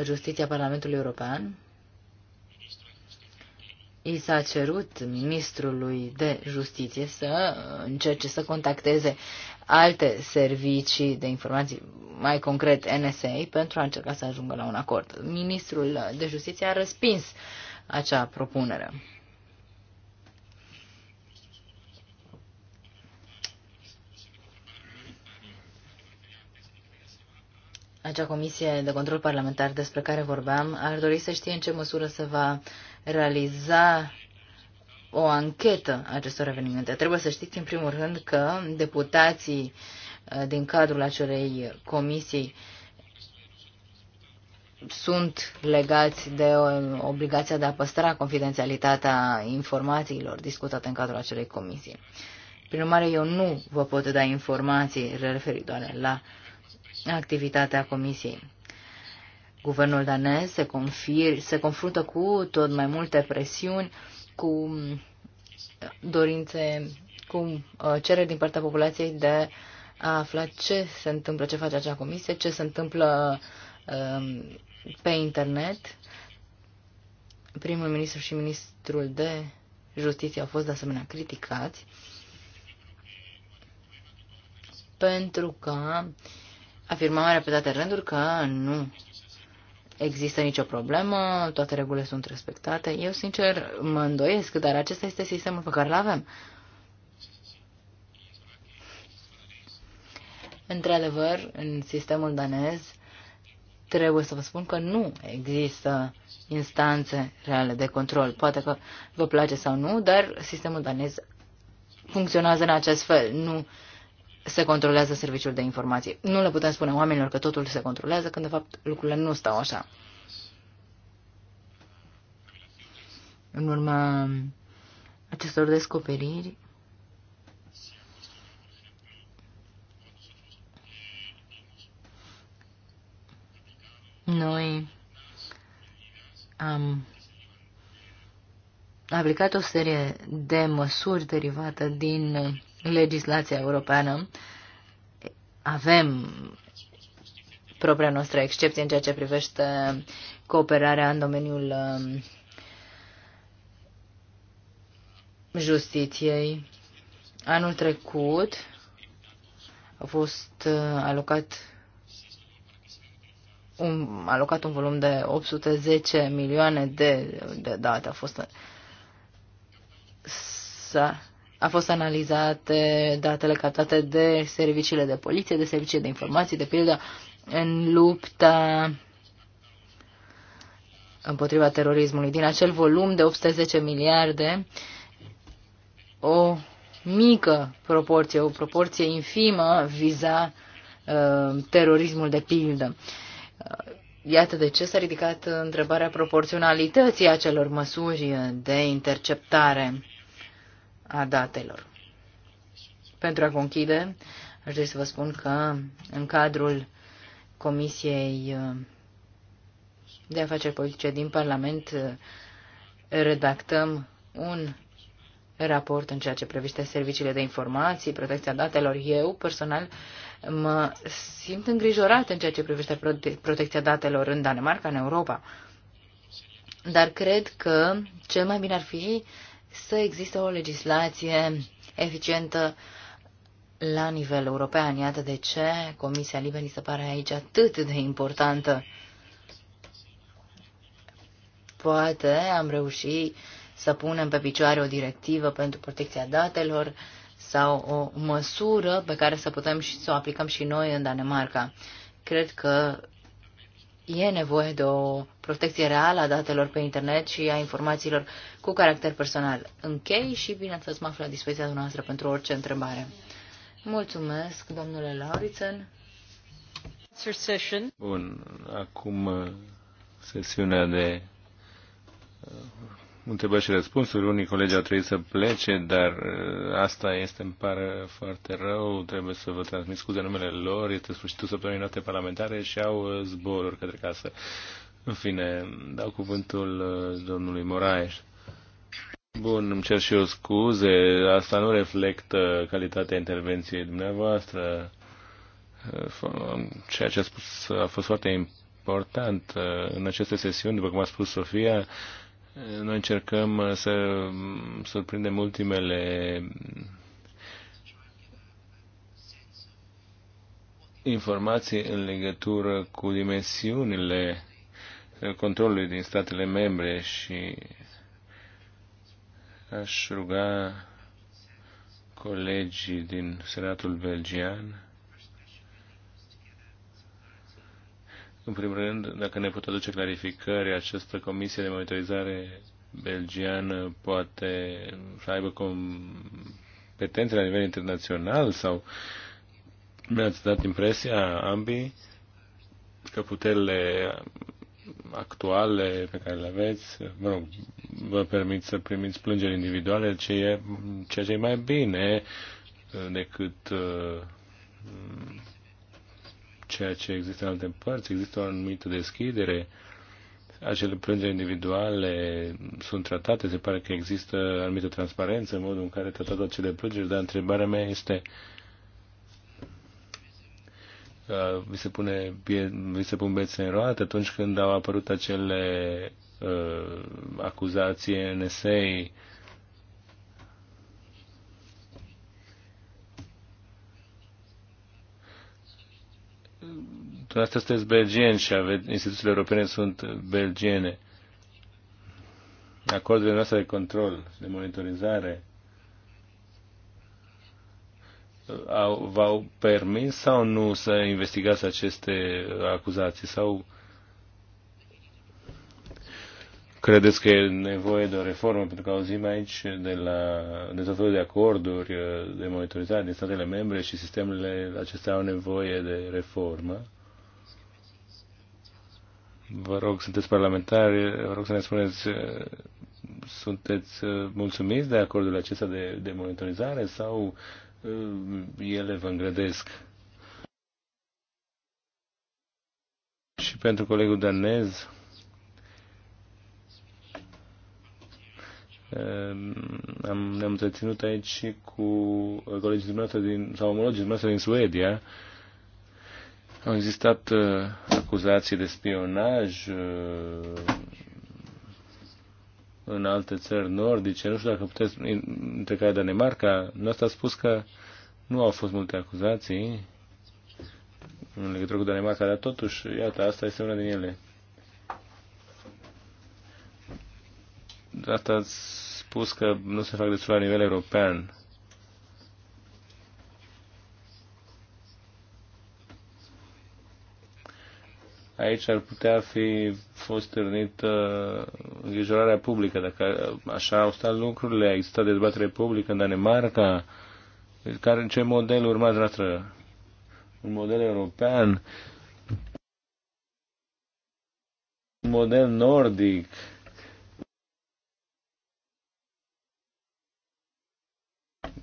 Justiție a Parlamentului European, i s-a cerut ministrului de justiție să uh, încerce să contacteze alte servicii de informații, mai concret NSA, pentru a încerca să ajungă la un acord. Ministrul de justiție a răspins acea propunere. Acea comisie de control parlamentar despre care vorbeam ar dori să știe în ce măsură se va realiza o anchetă acestor evenimente. Trebuie să știți, în primul rând, că deputații uh, din cadrul acelei comisii sunt legați de obligația de a păstra confidențialitatea informațiilor discutate în cadrul acelei comisii. Prin urmare, eu nu vă pot da informații referitoare la activitatea comisiei. Guvernul danez se, confir, se confruntă cu tot mai multe presiuni, cu dorințe, cu uh, cereri din partea populației de a afla ce se întâmplă, ce face acea comisie, ce se întâmplă um, pe internet. Primul ministru și ministrul de justiție au fost de asemenea criticați pentru că afirmam repetate rânduri că nu există nicio problemă, toate regulile sunt respectate. Eu, sincer, mă îndoiesc, dar acesta este sistemul pe care îl avem. Într-adevăr, în sistemul danez, trebuie să vă spun că nu există instanțe reale de control. Poate că vă place sau nu, dar sistemul danez funcționează în acest fel. Nu se controlează serviciul de informații. Nu le putem spune oamenilor că totul se controlează, când de fapt lucrurile nu stau așa. În urma acestor descoperiri, Noi am aplicat o serie de măsuri derivate din legislația europeană. Avem propria noastră excepție în ceea ce privește cooperarea în domeniul um, justiției. Anul trecut a fost uh, alocat un, alocat un volum de 810 milioane de, de date. A fost, s-a, a fost analizate datele captate de serviciile de poliție, de servicii de informații, de pildă, în lupta împotriva terorismului. Din acel volum de 810 miliarde, o mică proporție, o proporție infimă viza uh, terorismul de pildă. Uh, Iată de ce s-a ridicat întrebarea proporționalității acelor măsuri de interceptare a datelor. Pentru a conchide, aș dori să vă spun că în cadrul Comisiei de Afaceri Politice din Parlament redactăm un raport în ceea ce privește serviciile de informații, protecția datelor. Eu, personal, mă simt îngrijorat în ceea ce privește protecția datelor în Danemarca, în Europa. Dar cred că cel mai bine ar fi să existe o legislație eficientă la nivel european. Iată de ce Comisia Liberii se pare aici atât de importantă. Poate am reușit să punem pe picioare o directivă pentru protecția datelor sau o măsură pe care să putem și să o aplicăm și noi în Danemarca. Cred că e nevoie de o protecție reală a datelor pe internet și a informațiilor cu caracter personal. Închei și, bineînțeles, mă aflu la dispoziția dumneavoastră pentru orice întrebare. Mulțumesc, domnule Lauritzen. Bun, acum sesiunea de întrebări și răspunsuri. Unii colegi au trebuit să plece, dar uh, asta este, îmi pare foarte rău. Trebuie să vă transmit scuze numele lor. Este sfârșitul săptămânii noastre parlamentare și au uh, zboruri către casă. În fine, dau cuvântul uh, domnului Moraes. Bun, îmi cer și eu scuze. Asta nu reflectă calitatea intervenției dumneavoastră. Ceea ce a spus a fost foarte important. În aceste sesiuni, după cum a spus Sofia, noi încercăm uh, să mm, surprindem ultimele mm, informații în legătură cu dimensiunile uh, controlului din statele membre și aș ruga colegii din Senatul Belgian În primul rând, dacă ne pot aduce clarificări, această comisie de monitorizare belgiană poate să aibă competențe la nivel internațional sau mi-ați dat impresia ambii că puterile actuale pe care le aveți, mă rog, vă permit să primiți plângeri individuale, ce e, ceea ce e mai bine decât uh, ceea ce există în alte părți, există o anumită deschidere, acele plângeri individuale sunt tratate, se pare că există anumită transparență în modul în care tratat acele plângeri, dar întrebarea mea este uh, vi se, pune, vi se pun bețe în roată atunci când au apărut acele uh, acuzații NSA Dumneavoastră sunteți belgieni și aveți, instituțiile europene sunt belgiene. Acordurile noastre de control și de monitorizare au, v-au permis sau nu să investigați aceste acuzații sau credeți că e nevoie de o reformă, pentru că auzim aici de, la, de tot felul de acorduri de monitorizare din statele membre și sistemele acestea au nevoie de reformă. Vă rog, sunteți parlamentari, vă rog să ne spuneți, uh, sunteți uh, mulțumiți de acordul acesta de, de monitorizare sau uh, ele vă îngrădesc? Și pentru colegul danez, am, ne-am întreținut aici cu colegii dumneavoastră din, sau omologii dumneavoastră din Suedia, au existat uh, acuzații de spionaj uh, în alte țări nordice, nu știu dacă puteți, între care Danemarca, noastră a spus că nu au fost multe acuzații în legătură cu Danemarca, dar totuși, iată, asta este una din ele. Asta a spus că nu se fac destul la nivel european. aici ar putea fi fost târnită uh, îngrijorarea publică. Dacă uh, așa au stat lucrurile, a existat dezbatere publică în Danemarca, deci, care, ce model urma noastră? Un model european? Un model nordic?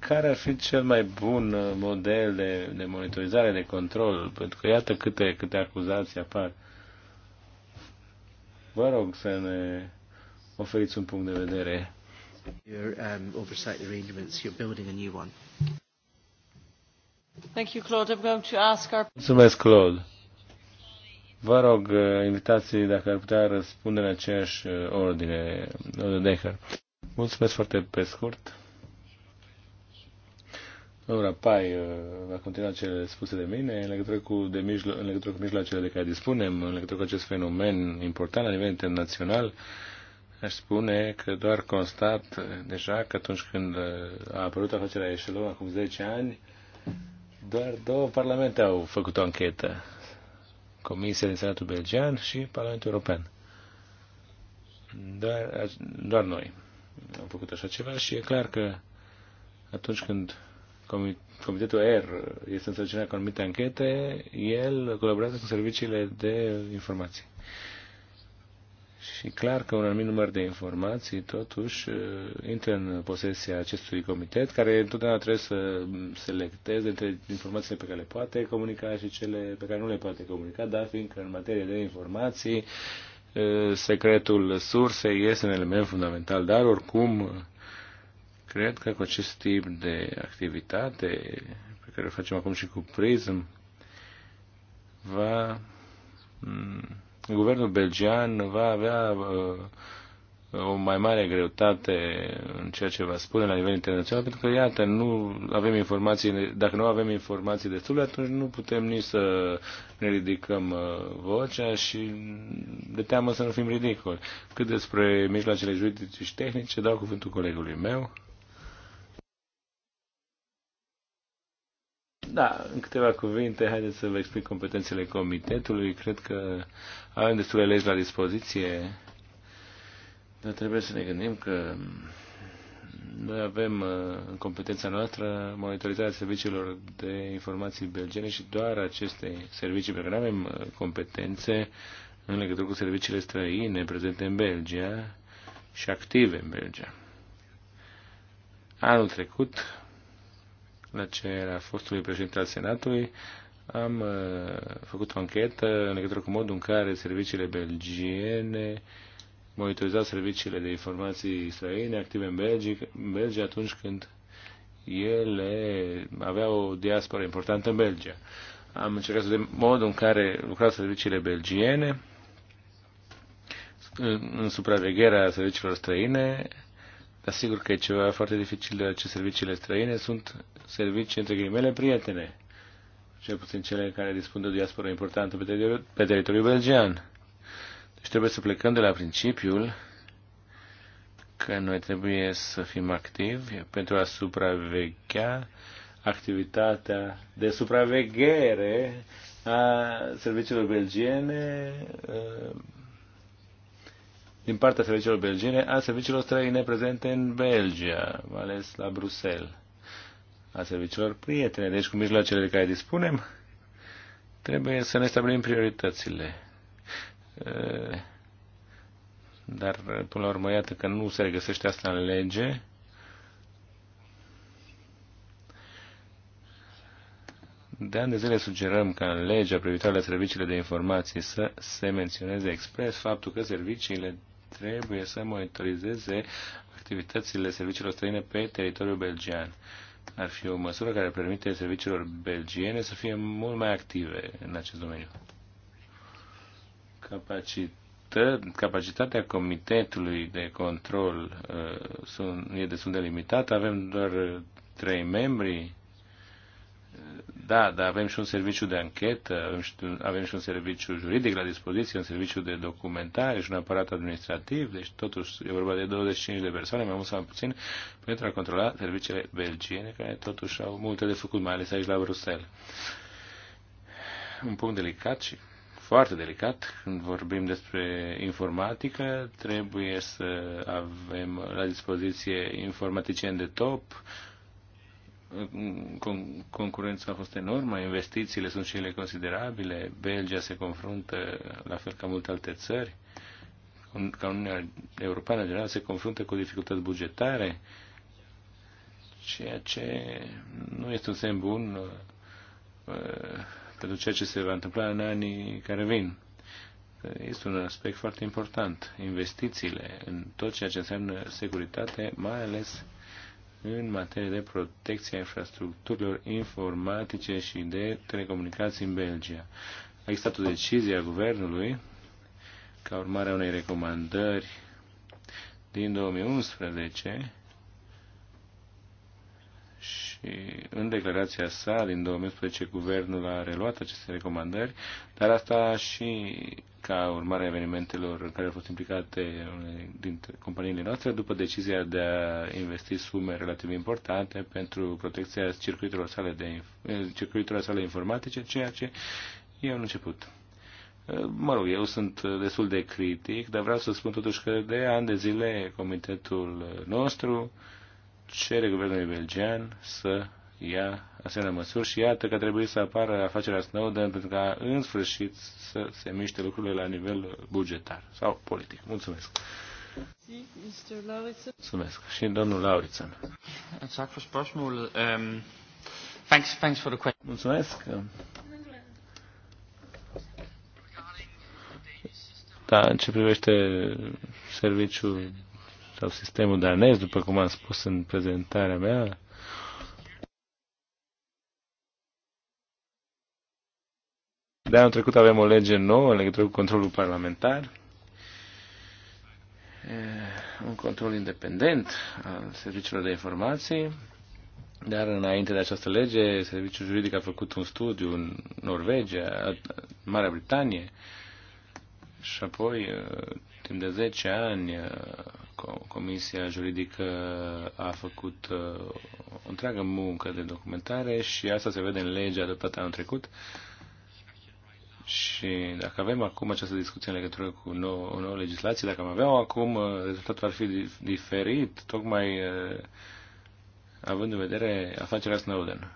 care ar fi cel mai bun uh, model de, de monitorizare, de control? Pentru că iată câte, câte acuzații apar. Vă rog să ne oferiți un punct de vedere. Your um, oversight arrangements, you're building a new one. Thank you, Claude. I'm going to ask our... Mulțumesc, Claude. Vă rog, uh, invitații, dacă ar putea răspunde la aceeași uh, ordine, Decker. Mulțumesc foarte pe scurt. Domnul Pai uh, va continua cele spuse de mine în legătură cu, de mijlo- în legătură cu mijloacele de care dispunem, în legătură cu acest fenomen important la nivel internațional. Aș spune că doar constat deja că atunci când uh, a apărut afacerea Eșelon acum 10 ani, doar două parlamente au făcut o anchetă. Comisia din Senatul Belgian și Parlamentul European. Doar, uh, doar noi am făcut așa ceva și e clar că atunci când Comitetul R este însărcinat cu anumite anchete, el colaborează cu serviciile de informații. Și clar că un anumit număr de informații, totuși, uh, intră în posesia acestui comitet, care întotdeauna trebuie să selecteze între informațiile pe care le poate comunica și cele pe care nu le poate comunica, dar fiindcă în materie de informații, uh, secretul sursei este un element fundamental, dar oricum Cred că cu acest tip de activitate pe care o facem acum și cu PRISM, va, mm, guvernul belgian va avea uh, o mai mare greutate în ceea ce va spune la nivel internațional, pentru că, iată, nu avem informații, dacă nu avem informații sub, atunci nu putem nici să ne ridicăm uh, vocea și de teamă să nu fim ridicoli. Cât despre mijloacele juridice și tehnice, dau cuvântul colegului meu. Da, în câteva cuvinte, haideți să vă explic competențele comitetului. Cred că avem destule legi la dispoziție, dar trebuie să ne gândim că noi avem uh, în competența noastră monitorizarea serviciilor de informații belgene și doar aceste servicii, pentru că nu avem uh, competențe în legătură cu serviciile străine prezente în Belgia și active în Belgia. Anul trecut la cererea fostului președinte al Senatului, am uh, făcut o anchetă în legătură cu modul în care serviciile belgiene monitorizau serviciile de informații străine active în Belgia, în Belgia atunci când ele aveau o diasporă importantă în Belgia. Am încercat să de modul în care lucrau serviciile belgiene în supravegherea serviciilor străine dar sigur că e ceva foarte dificil de ce serviciile străine sunt servicii, între ghilimele, prietene. Cel puțin cele care dispun de o diasporă importantă pe, teritoriul, pe teritoriul belgean. Deci trebuie să plecăm de la principiul că noi trebuie să fim activi pentru a supraveghea activitatea de supraveghere a serviciilor belgiene uh, din partea serviciilor belgiene a serviciilor străine prezente în Belgia, mai ales la Bruxelles, a serviciilor prietene. Deci, cu mijloacele de care dispunem, trebuie să ne stabilim prioritățile. Dar, până la urmă, iată că nu se regăsește asta în lege. De ani de zile sugerăm ca în legea privitoare la serviciile de informații să se menționeze expres faptul că serviciile trebuie să monitorizeze activitățile serviciilor străine pe teritoriul belgian. Ar fi o măsură care permite serviciilor belgiene să fie mult mai active în acest domeniu. Capacită, capacitatea comitetului de control uh, sunt, e destul de limitată. Avem doar uh, trei membri uh, da, dar avem și un serviciu de anchetă, avem și, avem și un serviciu juridic la dispoziție, un serviciu de documentare și un aparat administrativ, deci totuși e vorba de 25 de persoane, mai mult sau mai puțin, pentru a controla serviciile belgiene, care totuși au multe de făcut, mai ales aici la Bruxelles. Un punct delicat și foarte delicat. Când vorbim despre informatică, trebuie să avem la dispoziție informaticieni de top, concurența a fost enormă, investițiile sunt și ele considerabile, Belgia se confruntă, la fel ca multe alte țări, ca Uniunea Europeană general se confruntă cu dificultăți bugetare, ceea ce nu este un semn bun uh, pentru ceea ce se va întâmpla în anii care vin. Este un aspect foarte important. Investițiile în tot ceea ce înseamnă securitate, mai ales în materie de protecție a infrastructurilor informatice și de telecomunicații în Belgia. A existat o decizie a Guvernului ca urmare a unei recomandări din 2011 și în declarația sa din 2011 guvernul a reluat aceste recomandări, dar asta și ca urmare a evenimentelor în care au fost implicate dintre companiile noastre după decizia de a investi sume relativ importante pentru protecția circuitelor sale, de, circuitelor sale informatice, ceea ce e un început. Mă rog, eu sunt destul de critic, dar vreau să spun totuși că de ani de zile comitetul nostru uh, cere guvernului belgian să ia asemenea măsuri și iată că trebuie să apară afacerea Snowden pentru ca în sfârșit să se miște lucrurile la nivel bugetar sau politic. Mulțumesc! Mulțumesc. Și domnul Lauritsen. thanks for the question. Mulțumesc. Da, în ce privește serviciul sau sistemul danez, după cum am spus în prezentarea mea, De anul trecut avem o lege nouă în legătură cu controlul parlamentar, un control independent al serviciilor de informații, dar înainte de această lege, serviciul juridic a făcut un studiu în Norvegia, în Marea Britanie, și apoi, uh, timp de 10 ani, uh, Comisia Juridică a făcut uh, o întreagă muncă de documentare și asta se vede în legea adoptată anul trecut. Și dacă avem acum această discuție în legătură cu o nou, o nouă legislație, dacă am avea-o acum, rezultatul ar fi diferit, tocmai având în vedere afacerea Snowden.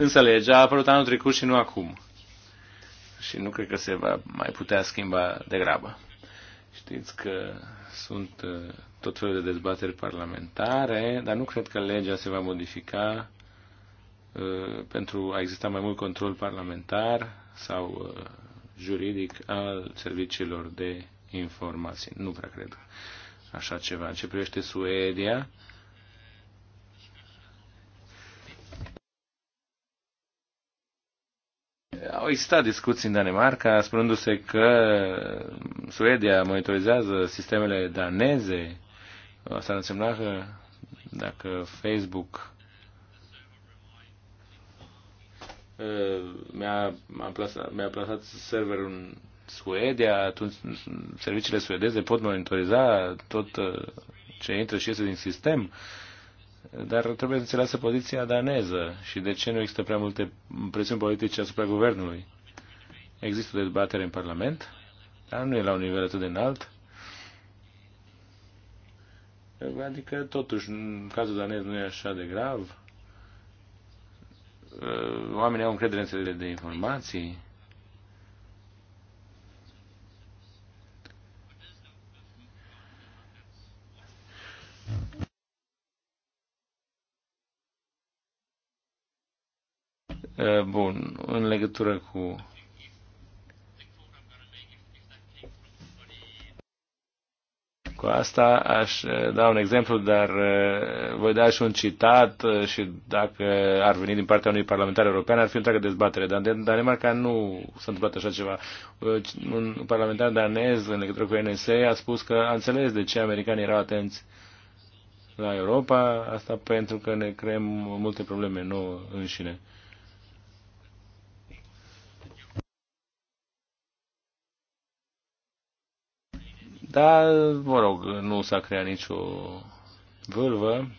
Însă legea a apărut anul trecut și nu acum. Și nu cred că se va mai putea schimba de grabă. Știți că sunt uh, tot felul de dezbateri parlamentare, dar nu cred că legea se va modifica uh, pentru a exista mai mult control parlamentar sau uh, juridic al serviciilor de informații. Nu prea cred așa ceva. ce privește Suedia, Au existat discuții în Danemarca, spunându-se că Suedia monitorizează sistemele daneze. Asta ar însemna că dacă Facebook mi-a, mi-a, plasat, mi-a plasat serverul în Suedia, atunci serviciile suedeze pot monitoriza tot ce intră și iese din sistem. Uh, dar trebuie să înțeleasă poziția daneză și de ce nu există prea multe presiuni politice asupra guvernului. Există dezbatere în Parlament, dar nu e la un nivel atât de înalt. Adică, totuși, în cazul danez nu e așa de grav. Oamenii au încredere în de informații Uh, bun, în legătură cu Cu asta aș uh, da un exemplu, dar uh, voi da și un citat și dacă ar veni din partea unui parlamentar european, ar fi întreagă dezbatere. Dar în Danemarca nu s-a întâmplat așa ceva. Un parlamentar danez, în legătură cu NSA, a spus că a înțeles de ce americanii erau atenți la Europa, asta pentru că ne creăm multe probleme nouă înșine. Dar, mă rog, nu s-a creat nicio vârvă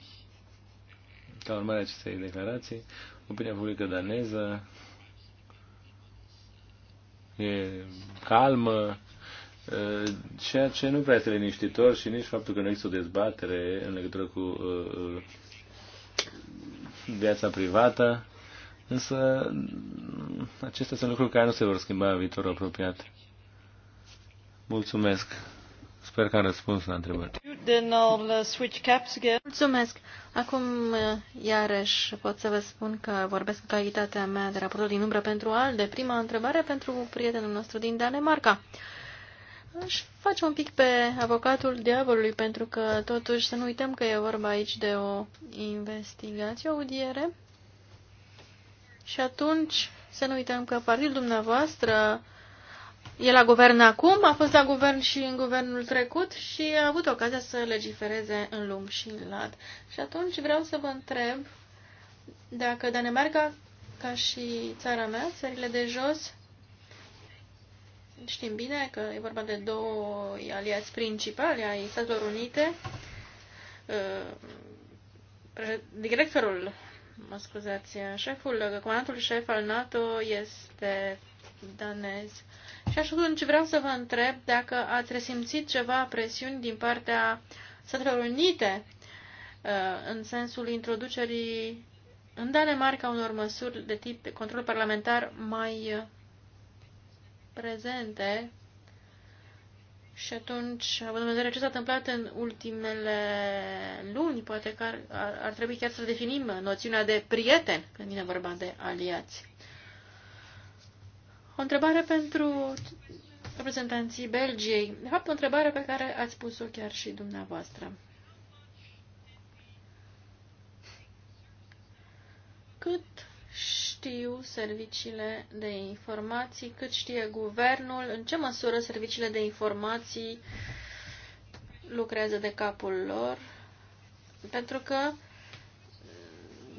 ca urmare acestei declarații. Opinia publică daneză e calmă, ceea ce nu prea este liniștitor și nici faptul că nu există o dezbatere în legătură cu viața privată, însă acestea sunt lucruri care nu se vor schimba în viitorul apropiat. Mulțumesc! Sper că am răspuns la întrebări. Uh, switch Mulțumesc. Acum, uh, iarăși, pot să vă spun că vorbesc în calitatea mea de raportor din umbră pentru al de prima întrebare pentru prietenul nostru din Danemarca. Aș face un pic pe avocatul diavolului, pentru că, totuși, să nu uităm că e vorba aici de o investigație, o audiere. Și atunci, să nu uităm că partidul dumneavoastră E la guvern acum, a fost la guvern și în guvernul trecut și a avut ocazia să legifereze în lung și în lat. Și atunci vreau să vă întreb dacă Danemarca, ca și țara mea, țările de jos, știm bine că e vorba de două aliați principali ai Statelor Unite, uh, directorul, mă scuzați, șeful, comandantul șef al NATO este danez. Uh, și atunci vreau să vă întreb dacă ați resimțit ceva presiuni din partea Statelor Unite uh, în sensul introducerii în Danemarca unor măsuri de tip de control parlamentar mai uh, prezente și atunci, având în vedere ce s-a întâmplat în ultimele luni, poate că ar, ar trebui chiar să definim noțiunea de prieten când vine vorba de aliați. O întrebare pentru reprezentanții Belgiei. De fapt, o întrebare pe care ați pus-o chiar și dumneavoastră. Cât știu serviciile de informații, cât știe guvernul, în ce măsură serviciile de informații lucrează de capul lor, pentru că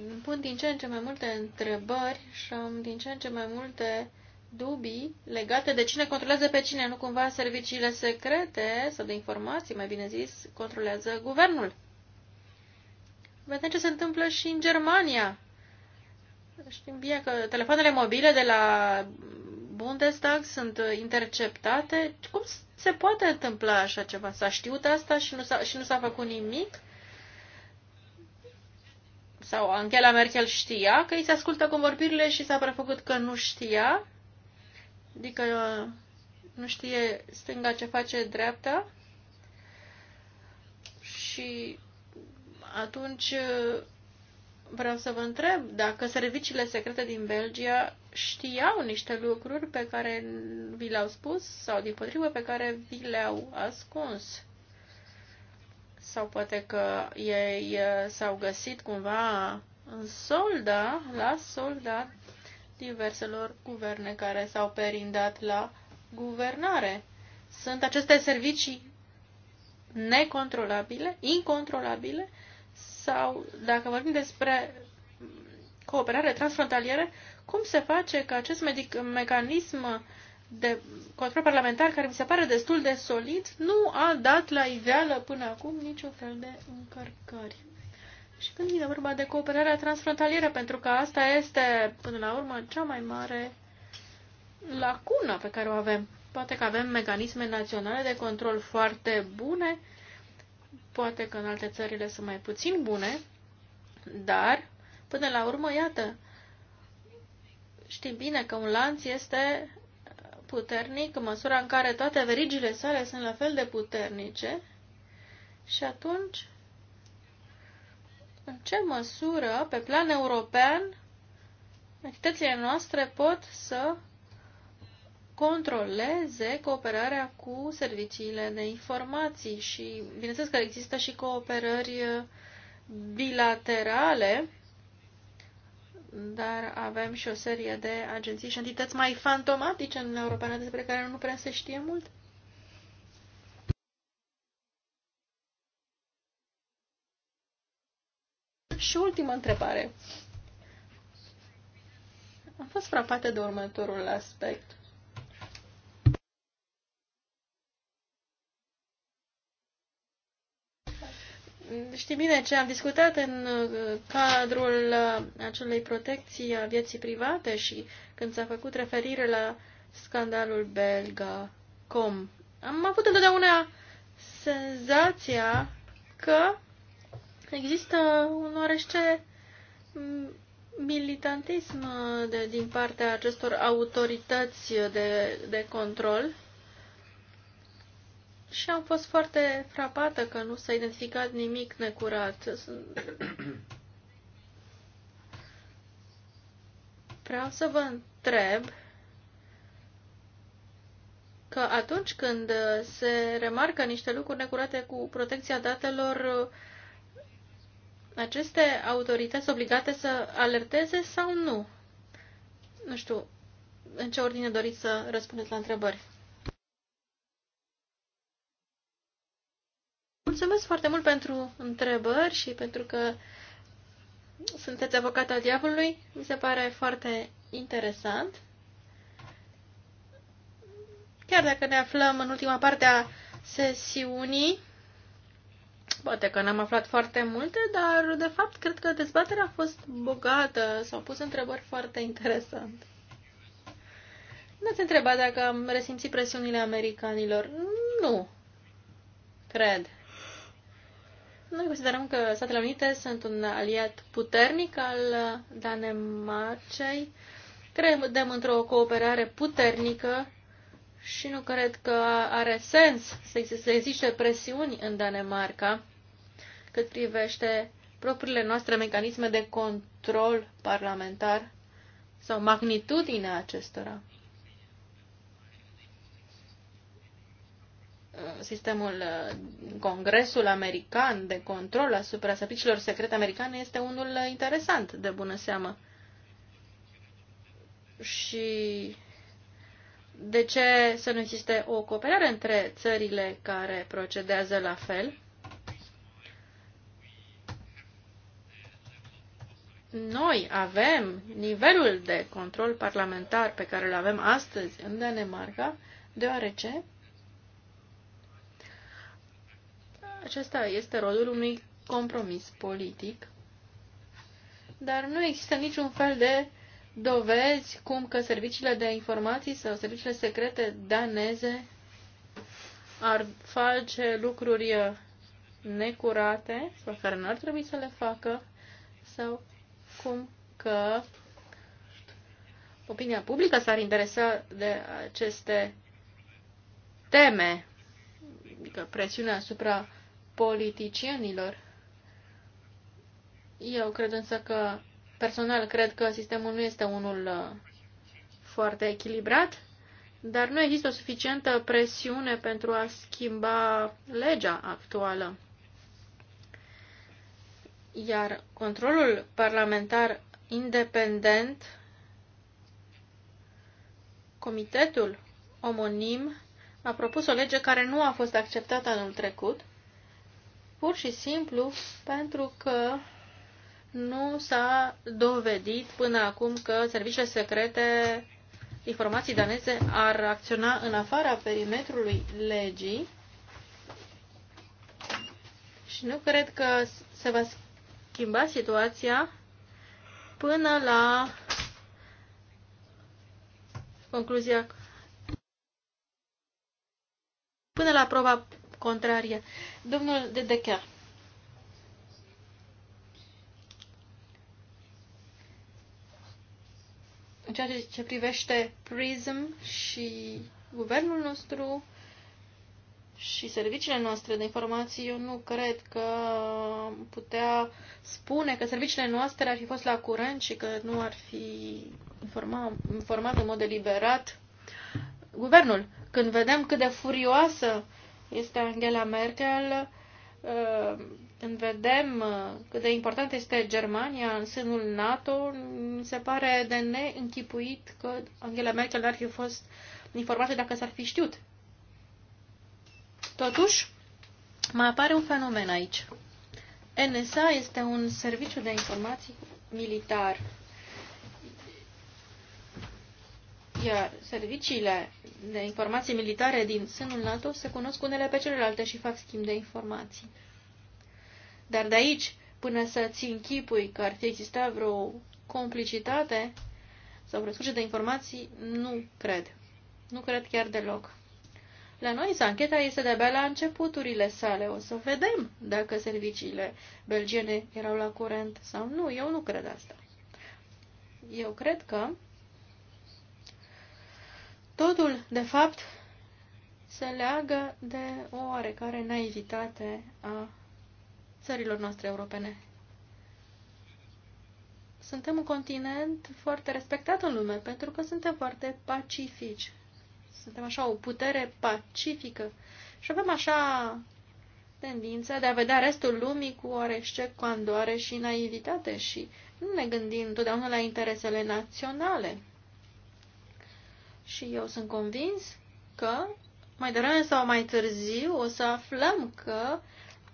îmi pun din ce în ce mai multe întrebări și am din ce în ce mai multe dubii legate de cine controlează pe cine, nu cumva serviciile secrete sau de informații, mai bine zis, controlează guvernul. Vedem ce se întâmplă și în Germania. Știm bine că telefoanele mobile de la Bundestag sunt interceptate. Cum se poate întâmpla așa ceva? S-a știut asta și nu s-a, făcut nimic? Sau Angela Merkel știa că îi se ascultă convorbirile și s-a prefăcut că nu știa? Adică nu știe stânga ce face dreapta și atunci uh, vreau să vă întreb dacă serviciile secrete din Belgia știau niște lucruri pe care vi le-au spus sau din potrivă pe care vi le-au ascuns. Sau poate că ei uh, s-au găsit cumva în solda, la solda diverselor guverne care s-au perindat la guvernare. Sunt aceste servicii necontrolabile, incontrolabile, sau, dacă vorbim despre cooperare transfrontalieră, cum se face că acest medic, mecanism de control parlamentar, care mi se pare destul de solid, nu a dat la iveală până acum niciun fel de încărcări și când vine vorba de cooperarea transfrontalieră, pentru că asta este, până la urmă, cea mai mare lacună pe care o avem. Poate că avem mecanisme naționale de control foarte bune, poate că în alte țările sunt mai puțin bune, dar, până la urmă, iată, știm bine că un lanț este puternic în măsura în care toate verigile sale sunt la fel de puternice și atunci în ce măsură, pe plan european, entitățile noastre pot să controleze cooperarea cu serviciile de informații și, bineînțeles că există și cooperări bilaterale, dar avem și o serie de agenții și entități mai fantomatice în Europeană despre care nu prea se știe mult. Și ultima întrebare. Am fost frapată de următorul aspect. Știi bine ce am discutat în uh, cadrul uh, acelei protecții a vieții private și când s-a făcut referire la scandalul belga.com. Am avut întotdeauna senzația că există un orice militantism de, din partea acestor autorități de, de control și am fost foarte frapată că nu s-a identificat nimic necurat. Vreau să vă întreb că atunci când se remarcă niște lucruri necurate cu protecția datelor, uh, aceste autorități obligate să alerteze sau nu? Nu știu, în ce ordine doriți să răspundeți la întrebări? Mulțumesc foarte mult pentru întrebări și pentru că sunteți avocat al diavolului. Mi se pare foarte interesant. Chiar dacă ne aflăm în ultima parte a sesiunii, Poate că n-am aflat foarte multe, dar de fapt cred că dezbaterea a fost bogată, s-au pus întrebări foarte interesante. nu ați întrebat dacă am resimțit presiunile americanilor. Nu. Cred. Noi considerăm că Statele Unite sunt un aliat puternic al Danemarcei. Credem într-o cooperare puternică și nu cred că are sens să existe presiuni în Danemarca cât privește propriile noastre mecanisme de control parlamentar sau magnitudinea acestora. Sistemul, uh, Congresul American de control asupra serviciilor secrete americane este unul interesant, de bună seamă. Și de ce să nu existe o cooperare între țările care procedează la fel? noi avem nivelul de control parlamentar pe care îl avem astăzi în Danemarca, deoarece acesta este rolul unui compromis politic, dar nu există niciun fel de dovezi cum că serviciile de informații sau serviciile secrete daneze ar face lucruri necurate sau care nu ar trebui să le facă sau cum că opinia publică s-ar interesa de aceste teme, adică presiunea asupra politicienilor. Eu cred însă că, personal, cred că sistemul nu este unul uh, foarte echilibrat, dar nu există o suficientă presiune pentru a schimba legea actuală. Iar controlul parlamentar independent, comitetul omonim a propus o lege care nu a fost acceptată anul trecut, pur și simplu pentru că nu s-a dovedit până acum că serviciile secrete informații daneze ar acționa în afara perimetrului legii și nu cred că se va schimba situația până la concluzia până la proba contrarie. Domnul de Dechea. În ceea ce privește PRISM și guvernul nostru, și serviciile noastre de informații, eu nu cred că putea spune că serviciile noastre ar fi fost la curent și că nu ar fi informat, informat în mod deliberat guvernul. Când vedem cât de furioasă este Angela Merkel, uh, când vedem uh, cât de importantă este Germania în sânul NATO, mi se pare de neînchipuit că Angela Merkel n-ar fi fost informată dacă s-ar fi știut Totuși, mai apare un fenomen aici. NSA este un serviciu de informații militar, iar serviciile de informații militare din sânul NATO se cunosc unele pe celelalte și fac schimb de informații. Dar de aici, până să-ți închipui că ar fi existat vreo complicitate sau vreo de informații, nu cred. Nu cred chiar deloc. La noi însă ancheta este de-abia la începuturile sale. O să vedem dacă serviciile belgiene erau la curent sau nu. Eu nu cred asta. Eu cred că totul, de fapt, se leagă de o oarecare naivitate a țărilor noastre europene. Suntem un continent foarte respectat în lume pentru că suntem foarte pacifici suntem așa o putere pacifică și avem așa tendința de a vedea restul lumii cu oarește candoare și naivitate și nu ne gândim întotdeauna la interesele naționale. Și eu sunt convins că mai devreme sau mai târziu o să aflăm că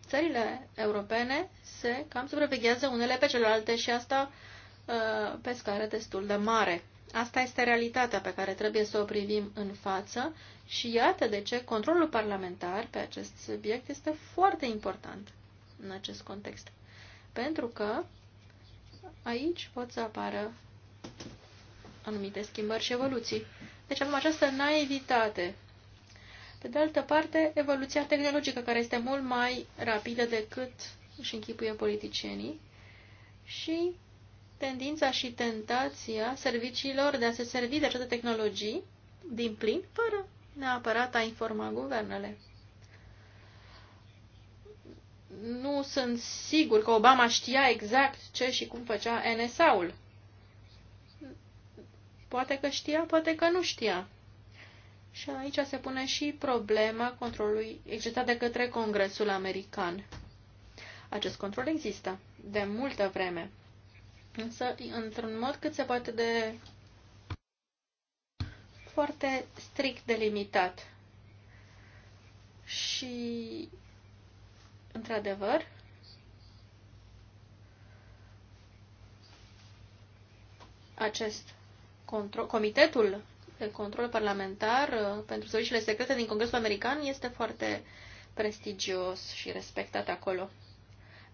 țările europene se cam supraveghează unele pe celelalte și asta uh, pe scară destul de mare. Asta este realitatea pe care trebuie să o privim în față și iată de ce controlul parlamentar pe acest subiect este foarte important în acest context. Pentru că aici pot să apară anumite schimbări și evoluții. Deci avem această naivitate. Pe de altă parte, evoluția tehnologică, care este mult mai rapidă decât își închipuie politicienii și tendința și tentația serviciilor de a se servi de aceste tehnologii din plin, fără neapărat a informa guvernele. Nu sunt sigur că Obama știa exact ce și cum făcea NSA-ul. Poate că știa, poate că nu știa. Și aici se pune și problema controlului exercitat de către Congresul American. Acest control există de multă vreme însă într-un mod cât se poate de foarte strict delimitat. Și, într-adevăr, acest control, comitetul de control parlamentar uh, pentru serviciile secrete din Congresul American este foarte prestigios și respectat acolo.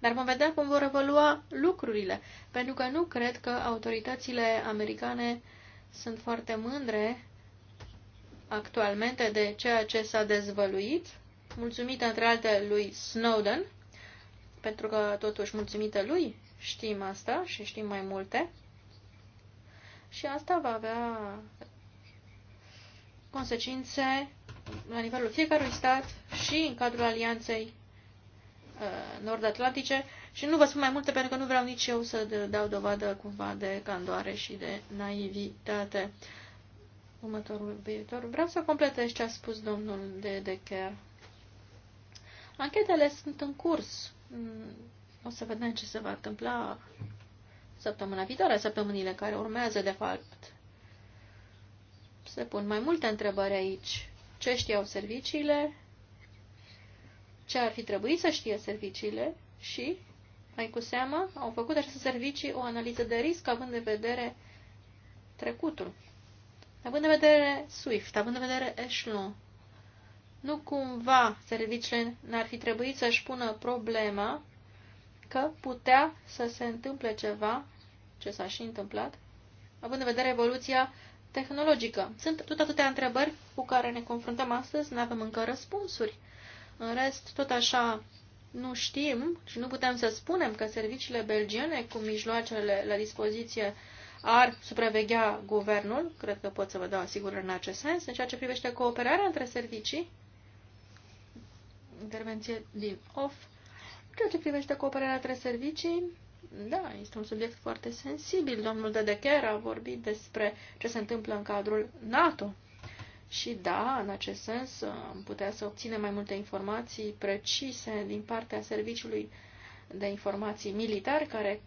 Dar vom vedea cum vor evolua lucrurile, pentru că nu cred că autoritățile americane sunt foarte mândre actualmente de ceea ce s-a dezvăluit, mulțumită între alte lui Snowden, pentru că totuși mulțumită lui știm asta și știm mai multe. Și asta va avea consecințe la nivelul fiecărui stat și în cadrul alianței Uh, nord-atlantice și nu vă spun mai multe pentru că nu vreau nici eu să dau dovadă cumva de candoare și de naivitate. Următorul viitor. Vreau să completez ce a spus domnul de Decker. Anchetele sunt în curs. Mm, o să vedem ce se va întâmpla săptămâna viitoare, săptămânile care urmează, de fapt. Se pun mai multe întrebări aici. Ce știau serviciile? ce ar fi trebuit să știe serviciile și, mai cu seamă, au făcut aceste servicii o analiză de risc având în vedere trecutul. Având în vedere SWIFT, având în vedere Echelon, nu cumva serviciile n-ar fi trebuit să-și pună problema că putea să se întâmple ceva, ce s-a și întâmplat, având în vedere evoluția tehnologică. Sunt tot atâtea întrebări cu care ne confruntăm astăzi, nu avem încă răspunsuri. În rest, tot așa nu știm și nu putem să spunem că serviciile belgiene cu mijloacele la dispoziție ar supraveghea guvernul, cred că pot să vă dau sigur în acest sens, în ceea ce privește cooperarea între servicii, intervenție din OFF, în ceea ce privește cooperarea între servicii, da, este un subiect foarte sensibil. Domnul Dedecher a vorbit despre ce se întâmplă în cadrul NATO și da, în acest sens am putea să obținem mai multe informații precise din partea Serviciului de Informații Militar, care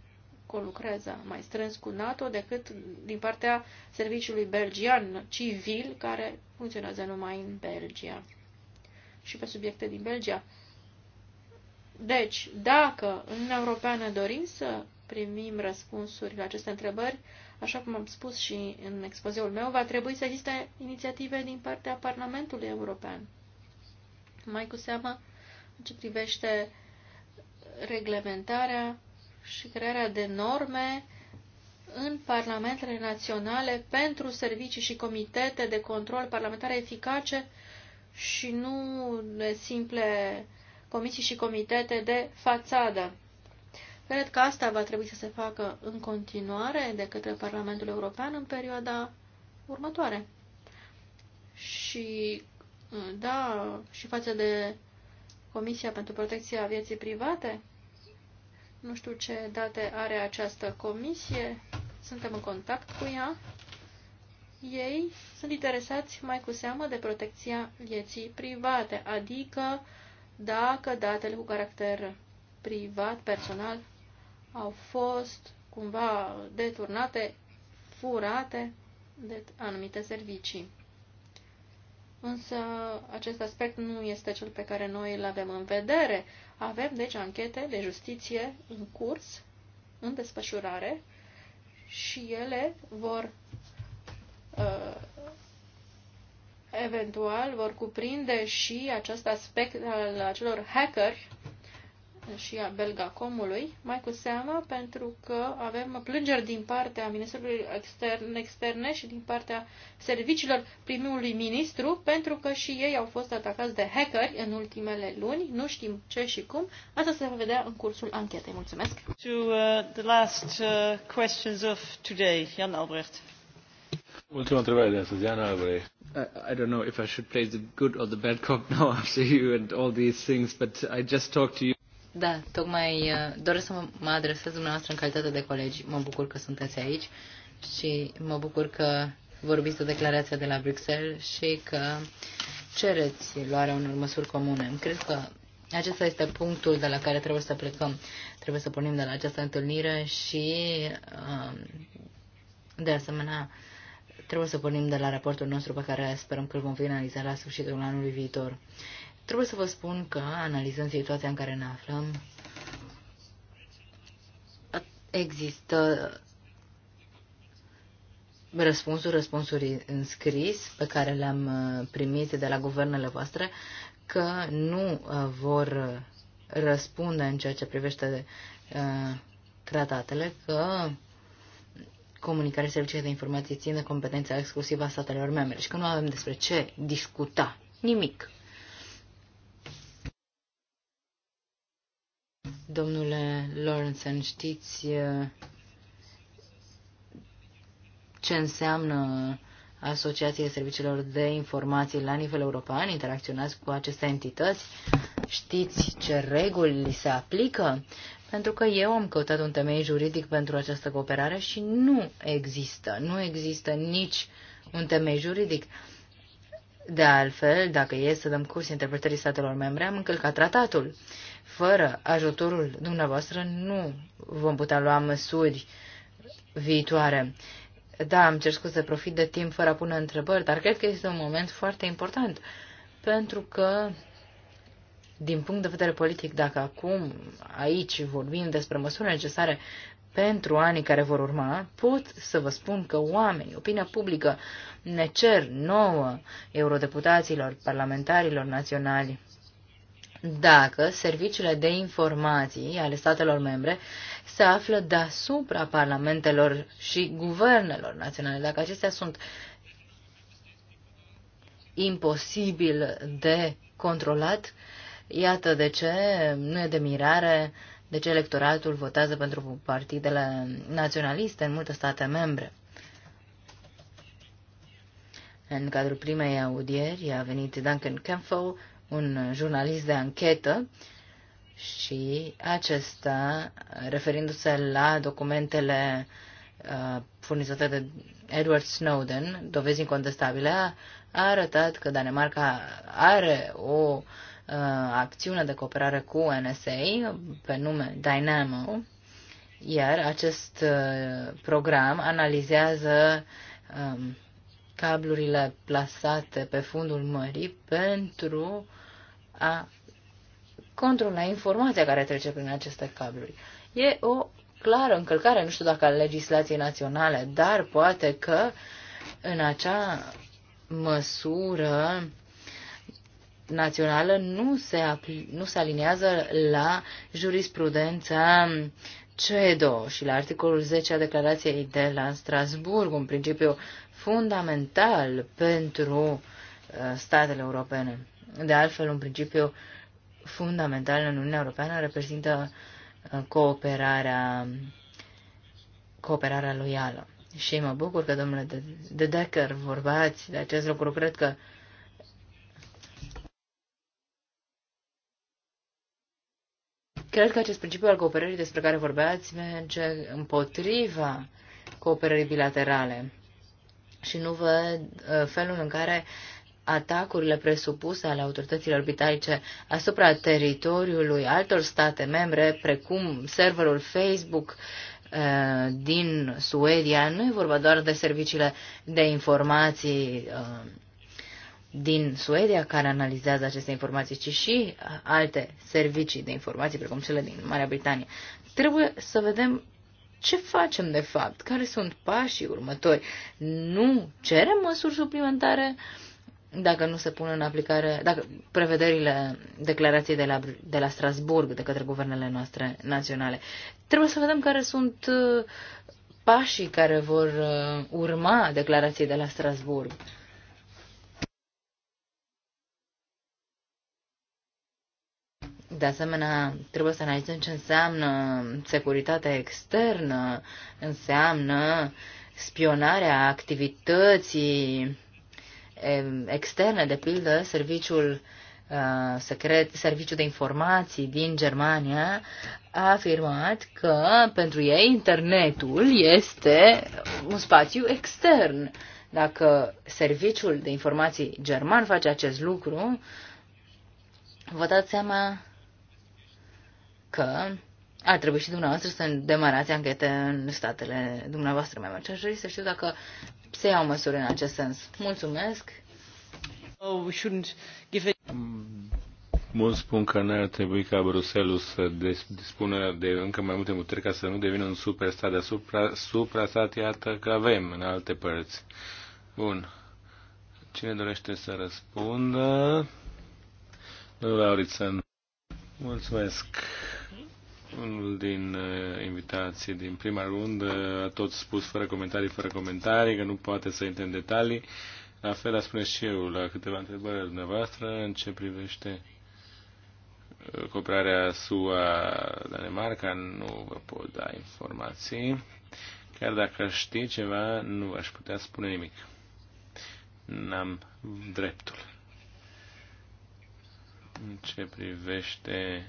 colucrează mai strâns cu NATO, decât din partea Serviciului Belgian Civil, care funcționează numai în Belgia și pe subiecte din Belgia. Deci, dacă în Europeană dorim să primim răspunsuri la aceste întrebări, Așa cum am spus și în expozeul meu, va trebui să existe inițiative din partea Parlamentului European. Mai cu seamă în ce privește reglementarea și crearea de norme în parlamentele naționale pentru servicii și comitete de control parlamentare eficace și nu simple comisii și comitete de fațadă. Cred că asta va trebui să se facă în continuare de către Parlamentul European în perioada următoare. Și, da, și față de Comisia pentru Protecția Vieții Private, nu știu ce date are această comisie, suntem în contact cu ea. Ei sunt interesați mai cu seamă de protecția vieții private, adică dacă datele cu caracter privat, personal, au fost cumva deturnate, furate de anumite servicii. Însă acest aspect nu este cel pe care noi îl avem în vedere. Avem, deci, anchete de justiție în curs, în desfășurare, și ele vor uh, eventual vor cuprinde și acest aspect al acelor hackeri și a Belgacomului, mai cu seamă pentru că avem plângeri din partea Ministerului Extern, Externe și din partea serviciilor primului ministru, pentru că și ei au fost atacați de hackeri în ultimele luni, nu știm ce și cum. Asta se va vedea în cursul anchetei. Mulțumesc! To uh, the last uh, questions of today, Jan Albrecht. Ultima întrebare de astăzi, Jan Albrecht. I don't know if I should play the good or the bad cop now after you and all these things, but I just talked to you. Da, tocmai uh, doresc să mă adresez dumneavoastră în calitate de colegi. Mă bucur că sunteți aici și mă bucur că vorbiți de declarația de la Bruxelles și că cereți luarea unor măsuri comune. Cred că acesta este punctul de la care trebuie să plecăm. Trebuie să pornim de la această întâlnire și, um, de asemenea, trebuie să pornim de la raportul nostru pe care sperăm că îl vom finaliza la sfârșitul anului viitor. Trebuie să vă spun că, analizând situația în care ne aflăm, există răspunsuri, răspunsuri înscris pe care le-am uh, primit de la guvernele voastre că nu uh, vor răspunde în ceea ce privește uh, tratatele, că comunicarea serviciilor de informații ține competența exclusivă a statelor membre și că nu avem despre ce discuta. Nimic. Domnule Lawrence, știți uh, ce înseamnă Asociația Serviciilor de Informații la nivel european? Interacționați cu aceste entități? Știți ce reguli se aplică? Pentru că eu am căutat un temei juridic pentru această cooperare și nu există. Nu există nici un temei juridic. De altfel, dacă e să dăm curs interpretării statelor membre, am încălcat tratatul. Fără ajutorul dumneavoastră nu vom putea lua măsuri viitoare. Da, am cer scuze, profit de timp fără a pune întrebări, dar cred că este un moment foarte important, pentru că, din punct de vedere politic, dacă acum aici vorbim despre măsuri necesare pentru anii care vor urma, pot să vă spun că oamenii, opinia publică, ne cer nouă eurodeputaților, parlamentarilor naționali dacă serviciile de informații ale statelor membre se află deasupra parlamentelor și guvernelor naționale, dacă acestea sunt imposibil de controlat, iată de ce nu e de mirare de ce electoratul votează pentru partidele naționaliste în multe state membre. În cadrul primei audieri a venit Duncan Campbell, un jurnalist de anchetă și acesta, referindu-se la documentele uh, furnizate de Edward Snowden, dovezi incontestabile, a, a arătat că Danemarca are o uh, acțiune de cooperare cu NSA pe nume Dynamo, iar acest uh, program analizează um, cablurile plasate pe fundul mării pentru a controla informația care trece prin aceste cabluri. E o clară încălcare, nu știu dacă a legislației naționale, dar poate că în acea măsură națională nu se, nu se aliniază la jurisprudența CEDO și la articolul 10 a declarației de la Strasburg, un principiu fundamental pentru uh, statele europene. De altfel, un principiu fundamental în Uniunea Europeană reprezintă uh, cooperarea, cooperarea loială. Și mă bucur că, domnule de, Decker, vorbați de acest lucru. Cred că Cred că acest principiu al cooperării despre care vorbeați merge împotriva cooperării bilaterale și nu văd uh, felul în care atacurile presupuse ale autorităților britanice asupra teritoriului altor state membre, precum serverul Facebook eh, din Suedia, nu e vorba doar de serviciile de informații eh, din Suedia care analizează aceste informații, ci și alte servicii de informații, precum cele din Marea Britanie. Trebuie să vedem ce facem de fapt, care sunt pașii următori. Nu cerem măsuri suplimentare uh, dacă nu se pun în aplicare, dacă prevederile declarației de la, de la Strasburg de către guvernele noastre naționale. Trebuie să vedem care sunt uh, pașii care vor uh, urma declarației de la Strasburg. De asemenea, trebuie să analizăm ce înseamnă securitatea externă, înseamnă spionarea activității externe, de pildă, serviciul uh, secret, serviciul de informații din Germania a afirmat că pentru ei internetul este un spațiu extern. Dacă serviciul de informații german face acest lucru, vă dați seama că ar trebui și dumneavoastră să demarați anchete în statele dumneavoastră mai mari. Și aș să știu dacă se iau măsuri în acest sens. Mulțumesc! Oh, give it... Mulți mm. spun că n-ar trebui ca Bruselul să dispună de încă mai multe puteri ca să nu devină un superstat deasupra suprastat, iată că avem în alte părți. Bun. Cine dorește să răspundă? Domnul Laurițan. Mulțumesc. Unul din uh, invitații din prima rundă a tot spus fără comentarii, fără comentarii, că nu poate să intre în detalii. La fel a spune și eu la câteva întrebări ale dumneavoastră în ce privește uh, cooperarea SUA-Danemarca, nu vă pot da informații. Chiar dacă știi ști ceva, nu aș putea spune nimic. N-am dreptul. În ce privește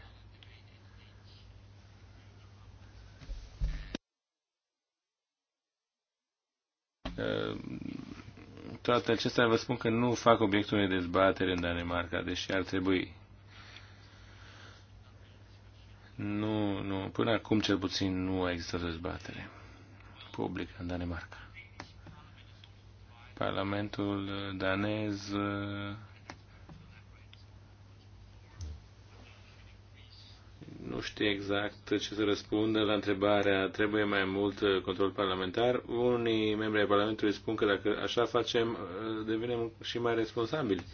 Ehm, toate acestea vă spun că nu fac obiectul unei dezbatere în Danemarca, deși ar trebui. Nu, nu, până acum cel puțin nu a existat dezbatere publică în Danemarca. Parlamentul danez nu știe exact ce să răspundă la întrebarea trebuie mai mult uh, control parlamentar. Unii membri ai Parlamentului spun că dacă așa facem, uh, devenim și mai responsabili.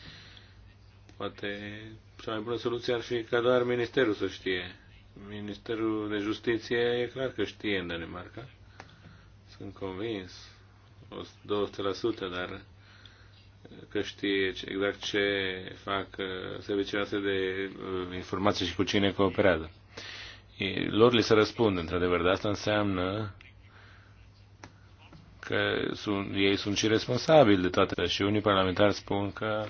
Poate cea mai bună soluție ar fi ca doar Ministerul să știe. Ministerul de Justiție e clar că știe în Danemarca. Sunt convins. 200%, dar uh, că știe exact ce fac serviciile astea de informații și cu cine cooperează lor li se răspunde, într-adevăr, dar asta înseamnă că sunt, ei sunt și responsabili de toate. Și unii parlamentari spun că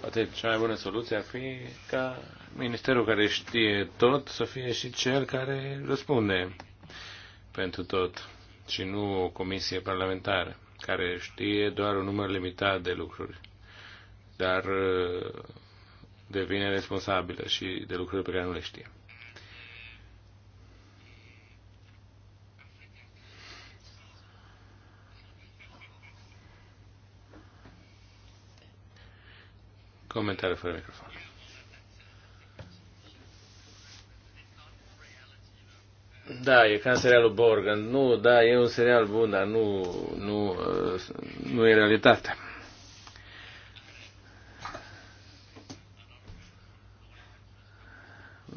poate cea mai bună soluție ar fi ca ministerul care știe tot să fie și cel care răspunde pentru tot și nu o comisie parlamentară care știe doar un număr limitat de lucruri, dar uh, devine responsabilă și de lucruri pe care nu le știe. Comentariu fără microfon. Da, e ca serialul Borgen. Nu, da, e un serial bun, dar nu, nu, uh, nu e realitatea.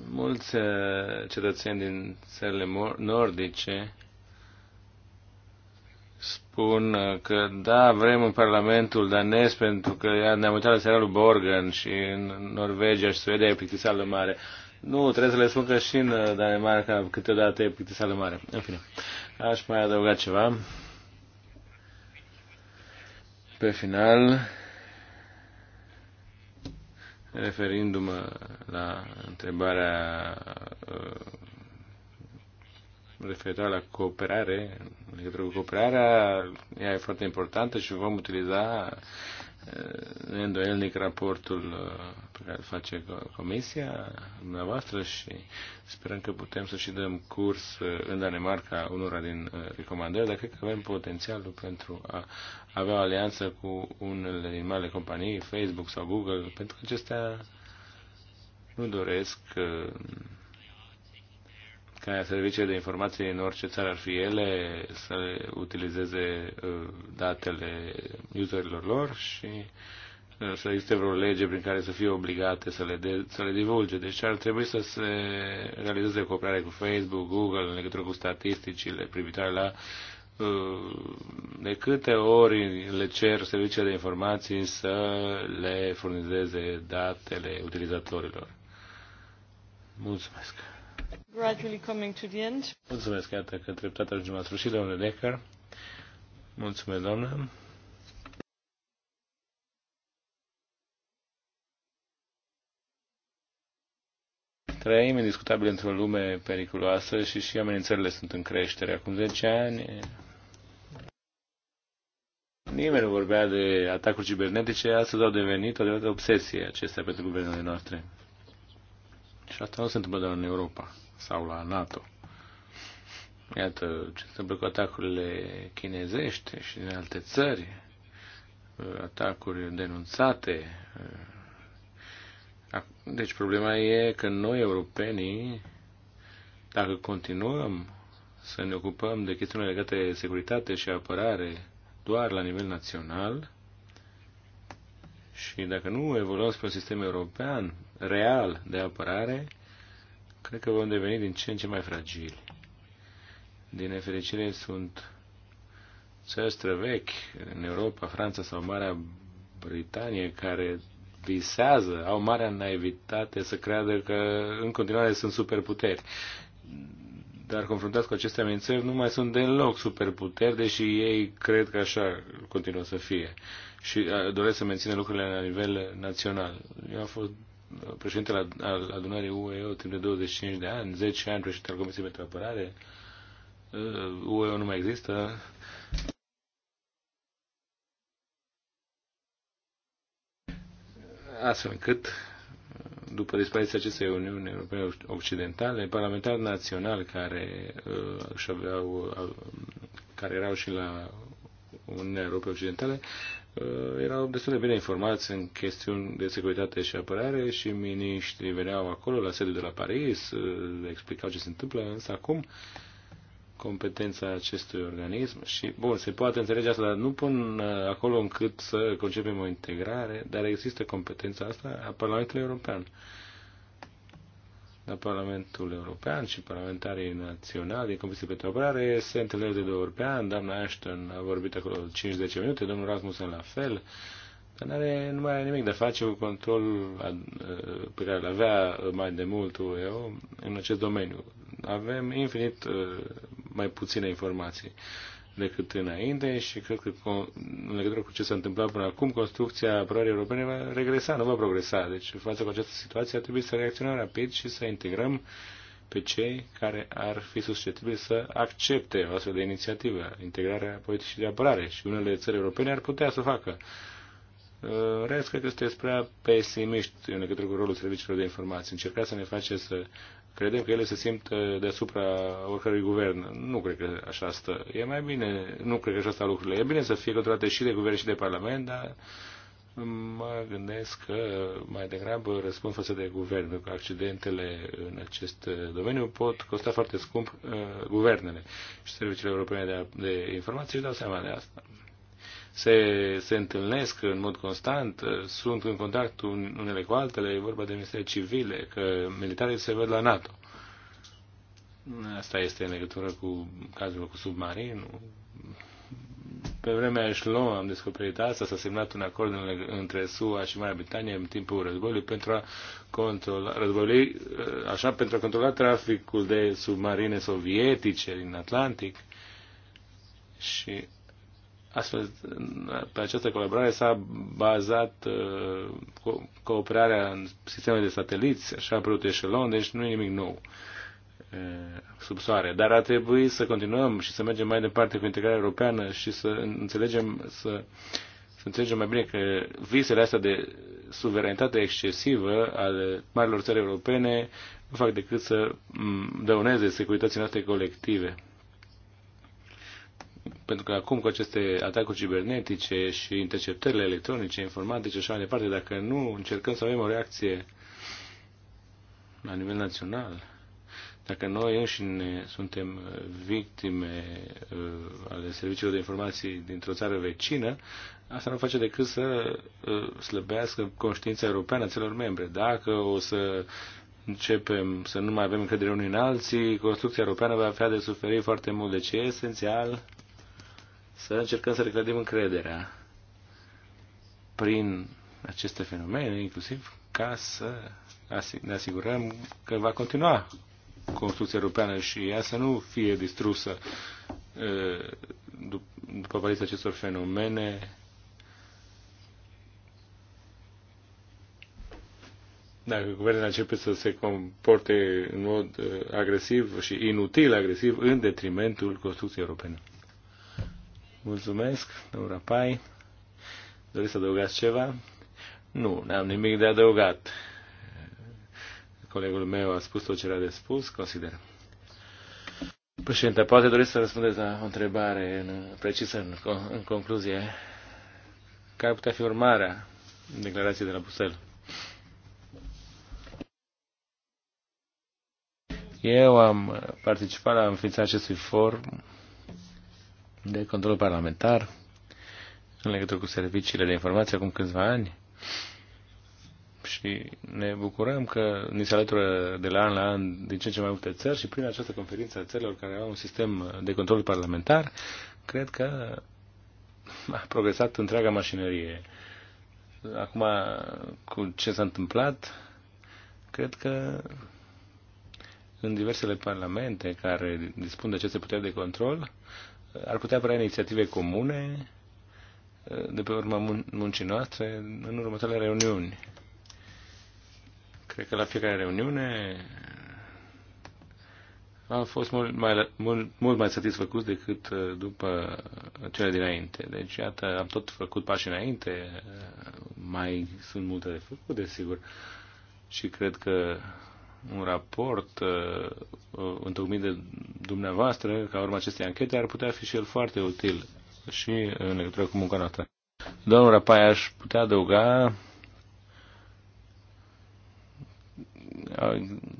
Mulți uh, cetățeni din țările nordice spun uh, că da, vrem în Parlamentul danez pentru că ne-am uitat la serialul Borgen și în Norvegia și Suedia e plictisală mare. Nu, trebuie să le spun că și în uh, Danemarca câteodată e plictisală mare. În fine, aș mai adăuga ceva. Pe final, referindu-mă la întrebarea uh, referitor la cooperare, în legătură cu cooperarea, ea e foarte importantă și vom utiliza neîndoielnic uh, raportul uh, pe care îl face Comisia dumneavoastră și sperăm că putem să și dăm curs uh, în Danemarca unora din recomandări, dar cred că avem potențialul pentru a avea o alianță cu unele din marile companii, Facebook sau Google, pentru că acestea nu doresc ca serviciile de informații în orice țară ar fi ele să utilizeze uh, datele userilor lor și uh, să existe vreo lege prin care să fie obligate să le, de, să le divulge. Deci ar trebui să se realizeze cooperare cu Facebook, Google, în legătură cu statisticile privitoare la uh, de câte ori le cer serviciile de informații să le furnizeze datele utilizatorilor. Mulțumesc! Gradually coming to the end. Mulțumesc, iată că treptat ajungem la sfârșit, domnule Lecker. Mulțumesc, doamnă. Trăim indiscutabil într-o lume periculoasă și și amenințările sunt în creștere. Acum 10 ani nimeni nu vorbea de atacuri cibernetice, astăzi au devenit o adevărată obsesie acestea pentru guvernele noastre. Și asta nu se întâmplă doar în Europa sau la NATO. Iată ce se întâmplă cu atacurile chinezești și din alte țări, atacuri denunțate. Deci problema e că noi, europenii, dacă continuăm să ne ocupăm de chestiuni legate de securitate și apărare doar la nivel național, și dacă nu evoluăm spre un sistem european real de apărare, cred că vom deveni din ce în ce mai fragili. Din nefericire sunt țări străvechi în Europa, Franța sau Marea Britanie care visează, au marea naivitate să creadă că în continuare sunt superputeri. Dar confruntați cu aceste amenințări nu mai sunt deloc superputeri, deși ei cred că așa continuă să fie. Și doresc să mențină lucrurile la nivel național. Eu am fost președintele al adunării UE timp de 25 de ani, 10 ani președinte al Comisiei pentru Apărare, UE uh, nu mai există. Astfel încât, după dispariția acestei Uniuni Europene Occidentale, parlamentari naționali care, uh, aveau, uh, care erau și la Uniunea Europei Occidentale Uh, erau destul de bine informați în chestiuni de securitate și apărare și miniștrii veneau acolo la sediul de la Paris, uh, le explicau ce se întâmplă, însă acum competența acestui organism și, bun, se poate înțelege asta, dar nu pun uh, acolo încât să concepem o integrare, dar există competența asta a Parlamentului European. Uh, la Parlamentul European și parlamentarii naționali din Comisia pentru Apărare se întâlnesc de două ori pe an. Doamna Ashton a vorbit acolo 5-10 minute, domnul Rasmussen la fel, dar are nu mai are nimic de face cu controlul uh, pe care îl avea mai de mult eu în acest domeniu. Avem infinit uh, mai puține informații decât înainte și cred că în legătură cu ce s-a întâmplat până acum, construcția apărării europene va regresa, nu va progresa. Deci, în față cu această situație, trebuie să reacționăm rapid și să integrăm pe cei care ar fi susceptibili să accepte o astfel de inițiativă, integrarea politicii de apărare și unele țări europene ar putea să o facă. În rest, cred că este prea pesimiști în legătură cu rolul serviciilor de informații. Încercați să ne face să Credem că ele se simt eh, deasupra oricărui guvern. Nu cred că așa stă. E mai bine, nu cred că așa stă lucrurile. E bine să fie controlate și de guvern și de parlament, dar mă gândesc că mai degrabă răspund față de guvern, pentru că accidentele în acest eh, domeniu pot costa foarte scump uh, guvernele și serviciile europene de, de informații și dau seama de asta se, se întâlnesc în mod constant, uh, sunt în contact unele cu altele, e vorba de ministere civile, că militarii se văd la NATO. Asta este în legătură cu cazul cu submarinul. Pe vremea Echelon am descoperit asta, s-a semnat un acord în, între SUA și Marea Britanie în timpul războiului pentru a controla, războiului, uh, așa, pentru a controla traficul de submarine sovietice din Atlantic și Astfel, pe această colaborare s-a bazat uh, co cooperarea în sisteme de sateliți, așa a apărut eșelon, deci nu e nimic nou uh, sub soare. Dar ar trebui să continuăm și să mergem mai departe cu integrarea europeană și să înțelegem, să, să înțelegem mai bine că visele astea de suveranitate excesivă ale marilor țări europene nu fac decât să dăuneze securității noastre colective pentru că acum cu aceste atacuri cibernetice și interceptările electronice, informatice și așa mai departe, dacă nu încercăm să avem o reacție la nivel național, dacă noi înșine suntem uh, victime uh, ale serviciilor de informații dintr-o țară vecină, asta nu face decât să uh, slăbească conștiința europeană a țărilor membre. Dacă o să începem să nu mai avem încredere unii în alții, construcția europeană va avea de suferit foarte mult. de Deci e esențial să încercăm să reclădim încrederea prin aceste fenomene, inclusiv ca să ne asigurăm că va continua construcția europeană și ea să nu fie distrusă după valița acestor fenomene. Dacă guvernul începe să se comporte în mod agresiv și inutil agresiv în detrimentul construcției europene. Mulțumesc, domnul Rapai. Doriți să adăugați ceva? Nu, n-am nimic de adăugat. Colegul meu a spus tot ce era de spus, consider. Președinte, poate doriți să răspundeți la o întrebare în, precisă în, în concluzie. Care putea fi urmarea declarației de la Bruxelles? Eu am participat la înființarea acestui forum de control parlamentar în legătură cu serviciile de informație acum câțiva ani și ne bucurăm că ni se alătură de la an la an din ce în ce mai multe țări și prin această conferință a țărilor care au un sistem de control parlamentar, cred că a progresat întreaga mașinărie. Acum, cu ce s-a întâmplat, cred că în diversele parlamente care dispun de aceste puteri de control, ar putea părea inițiative comune eh, de pe urma muncii noastre în următoarele reuniuni. Cred că la fiecare reuniune eh, am fost mult mai, mult, mult mai satisfăcut decât eh, după cele dinainte. Deci, iată, am tot făcut pași înainte, mai sunt multe de făcut, desigur, și cred că un raport uh, uh, întocmit de dumneavoastră, ca urma acestei anchete, ar putea fi și el foarte util și în legătură cu munca noastră. Domnul Rapai, aș putea adăuga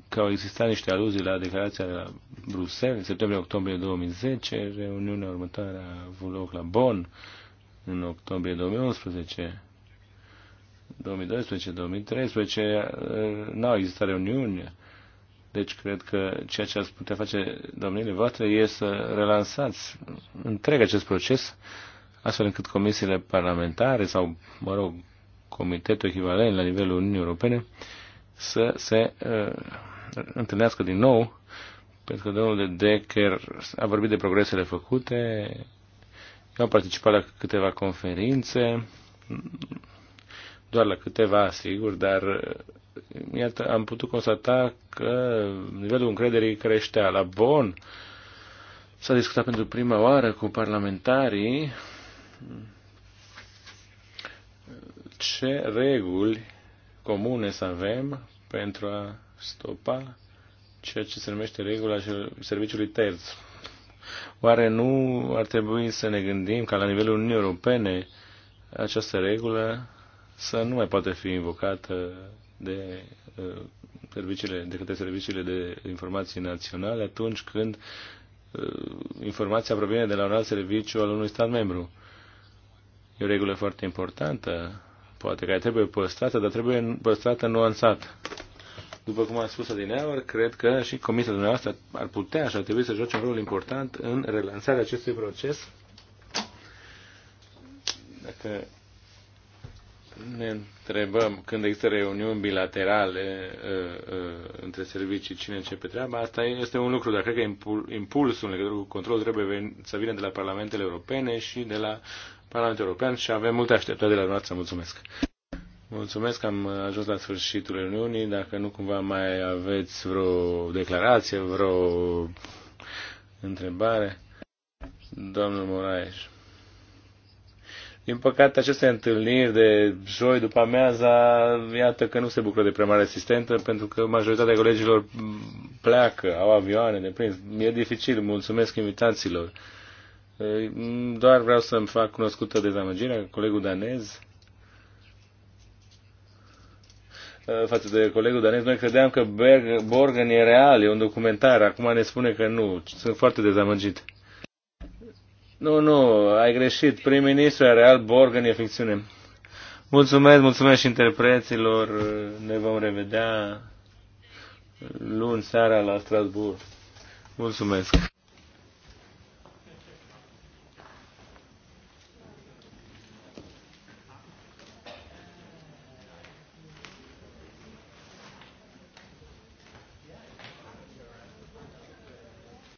că au existat niște aluzii la declarația de la Bruxelles, în septembrie-octombrie 2010, reuniunea următoare a avut loc la Bonn, în octombrie 2011. 2012-2013 n-au existat reuniuni. Deci cred că ceea ce ați putea face, domnile voastre, e să relansați întreg acest proces, astfel încât comisiile parlamentare sau, mă rog, comitetul echivalent la nivelul Uniunii Europene să se uh, întâlnească din nou, pentru că domnul de Decker a vorbit de progresele făcute, eu am participat la câteva conferințe, doar la câteva, sigur, dar uh, iată, am putut constata că nivelul încrederii creștea la Bon. S-a discutat pentru prima oară cu parlamentarii ce reguli comune să avem pentru a stopa ceea ce se numește regula serviciului terț. Oare nu ar trebui să ne gândim ca la nivelul Uniunii Europene această regulă să nu mai poate fi invocată de uh, serviciile, de către serviciile de informații naționale atunci când uh, informația provine de la un alt serviciu al unui stat membru. E o regulă foarte importantă, poate că trebuie păstrată, dar trebuie păstrată nuanțat. După cum am spus adineaori, cred că și comisia dumneavoastră ar putea și ar trebui să joace un rol important în relansarea acestui proces. Dacă ne întrebăm când există reuniuni bilaterale uh, uh, între servicii, cine începe treaba, asta este un lucru, dar cred că impulsul în legătură cu controlul trebuie să vină de la parlamentele europene și de la Parlamentul European și avem multe așteptări de la dumneavoastră. Mulțumesc! Mulțumesc că am ajuns la sfârșitul reuniunii. Dacă nu cumva mai aveți vreo declarație, vreo întrebare, domnul Moraes. Din păcate, aceste întâlniri de joi după amiaza, iată că nu se bucură de prea mare asistentă, pentru că majoritatea colegilor pleacă, au avioane de prins. E dificil, mulțumesc invitațiilor. Doar vreau să-mi fac cunoscută dezamăgirea, colegul danez, față de colegul danez, noi credeam că Borgen e real, e un documentar, acum ne spune că nu. Sunt foarte dezamăgit. Nu, nu, ai greșit. Prim-ministru real, Borgen e ficțiune. Mulțumesc, mulțumesc și interpreților. Ne vom revedea luni seara la Strasbourg. Mulțumesc.